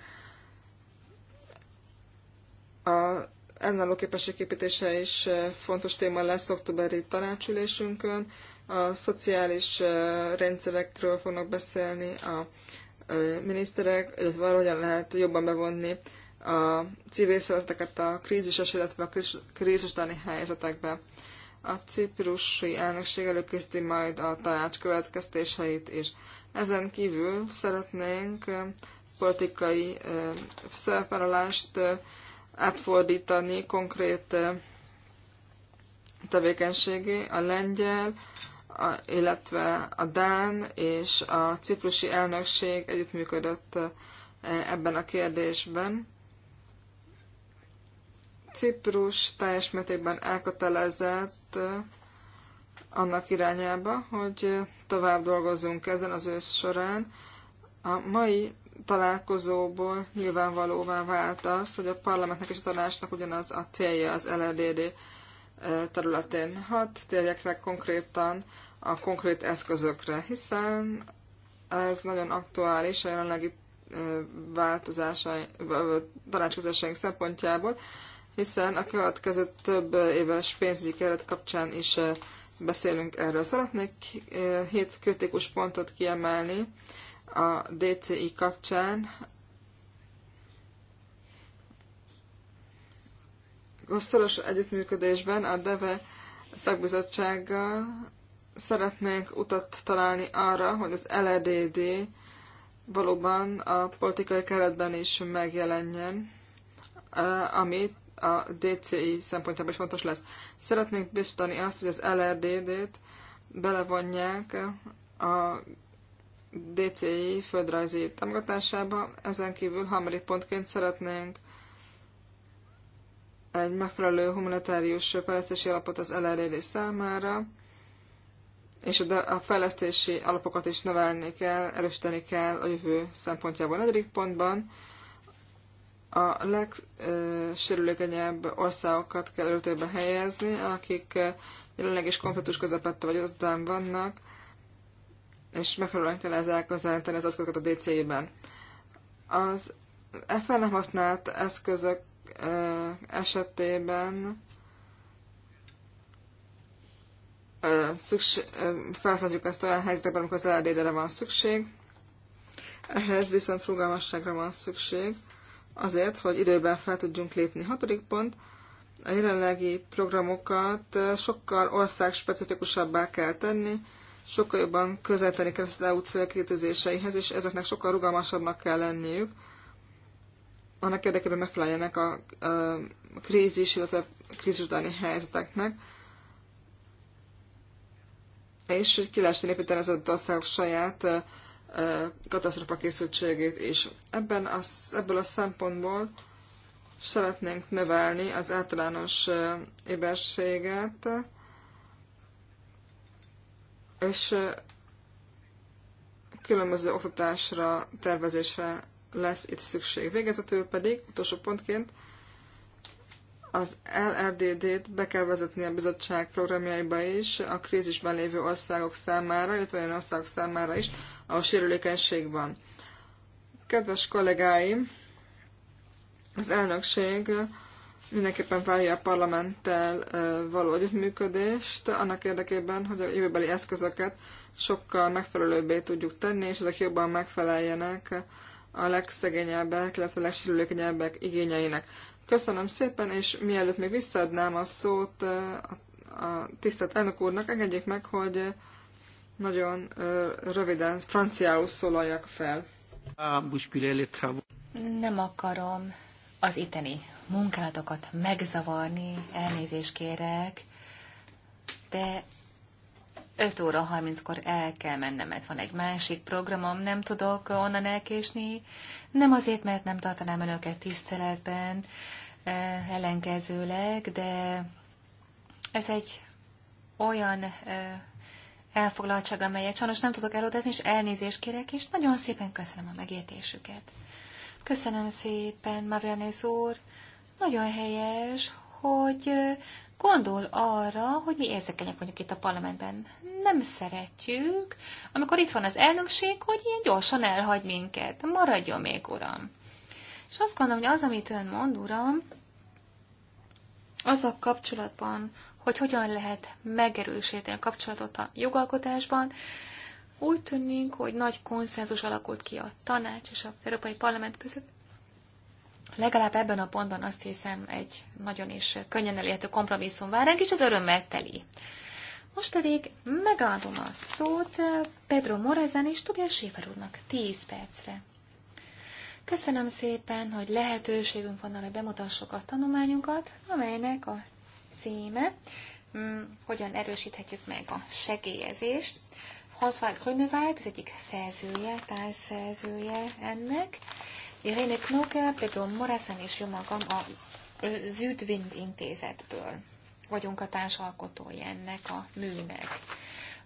A ellenálló képességképítése is fontos téma lesz októberi tanácsülésünkön. A szociális rendszerekről fognak beszélni, a miniszterek, illetve arra hogyan lehet jobban bevonni a civil szervezeteket a krízises, illetve a krízis utáni helyzetekbe. A ciprusi elnökség előkészíti majd a tanács következtéseit és Ezen kívül szeretnénk politikai szerepvállalást átfordítani konkrét tevékenységé. A lengyel, illetve a Dán és a ciprusi elnökség együttműködött eh, ebben a kérdésben. Ciprus teljes mértékben elkötelezett eh, annak irányába, hogy eh, tovább dolgozunk ezen az ősz során. A mai találkozóból nyilvánvalóvá vált az, hogy a parlamentnek és a tanácsnak ugyanaz a célja az LLDD területén. hat térjekre konkrétan a konkrét eszközökre, hiszen ez nagyon aktuális a jelenlegi tanácskozásaink szempontjából, hiszen a következő több éves pénzügyi keret kapcsán is beszélünk erről. Szeretnék hét kritikus pontot kiemelni a DCI kapcsán. A szoros együttműködésben a DEVE szakbizottsággal szeretnénk utat találni arra, hogy az LEDD valóban a politikai keretben is megjelenjen, amit a DCI szempontjából is fontos lesz. Szeretnénk biztosítani azt, hogy az LRDD-t e belevonják a DCI földrajzi támogatásába. Ezen kívül hamarik pontként szeretnénk egy megfelelő humanitárius fejlesztési alapot az LRDD e számára, és a fejlesztési alapokat is növelni kell, erősíteni kell a jövő szempontjából. A negyedik pontban a legsérülékenyebb országokat kell előtérbe helyezni, akik jelenleg is konfliktus közepette vagy azután vannak, és megfelelően kell ezzel közelíteni az eszközöket a DC-ben. Az fel nem használt eszközök esetében szükség, felhasználjuk ezt olyan helyzetekben, amikor az leadédre van szükség. Ehhez viszont rugalmasságra van szükség, azért, hogy időben fel tudjunk lépni. Hatodik pont, a jelenlegi programokat sokkal országspecifikusabbá kell tenni, sokkal jobban közelteni kell az EU célkitűzéseihez, és ezeknek sokkal rugalmasabbnak kell lenniük, annak érdekében megfeleljenek a, a krízis, illetve a krízis utáni helyzeteknek és hogy ki lehessen építeni az adott országok saját katasztrofa készültségét is. Ebben az, ebből a szempontból szeretnénk növelni az általános éberséget, és különböző oktatásra, tervezésre lesz itt szükség. Végezetül pedig, utolsó pontként, az LRDD-t be kell vezetni a bizottság programjaiba is, a krízisben lévő országok számára, illetve olyan országok számára is, ahol sérülékenység van. Kedves kollégáim, az elnökség mindenképpen várja a parlamenttel való együttműködést, annak érdekében, hogy a jövőbeli eszközöket sokkal megfelelőbbé tudjuk tenni, és ezek jobban megfeleljenek a legszegényebbek, illetve legsérülékenyebbek igényeinek. Köszönöm szépen, és mielőtt még visszaadnám a szót a tisztelt elnök úrnak, engedjék meg, hogy nagyon röviden franciául szólaljak fel. Nem akarom az itteni munkálatokat megzavarni, elnézést kérek, de 5 óra 30-kor el kell mennem, mert van egy másik programom, nem tudok onnan elkésni. Nem azért, mert nem tartanám önöket tiszteletben, E, ellenkezőleg, de ez egy olyan e, elfoglaltság, amelyet sajnos nem tudok elodázni és elnézést kérek, és nagyon szépen köszönöm a megértésüket. Köszönöm szépen, Mavrianész úr. Nagyon helyes, hogy gondol arra, hogy mi érzékenyek vagyunk itt a parlamentben. Nem szeretjük, amikor itt van az elnökség, hogy ilyen gyorsan elhagy minket. Maradjon még, uram! És azt gondolom, hogy az, amit ön mond, uram, az a kapcsolatban, hogy hogyan lehet megerősíteni a kapcsolatot a jogalkotásban, úgy tűnik, hogy nagy konszenzus alakult ki a tanács és a Európai Parlament között. Legalább ebben a pontban azt hiszem egy nagyon is könnyen elérhető kompromisszum vár ránk, és ez örömmel teli. Most pedig megadom a szót Pedro Morezen és Tobias Séfer úrnak 10 percre. Köszönöm szépen, hogy lehetőségünk van arra, hogy bemutassuk a tanulmányunkat, amelynek a címe, mm, hogyan erősíthetjük meg a segélyezést. François Grünewald, az egyik szerzője, társzerzője ennek, Irene Knoke, Pedro Morrison és jó magam a Zűdvind intézetből vagyunk a társalkotói ennek a műnek.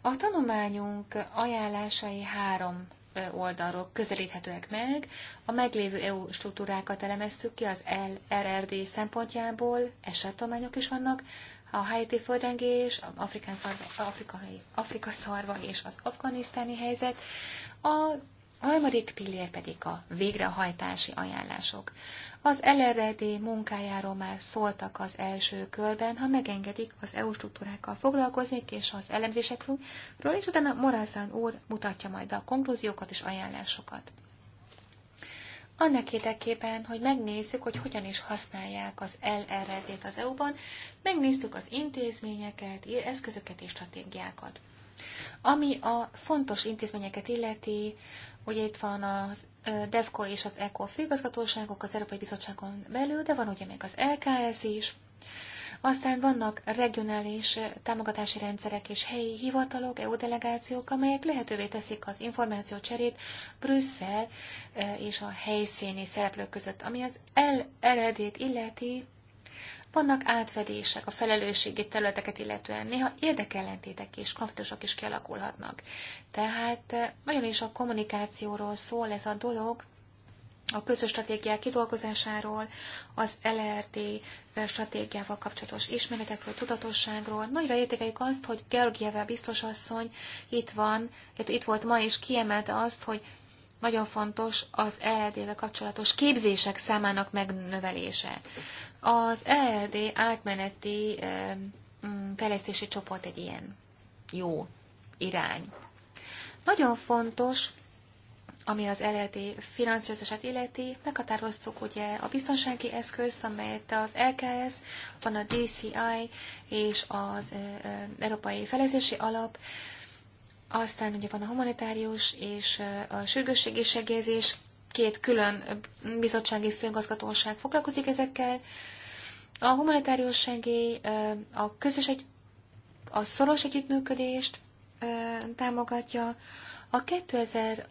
A tanulmányunk ajánlásai három oldalról közelíthetőek meg. A meglévő EU struktúrákat elemezzük ki az LRRD szempontjából, esettanányok is vannak, a Haiti földrengés, szarva, Afrikai, Afrika szarva és az afganisztáni helyzet, a harmadik pillér pedig a végrehajtási ajánlások. Az LRD munkájáról már szóltak az első körben, ha megengedik az EU struktúrákkal foglalkoznék és az elemzésekről, és utána Morázán úr mutatja majd a konklúziókat és ajánlásokat. Annak érdekében, hogy megnézzük, hogy hogyan is használják az LRD-t az EU-ban, megnéztük az intézményeket, eszközöket és stratégiákat. Ami a fontos intézményeket illeti, Ugye itt van az DEVCO és az ECO főigazgatóságok az Európai Bizottságon belül, de van ugye még az LKS is. Aztán vannak regionális támogatási rendszerek és helyi hivatalok, EU delegációk, amelyek lehetővé teszik az információ cserét Brüsszel és a helyszíni szereplők között. Ami az LRD-t illeti, vannak átfedések a felelősségi területeket illetően, néha érdekellentétek és konfliktusok is kialakulhatnak. Tehát eh, nagyon is a kommunikációról szól ez a dolog, a közös stratégiák kidolgozásáról, az LRT eh, stratégiával kapcsolatos ismeretekről, tudatosságról. Nagyra értékeljük azt, hogy Georgiával biztos asszony itt van, itt volt ma, és kiemelte azt, hogy nagyon fontos az LRT-vel kapcsolatos képzések számának megnövelése. Az ELD átmeneti mm, fejlesztési csoport egy ilyen jó irány. Nagyon fontos, ami az ELD finanszírozását illeti, meghatároztuk ugye a biztonsági eszköz, amelyet az LKS, van a DCI és az Európai Felezési Alap, aztán ugye van a humanitárius és a sürgősségi segélyezés, két külön bizottsági főgazgatóság foglalkozik ezekkel. A humanitárius segély, a közös egy, a szoros együttműködést támogatja, a 2006-os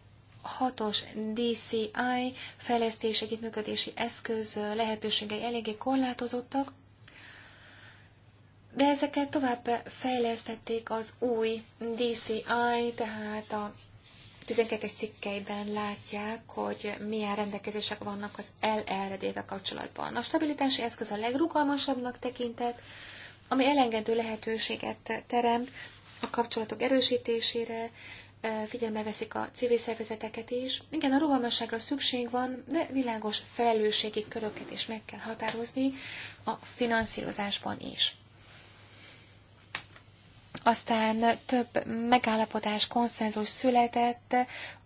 DCI fejlesztés együttműködési eszköz lehetőségei eléggé korlátozottak, de ezeket tovább fejlesztették az új DCI, tehát a 12-es cikkeiben látják, hogy milyen rendelkezések vannak az LRD-vel kapcsolatban. A stabilitási eszköz a legrugalmasabbnak tekintett, ami elengedő lehetőséget teremt a kapcsolatok erősítésére, figyelme veszik a civil szervezeteket is. Igen, a rugalmasságra szükség van, de világos felelősségi köröket is meg kell határozni a finanszírozásban is. Aztán több megállapodás, konszenzus született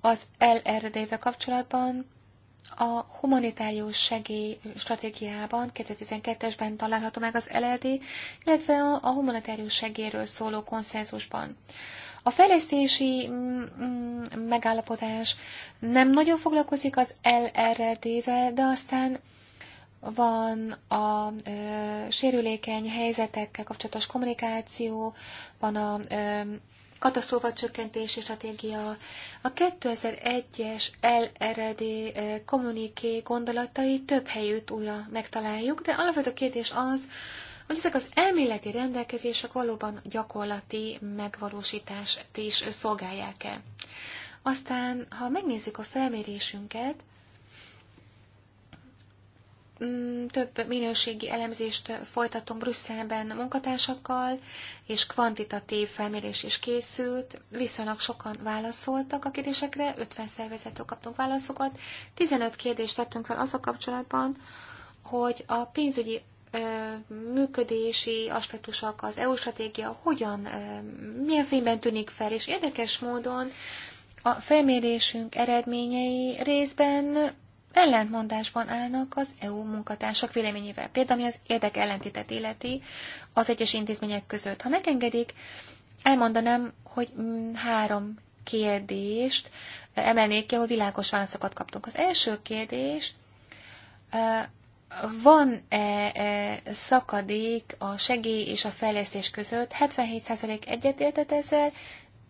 az LRD-vel kapcsolatban, a humanitárius segély stratégiában 2012-esben található meg az LRD, illetve a humanitárius segélyről szóló konszenzusban. A fejlesztési mm, mm, megállapodás nem nagyon foglalkozik az LRD-vel, de aztán van a ö, sérülékeny helyzetekkel kapcsolatos kommunikáció, van a ö, katasztrófa csökkentési stratégia, a 2001-es LRD kommuniké gondolatai több helyütt újra megtaláljuk, de alapvető kérdés az, hogy ezek az elméleti rendelkezések valóban gyakorlati megvalósítást is szolgálják-e. Aztán, ha megnézzük a felmérésünket, Mm, több minőségi elemzést folytatunk Brüsszelben munkatársakkal, és kvantitatív felmérés is készült. Viszonylag sokan válaszoltak a kérdésekre, 50 szervezetől kaptunk válaszokat. 15 kérdést tettünk fel azzal kapcsolatban, hogy a pénzügyi működési aspektusok, az EU stratégia hogyan, milyen fényben tűnik fel, és érdekes módon a felmérésünk eredményei részben ellentmondásban állnak az EU munkatársak véleményével. Például, ami az érdek ellentétet illeti az egyes intézmények között. Ha megengedik, elmondanám, hogy három kérdést emelnék ki, ahol világos válaszokat kaptunk. Az első kérdés, van-e szakadék a segély és a fejlesztés között? 77% egyetértett ezzel,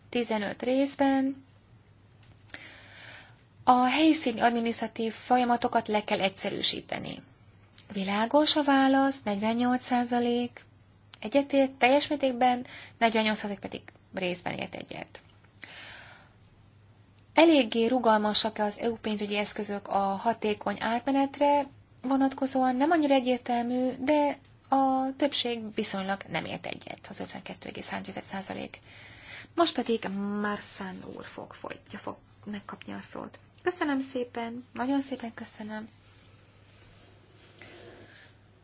15 részben, a helyszíni adminisztratív folyamatokat le kell egyszerűsíteni. Világos a válasz, 48% százalék. egyetért teljes mértékben, 48% százalék pedig részben ért egyet. Eléggé rugalmasak az EU pénzügyi eszközök a hatékony átmenetre vonatkozóan, nem annyira egyértelmű, de a többség viszonylag nem ért egyet, az 52,3%. Most pedig Marszán úr fog, fog, fog megkapni a szót. Köszönöm szépen, nagyon szépen köszönöm.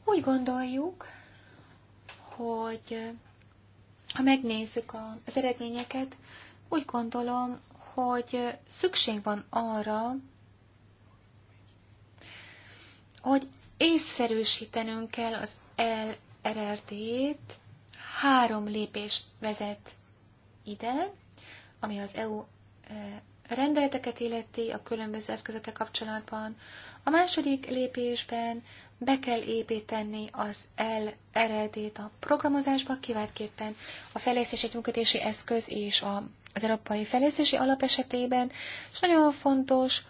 Úgy gondoljuk, hogy ha megnézzük az eredményeket, úgy gondolom, hogy szükség van arra, hogy észszerűsítenünk kell az LRRD-t, három lépést vezet ide, ami az EU eh, a rendeleteket illeti a különböző eszközökkel kapcsolatban, a második lépésben be kell építeni az LRD-t a programozásba, kiváltképpen a fejlesztési működési eszköz és a, az Európai Fejlesztési Alap esetében, és nagyon fontos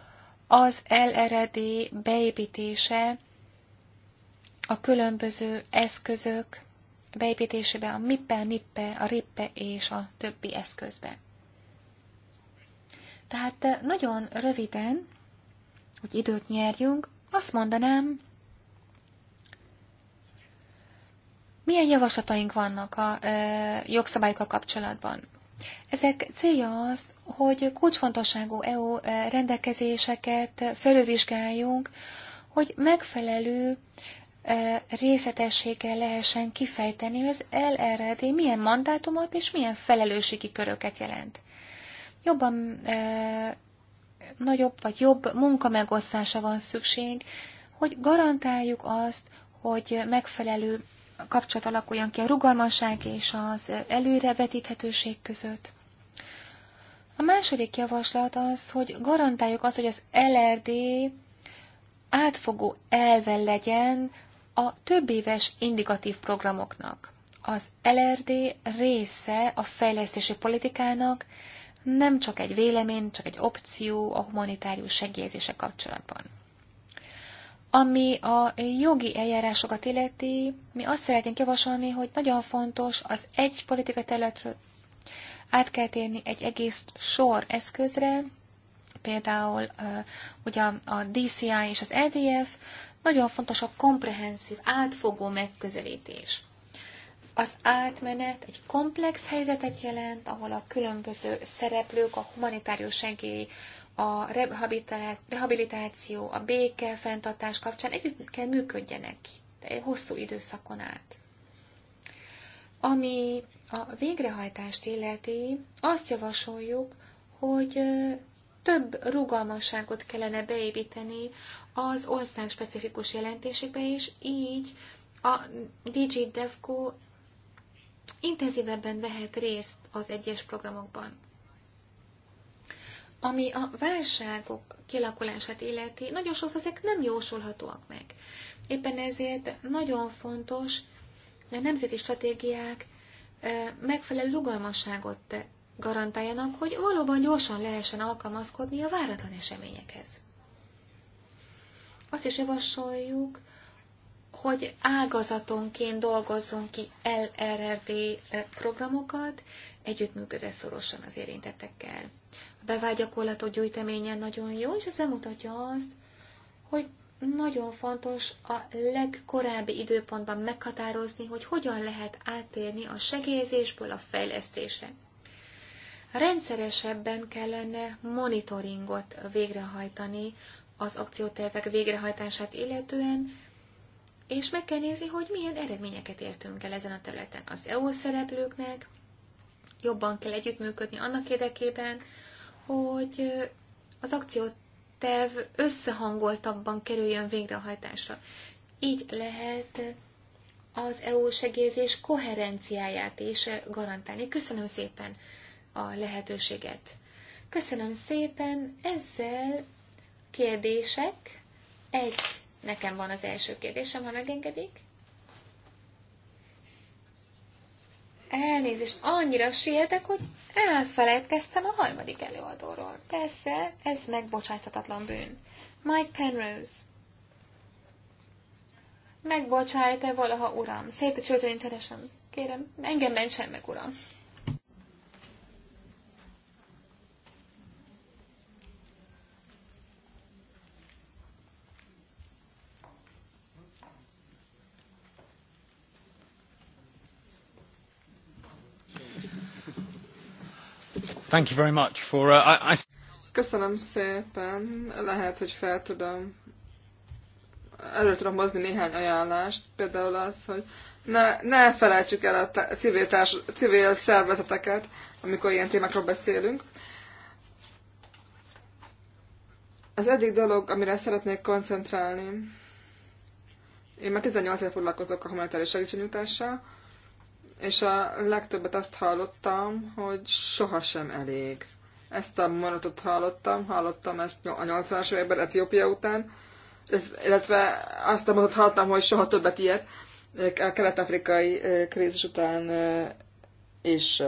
az LRD beépítése a különböző eszközök beépítésébe, a MIPPE, NIPPE, a RIPPE és a többi eszközbe. Tehát eh, nagyon röviden, hogy időt nyerjünk, azt mondanám, milyen javaslataink vannak a eh, jogszabályokkal kapcsolatban. Ezek célja az, hogy kulcsfontosságú EU eh, rendelkezéseket felővizsgáljunk, hogy megfelelő részletességgel lehessen kifejteni, hogy az LRD milyen mandátumot és milyen felelősségi köröket jelent jobban e, nagyobb vagy jobb munkamegosztása van szükség, hogy garantáljuk azt, hogy megfelelő kapcsolat alakuljon ki a rugalmasság és az előrevetíthetőség között. A második javaslat az, hogy garantáljuk azt, hogy az LRD átfogó elve legyen a több éves indikatív programoknak. Az LRD része a fejlesztési politikának, nem csak egy vélemény, csak egy opció a humanitárius segélyezése kapcsolatban. Ami a jogi eljárásokat illeti, mi azt szeretnénk javasolni, hogy nagyon fontos az egy politika területről át kell térni egy egész sor eszközre, például ugye a DCI és az EDF, nagyon fontos a komprehenszív, átfogó megközelítés. Az átmenet egy komplex helyzetet jelent, ahol a különböző szereplők, a humanitárius segély, a rehabilitáció, a béke fenntartás kapcsán együtt kell működjenek egy hosszú időszakon át. Ami a végrehajtást illeti, azt javasoljuk, hogy több rugalmasságot kellene beépíteni az ország specifikus jelentésekbe, is, így a DG DevCo intenzívebben vehet részt az egyes programokban. Ami a válságok kilakulását illeti, nagyon sokszor ezek nem jósolhatóak meg. Éppen ezért nagyon fontos, hogy a nemzeti stratégiák megfelelő rugalmasságot garantáljanak, hogy valóban gyorsan lehessen alkalmazkodni a váratlan eseményekhez. Azt is javasoljuk, hogy ágazatonként dolgozzunk ki LRRD eh, programokat, együttműködve szorosan az érintettekkel. A bevágyakorlatok gyűjteménye nagyon jó, és ez bemutatja azt, hogy nagyon fontos a legkorábbi időpontban meghatározni, hogy hogyan lehet átérni a segélyezésből a fejlesztésre. Rendszeresebben kellene monitoringot végrehajtani az akciótervek végrehajtását illetően, és meg kell nézni, hogy milyen eredményeket értünk el ezen a területen. Az EU szereplőknek jobban kell együttműködni annak érdekében, hogy az akciótev összehangoltabban kerüljön végrehajtásra. Így lehet az EU segélyezés koherenciáját is garantálni. Köszönöm szépen a lehetőséget. Köszönöm szépen, ezzel kérdések egy Nekem van az első kérdésem, ha megengedik. Elnézést, annyira sietek, hogy elfelejtkeztem a harmadik előadóról. Persze, ez megbocsájthatatlan bűn. Mike Penrose. Megbocsájt-e valaha, uram? Szép a Children Kérem, engem mentsen meg, uram. Thank you very much for... Uh, I, I... Köszönöm szépen. Lehet, hogy fel tudom erről tudom hozni néhány ajánlást, például az, hogy ne, ne felejtsük el a civil, társ, civil szervezeteket, amikor ilyen témákról beszélünk. Az egyik dolog, amire szeretnék koncentrálni, én már 18 év foglalkozok a humanitárius segítségnyújtással, és a legtöbbet azt hallottam, hogy sohasem elég. Ezt a mondatot hallottam, hallottam ezt a 80-as években Etiópia után, illetve azt a mondatot hallottam, hogy soha többet ilyet eh, a kelet-afrikai eh, krízis után eh, is.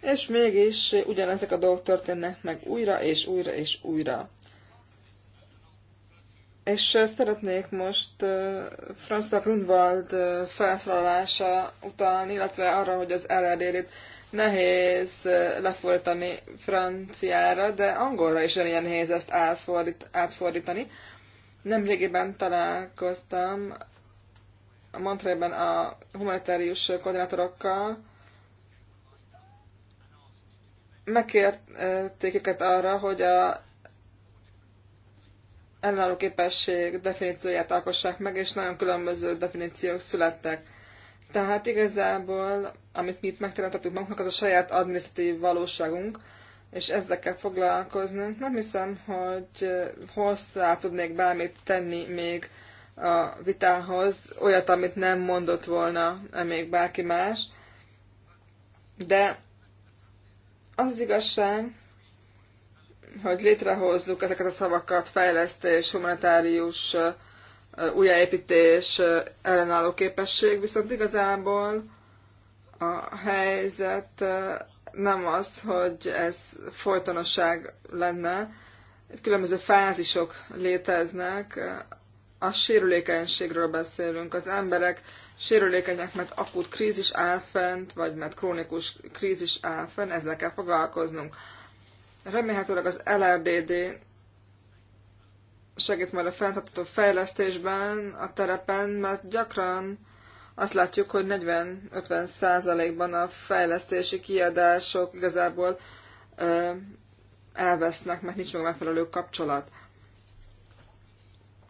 És mégis ugyanezek a dolgok történnek meg újra és újra és újra. És szeretnék most François Grunwald felszólalása utalni, illetve arra, hogy az LRD-t nehéz lefordítani franciára, de angolra is olyan nehéz ezt átfordít, átfordítani. Nemrégiben találkoztam a Montrében a humanitárius koordinátorokkal, megkérték őket arra, hogy a ellenálló képesség definícióját alkossák meg, és nagyon különböző definíciók születtek. Tehát igazából, amit mi itt megteremtettük magunknak, az a saját adminisztratív valóságunk, és ezekkel foglalkoznunk. Nem hiszem, hogy hozzá tudnék bármit tenni még a vitához, olyat, amit nem mondott volna -e még bárki más. De az, az igazság, hogy létrehozzuk ezeket a szavakat, fejlesztés, humanitárius újjáépítés, ellenálló képesség, viszont igazából a helyzet nem az, hogy ez folytonosság lenne. Itt különböző fázisok léteznek. A sérülékenységről beszélünk. Az emberek sérülékenyek, mert akut krízis áll fent, vagy mert krónikus krízis áll fent, ezzel kell foglalkoznunk. Remélhetőleg az LRDD segít majd a fenntartató fejlesztésben, a terepen, mert gyakran azt látjuk, hogy 40-50 százalékban a fejlesztési kiadások igazából ö, elvesznek, mert nincs meg megfelelő kapcsolat.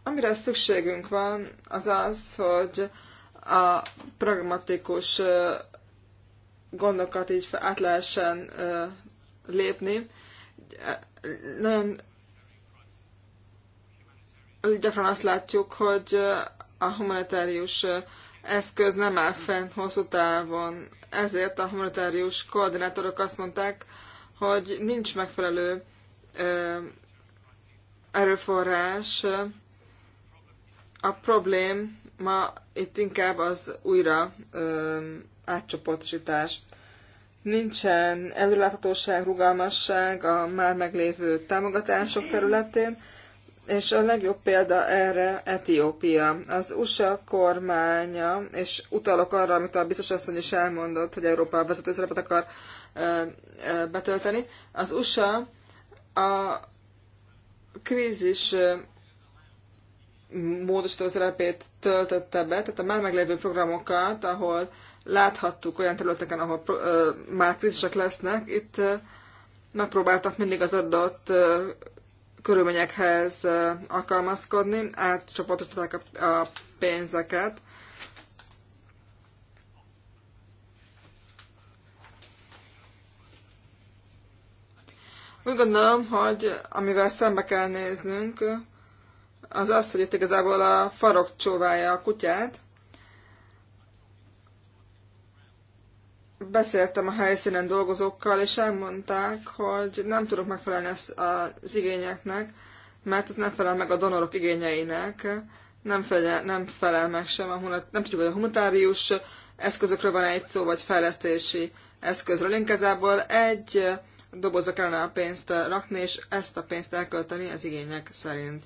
Amire szükségünk van, az az, hogy a pragmatikus gondokat így át lehessen lépni, nagyon gyakran azt látjuk, hogy a humanitárius eszköz nem áll fenn hosszú távon. Ezért a humanitárius koordinátorok azt mondták, hogy nincs megfelelő erőforrás. A problém ma itt inkább az újra átcsoportosítás nincsen előláthatóság, rugalmasság a már meglévő támogatások területén, és a legjobb példa erre Etiópia. Az USA kormánya, és utalok arra, amit a biztos asszony is elmondott, hogy Európa vezető szerepet akar betölteni, az USA a krízis módosító szerepét töltötte be, tehát a már meglévő programokat, ahol láthattuk olyan területeken, ahol már krízisek lesznek, itt megpróbáltak mindig az adott körülményekhez alkalmazkodni, átcsoportosították a pénzeket. Úgy gondolom, hogy amivel szembe kell néznünk, az az, hogy itt igazából a farok csóválja a kutyát, beszéltem a helyszínen dolgozókkal, és elmondták, hogy nem tudok megfelelni az igényeknek, mert ez nem felel meg a donorok igényeinek, nem felel, nem felel meg sem, a hulat, nem tudjuk, hogy a humanitárius eszközökről van egy szó, vagy fejlesztési eszközről. Inkább egy dobozba kellene a pénzt rakni, és ezt a pénzt elkölteni az igények szerint.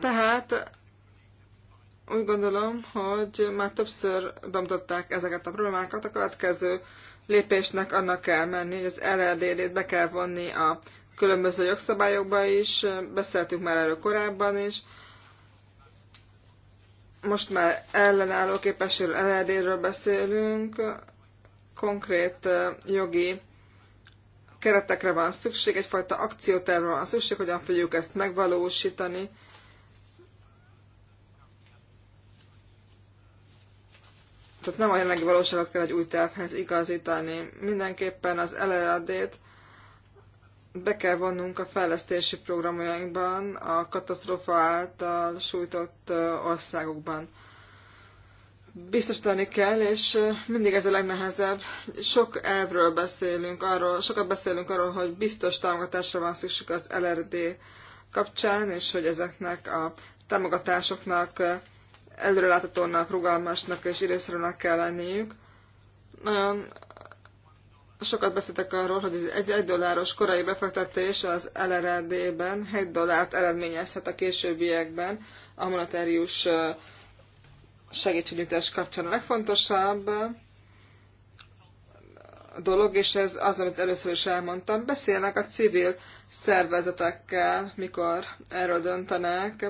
Tehát úgy gondolom, hogy már többször bemutatták ezeket a problémákat, a következő lépésnek annak kell menni, hogy az LRD-t be kell vonni a különböző jogszabályokba is, beszéltünk már erről korábban is. Most már ellenálló képességről, LRD-ről beszélünk, konkrét jogi keretekre van szükség, egyfajta akciótervre van szükség, hogyan fogjuk ezt megvalósítani, Tehát nem a jelenlegi valóságot kell egy új tervhez igazítani. Mindenképpen az LRD-t e be kell vonnunk a fejlesztési programjainkban, a katasztrófa által sújtott országokban. Biztosítani kell, és mindig ez a legnehezebb. Sok elvről beszélünk, arról, sokat beszélünk arról, hogy biztos támogatásra van szükség az LRD e kapcsán, és hogy ezeknek a támogatásoknak előreláthatónak, rugalmasnak és időszerűnek kell lenniük. Nagyon sokat beszéltek arról, hogy az egy, egy dolláros korai befektetés az LRD-ben 1 dollárt eredményezhet a későbbiekben a monetárius segítségnyújtás kapcsán. A legfontosabb dolog, és ez az, amit először is elmondtam, beszélnek a civil szervezetekkel, mikor erről döntenek,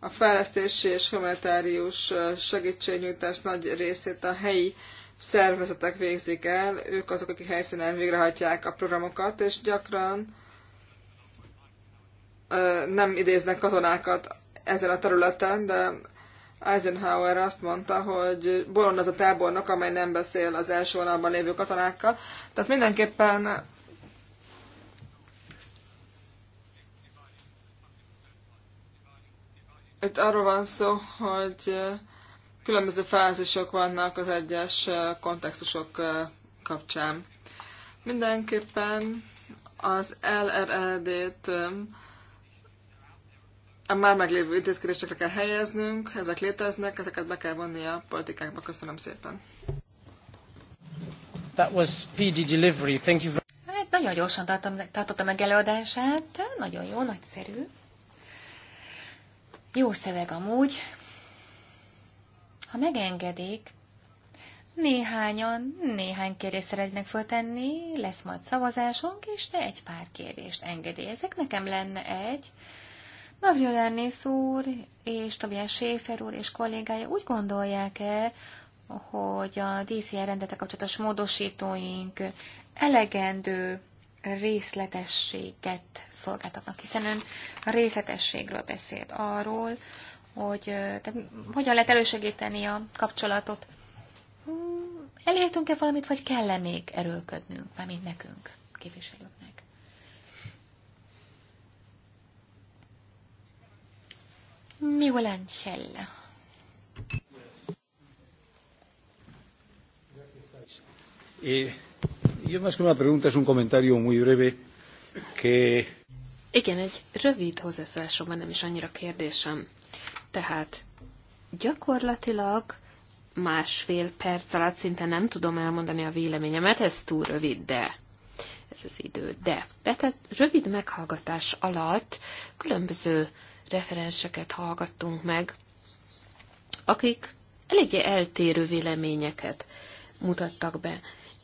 a fejlesztési és humanitárius segítségnyújtás nagy részét a helyi szervezetek végzik el, ők azok, akik helyszínen végrehajtják a programokat, és gyakran nem idéznek katonákat ezen a területen, de Eisenhower azt mondta, hogy bolond az a tábornok, amely nem beszél az első vonalban lévő katonákkal. Tehát mindenképpen itt arról van szó, hogy különböző fázisok vannak az egyes kontextusok kapcsán. Mindenképpen az LRLD-t e a már meglévő intézkedésekre kell helyeznünk, ezek léteznek, ezeket be kell vonni a politikákba. Köszönöm szépen. That was PD delivery. Thank you very... Hát nagyon gyorsan tartottam, tartottam meg előadását, nagyon jó, nagyszerű. Jó szöveg amúgy. Ha megengedik, néhányan, néhány kérdést szeretnék föltenni, lesz majd szavazásunk, és te egy pár kérdést engedélyezek. Nekem lenne egy. Navio Lennész úr és Tobias Schäfer úr és kollégája úgy gondolják-e, hogy a DCR rendete kapcsolatos módosítóink elegendő részletességet szolgáltatnak, hiszen ön a részletességről beszélt arról, hogy tehát hogyan lehet elősegíteni a kapcsolatot. Hmm, elértünk-e valamit, vagy kell-e még erőlködnünk, mint nekünk, képviselőknek? Miguel É, Yo más que una pregunta es un comentario muy breve que... Igen, egy rövid hozzászólásom van, nem is annyira kérdésem. Tehát gyakorlatilag másfél perc alatt szinte nem tudom elmondani a véleményemet, ez túl rövid, de ez az idő. De, de tehát rövid meghallgatás alatt különböző referenseket hallgattunk meg, akik eléggé eltérő véleményeket mutattak be.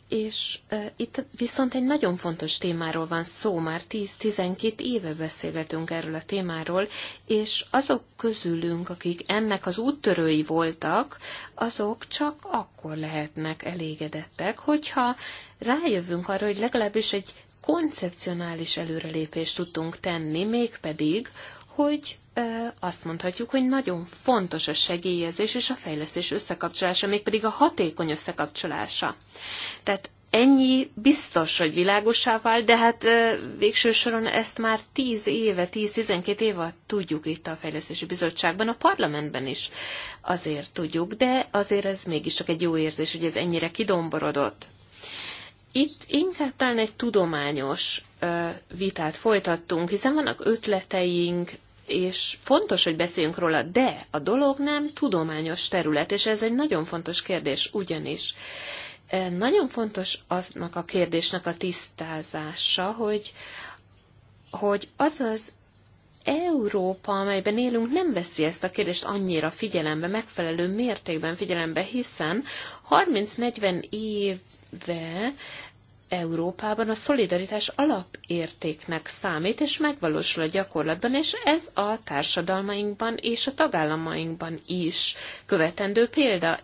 És e, itt viszont egy nagyon fontos témáról van szó, már 10-12 éve beszélgetünk erről a témáról, és azok közülünk, akik ennek az úttörői voltak, azok csak akkor lehetnek elégedettek, hogyha rájövünk arra, hogy legalábbis egy koncepcionális előrelépést tudtunk tenni, mégpedig, hogy azt mondhatjuk, hogy nagyon fontos a segélyezés és a fejlesztés összekapcsolása, mégpedig a hatékony összekapcsolása. Tehát ennyi biztos, hogy világosá vált, de hát végső soron ezt már 10 éve, 10-12 éve tudjuk itt a Fejlesztési Bizottságban, a parlamentben is azért tudjuk, de azért ez mégiscsak egy jó érzés, hogy ez ennyire kidomborodott. Itt inkább talán egy tudományos vitát folytattunk, hiszen vannak ötleteink, és fontos, hogy beszéljünk róla, de a dolog nem tudományos terület, és ez egy nagyon fontos kérdés ugyanis. E, nagyon fontos aznak a kérdésnek a tisztázása, hogy, hogy az az Európa, amelyben élünk, nem veszi ezt a kérdést annyira figyelembe, megfelelő mértékben figyelembe, hiszen 30-40 éve Európában a szolidaritás alapértéknek számít, és megvalósul a gyakorlatban, és ez a társadalmainkban és a tagállamainkban is követendő példa.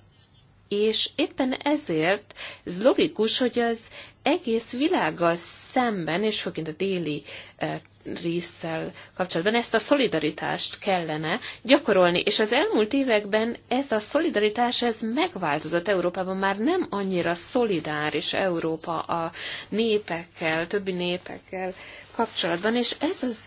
És éppen ezért ez logikus, hogy az egész világgal szemben, és főként a déli eh, résszel kapcsolatban ezt a szolidaritást kellene gyakorolni, és az elmúlt években ez a szolidaritás, ez megváltozott Európában, már nem annyira szolidáris Európa a népekkel, többi népekkel kapcsolatban, és ez az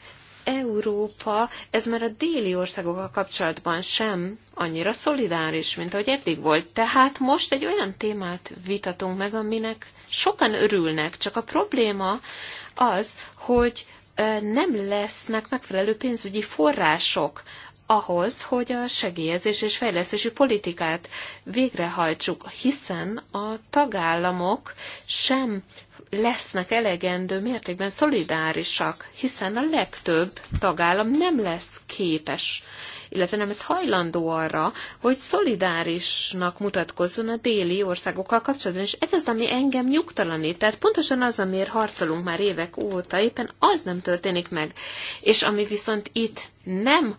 Európa, ez már a déli országokkal kapcsolatban sem annyira szolidáris, mint ahogy eddig volt. Tehát most egy olyan témát vitatunk meg, aminek sokan örülnek, csak a probléma az, hogy nem lesznek megfelelő pénzügyi források ahhoz, hogy a segélyezés és fejlesztési politikát végrehajtsuk, hiszen a tagállamok sem lesznek elegendő mértékben szolidárisak, hiszen a legtöbb tagállam nem lesz képes illetve nem ez hajlandó arra, hogy szolidárisnak mutatkozzon a déli országokkal kapcsolatban, és ez az, ami engem nyugtalanít. Tehát pontosan az, amiért harcolunk már évek óta, éppen az nem történik meg. És ami viszont itt nem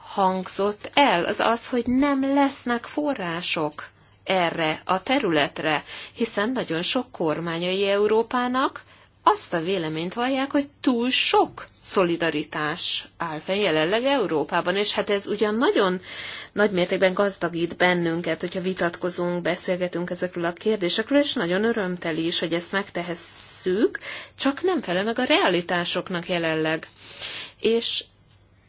hangzott el, az az, hogy nem lesznek források erre a területre, hiszen nagyon sok kormányai Európának azt a véleményt vallják, hogy túl sok szolidaritás áll fel jelenleg Európában, és hát ez ugyan nagyon nagy mértékben gazdagít bennünket, hogyha vitatkozunk, beszélgetünk ezekről a kérdésekről, és nagyon örömteli is, hogy ezt megtehesszük, csak nem fele meg a realitásoknak jelenleg. És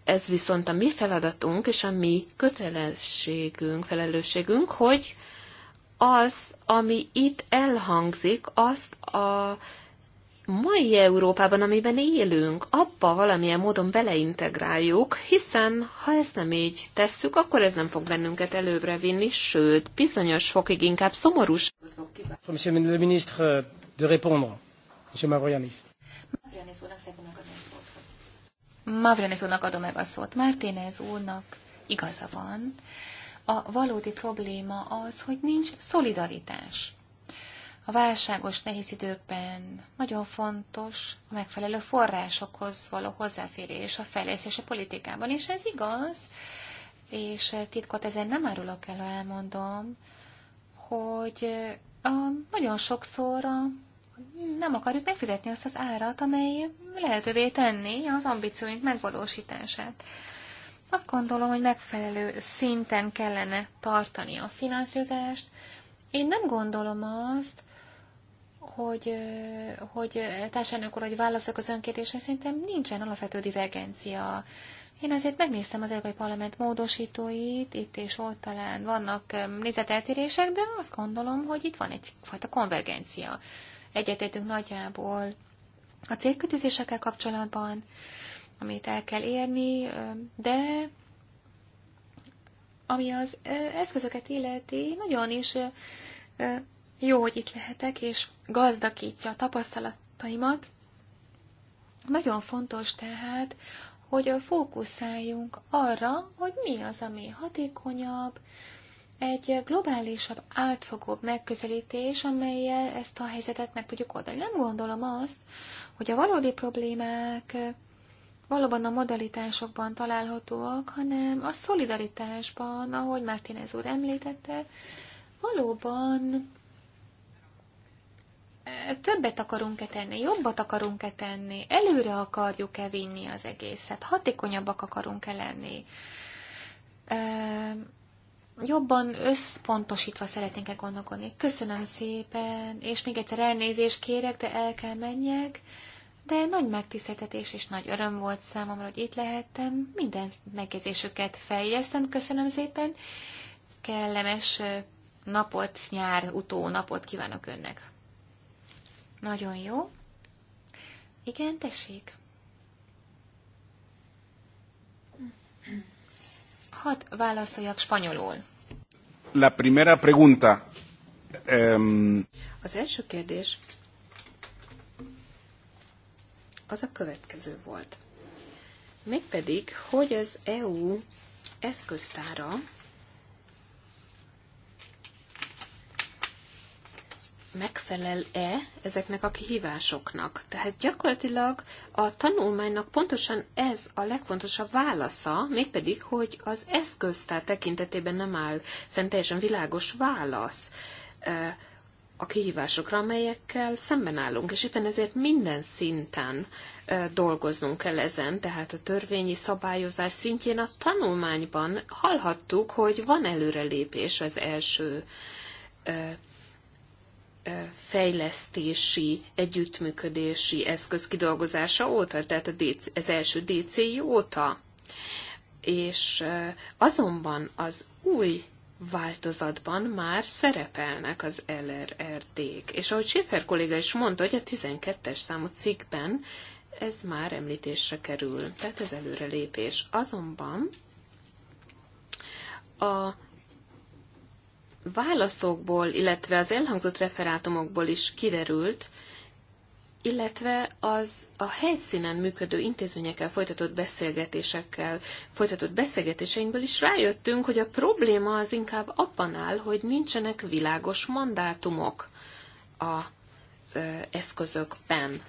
ez viszont a mi feladatunk és a mi kötelességünk, felelősségünk, hogy az, ami itt elhangzik, azt a mai Európában, amiben élünk, abba valamilyen módon beleintegráljuk, hiszen ha ezt nem így tesszük, akkor ez nem fog bennünket előbbre vinni, sőt, bizonyos fokig inkább szomorús. Monsieur euh, de úrnak szépen megadom a szót. Mavroyanis úrnak adom meg a szót. ez úrnak igaza van. A valódi probléma az, hogy nincs szolidaritás. A válságos nehéz időkben nagyon fontos a megfelelő forrásokhoz való hozzáférés a fejlesztési politikában, és ez igaz, és titkot ezen nem árulok el, elmondom, hogy a, nagyon sokszor a, nem akarjuk megfizetni azt az árat, amely lehetővé tenni az ambícióink megvalósítását. Azt gondolom, hogy megfelelő szinten kellene tartani a finanszírozást. Én nem gondolom azt, hogy, hogy társadalmi úr, hogy válaszok az önkérdésre, szerintem nincsen alapvető divergencia. Én azért megnéztem az Európai Parlament módosítóit, itt és ott talán vannak nézeteltérések, de azt gondolom, hogy itt van egyfajta konvergencia. Egyetértünk nagyjából a célkötőzésekkel kapcsolatban, amit el kell érni, de ami az eszközöket illeti, nagyon is jó, hogy itt lehetek, és gazdagítja a tapasztalataimat. Nagyon fontos tehát, hogy fókuszáljunk arra, hogy mi az, ami hatékonyabb, egy globálisabb, átfogóbb megközelítés, amelyel ezt a helyzetet meg tudjuk oldani. Nem gondolom azt, hogy a valódi problémák valóban a modalitásokban találhatóak, hanem a szolidaritásban, ahogy Martínez úr említette, valóban e, többet akarunk-e tenni, jobbat akarunk-e tenni, előre akarjuk-e vinni az egészet, hatékonyabbak akarunk-e lenni, e, jobban összpontosítva szeretnénk-e gondolkodni. Köszönöm szépen, és még egyszer elnézést kérek, de el kell menjek de nagy megtiszteltetés és nagy öröm volt számomra, hogy itt lehettem. Minden megjegyzésüket feljeztem, köszönöm szépen. Kellemes napot, nyár utó napot kívánok önnek. Nagyon jó. Igen, tessék. Hadd válaszoljak spanyolul. La primera pregunta. Um... Az első kérdés az a következő volt. Mégpedig, hogy az EU eszköztára megfelel-e ezeknek a kihívásoknak. Tehát gyakorlatilag a tanulmánynak pontosan ez a legfontosabb válasza, mégpedig, hogy az eszköztár tekintetében nem áll fent teljesen világos válasz a kihívásokra, amelyekkel szemben állunk, és éppen ezért minden szinten dolgoznunk kell ezen, tehát a törvényi szabályozás szintjén a tanulmányban hallhattuk, hogy van előrelépés az első fejlesztési, együttműködési eszköz kidolgozása óta, tehát az első DCI óta. És azonban az új változatban már szerepelnek az LRRD-k. És ahogy Schiffer kolléga is mondta, hogy a 12-es számú cikkben ez már említésre kerül, tehát ez előrelépés. Azonban a válaszokból, illetve az elhangzott referátumokból is kiderült, illetve az a helyszínen működő intézményekkel folytatott beszélgetésekkel folytatott beszélgetéseinkből is rájöttünk, hogy a probléma az inkább abban áll, hogy nincsenek világos mandátumok az eszközökben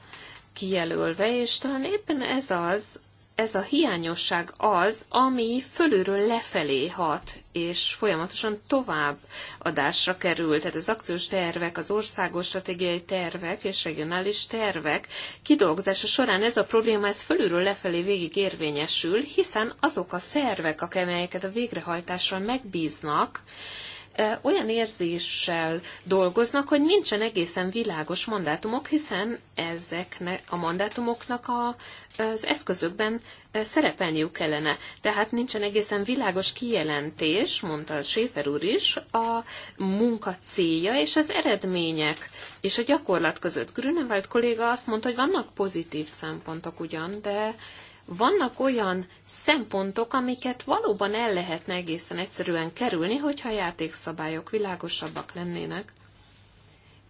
kijelölve, és talán éppen ez az, ez a hiányosság az, ami fölülről lefelé hat, és folyamatosan tovább adásra kerül. Tehát az akciós tervek, az országos stratégiai tervek és regionális tervek kidolgozása során ez a probléma, ez fölülről lefelé végig érvényesül, hiszen azok a szervek, amelyeket a végrehajtásra megbíznak, olyan érzéssel dolgoznak, hogy nincsen egészen világos mandátumok, hiszen ezeknek a mandátumoknak a, az eszközökben szerepelniük kellene. Tehát nincsen egészen világos kijelentés, mondta a Schäfer úr is, a munka célja és az eredmények és a gyakorlat között. Grünewald kolléga azt mondta, hogy vannak pozitív szempontok ugyan, de vannak olyan szempontok, amiket valóban el lehetne egészen egyszerűen kerülni, hogyha a játékszabályok világosabbak lennének.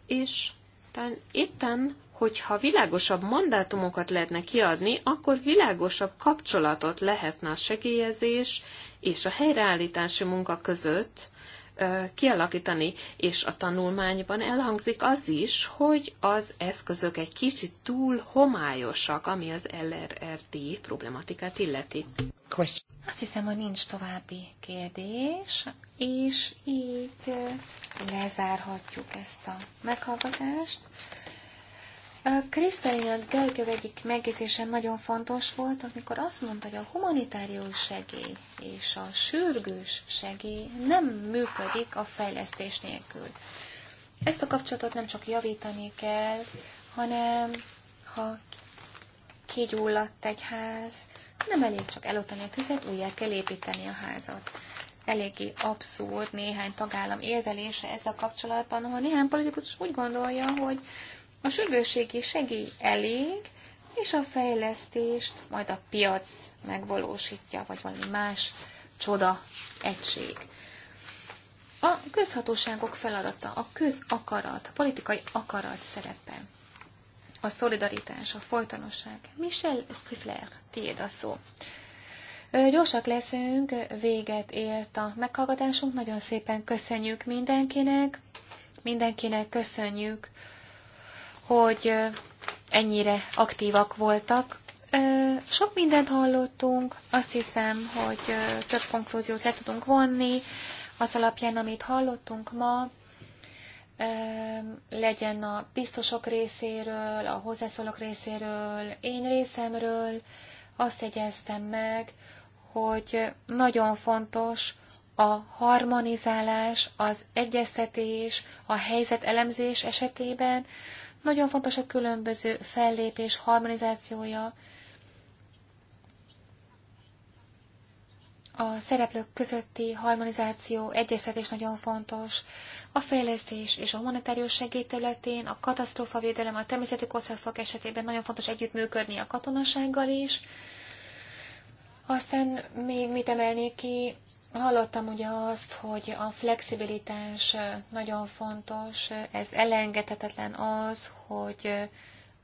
És talán éppen, hogyha világosabb mandátumokat lehetne kiadni, akkor világosabb kapcsolatot lehetne a segélyezés és a helyreállítási munka között, kialakítani. És a tanulmányban elhangzik az is, hogy az eszközök egy kicsit túl homályosak, ami az LRRD problematikát illeti. Azt hiszem, hogy nincs további kérdés, és így lezárhatjuk ezt a meghallgatást. Krisztelina Gergő egyik megjegyzése nagyon fontos volt, amikor azt mondta, hogy a humanitárius segély és a sürgős segély nem működik a fejlesztés nélkül. Ezt a kapcsolatot nem csak javítani kell, hanem ha kigyulladt egy ház, nem elég csak elotani a tüzet, újjá kell építeni a házat. Eléggé abszurd néhány tagállam érvelése ezzel kapcsolatban, ahol néhány politikus úgy gondolja, hogy a sürgősségi segély elég, és a fejlesztést majd a piac megvalósítja, vagy valami más csoda egység. A közhatóságok feladata, a közakarat, a politikai akarat szerepe, a szolidaritás, a folytonosság. Michel Strifler, tiéd a szó. Gyorsak leszünk, véget ért a meghallgatásunk, nagyon szépen köszönjük mindenkinek, mindenkinek köszönjük hogy ennyire aktívak voltak. Sok mindent hallottunk, azt hiszem, hogy több konklúziót le tudunk vonni. Az alapján, amit hallottunk ma, legyen a biztosok részéről, a hozzászólók részéről, én részemről, azt jegyeztem meg, hogy nagyon fontos a harmonizálás, az egyeztetés, a helyzet elemzés esetében, nagyon fontos a különböző fellépés harmonizációja, a szereplők közötti harmonizáció, egyeztetés nagyon fontos, a fejlesztés és a humanitárius területén, a katasztrófa védelem, a természeti kockázatok esetében nagyon fontos együttműködni a katonasággal is. Aztán még mit emelnék ki, Hallottam ugye azt, hogy a flexibilitás nagyon fontos, ez elengedhetetlen az, hogy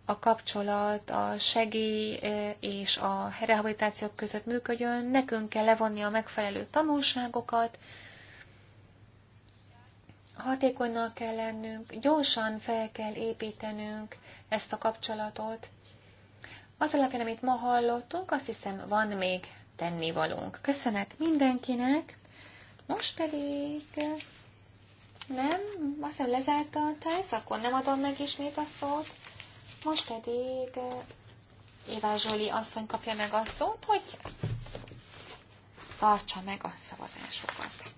a kapcsolat a segély eh, és a rehabilitációk között működjön, nekünk kell levonni a megfelelő tanulságokat, hatékonynak kell lennünk, gyorsan fel kell építenünk ezt a kapcsolatot. Az alapján, amit ma hallottunk, azt hiszem van még tennivalónk. Köszönet mindenkinek. Most pedig nem, azt hiszem lezárta a TESZ, akkor nem adom meg ismét a szót. Most pedig Éva Zsoli asszony kapja meg a szót, hogy tartsa meg a szavazásokat.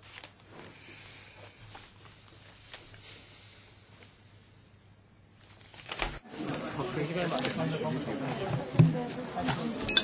Thank you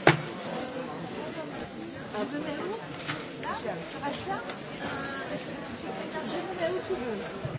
Euh, je me mets où Là Tu Je me mets où tu veux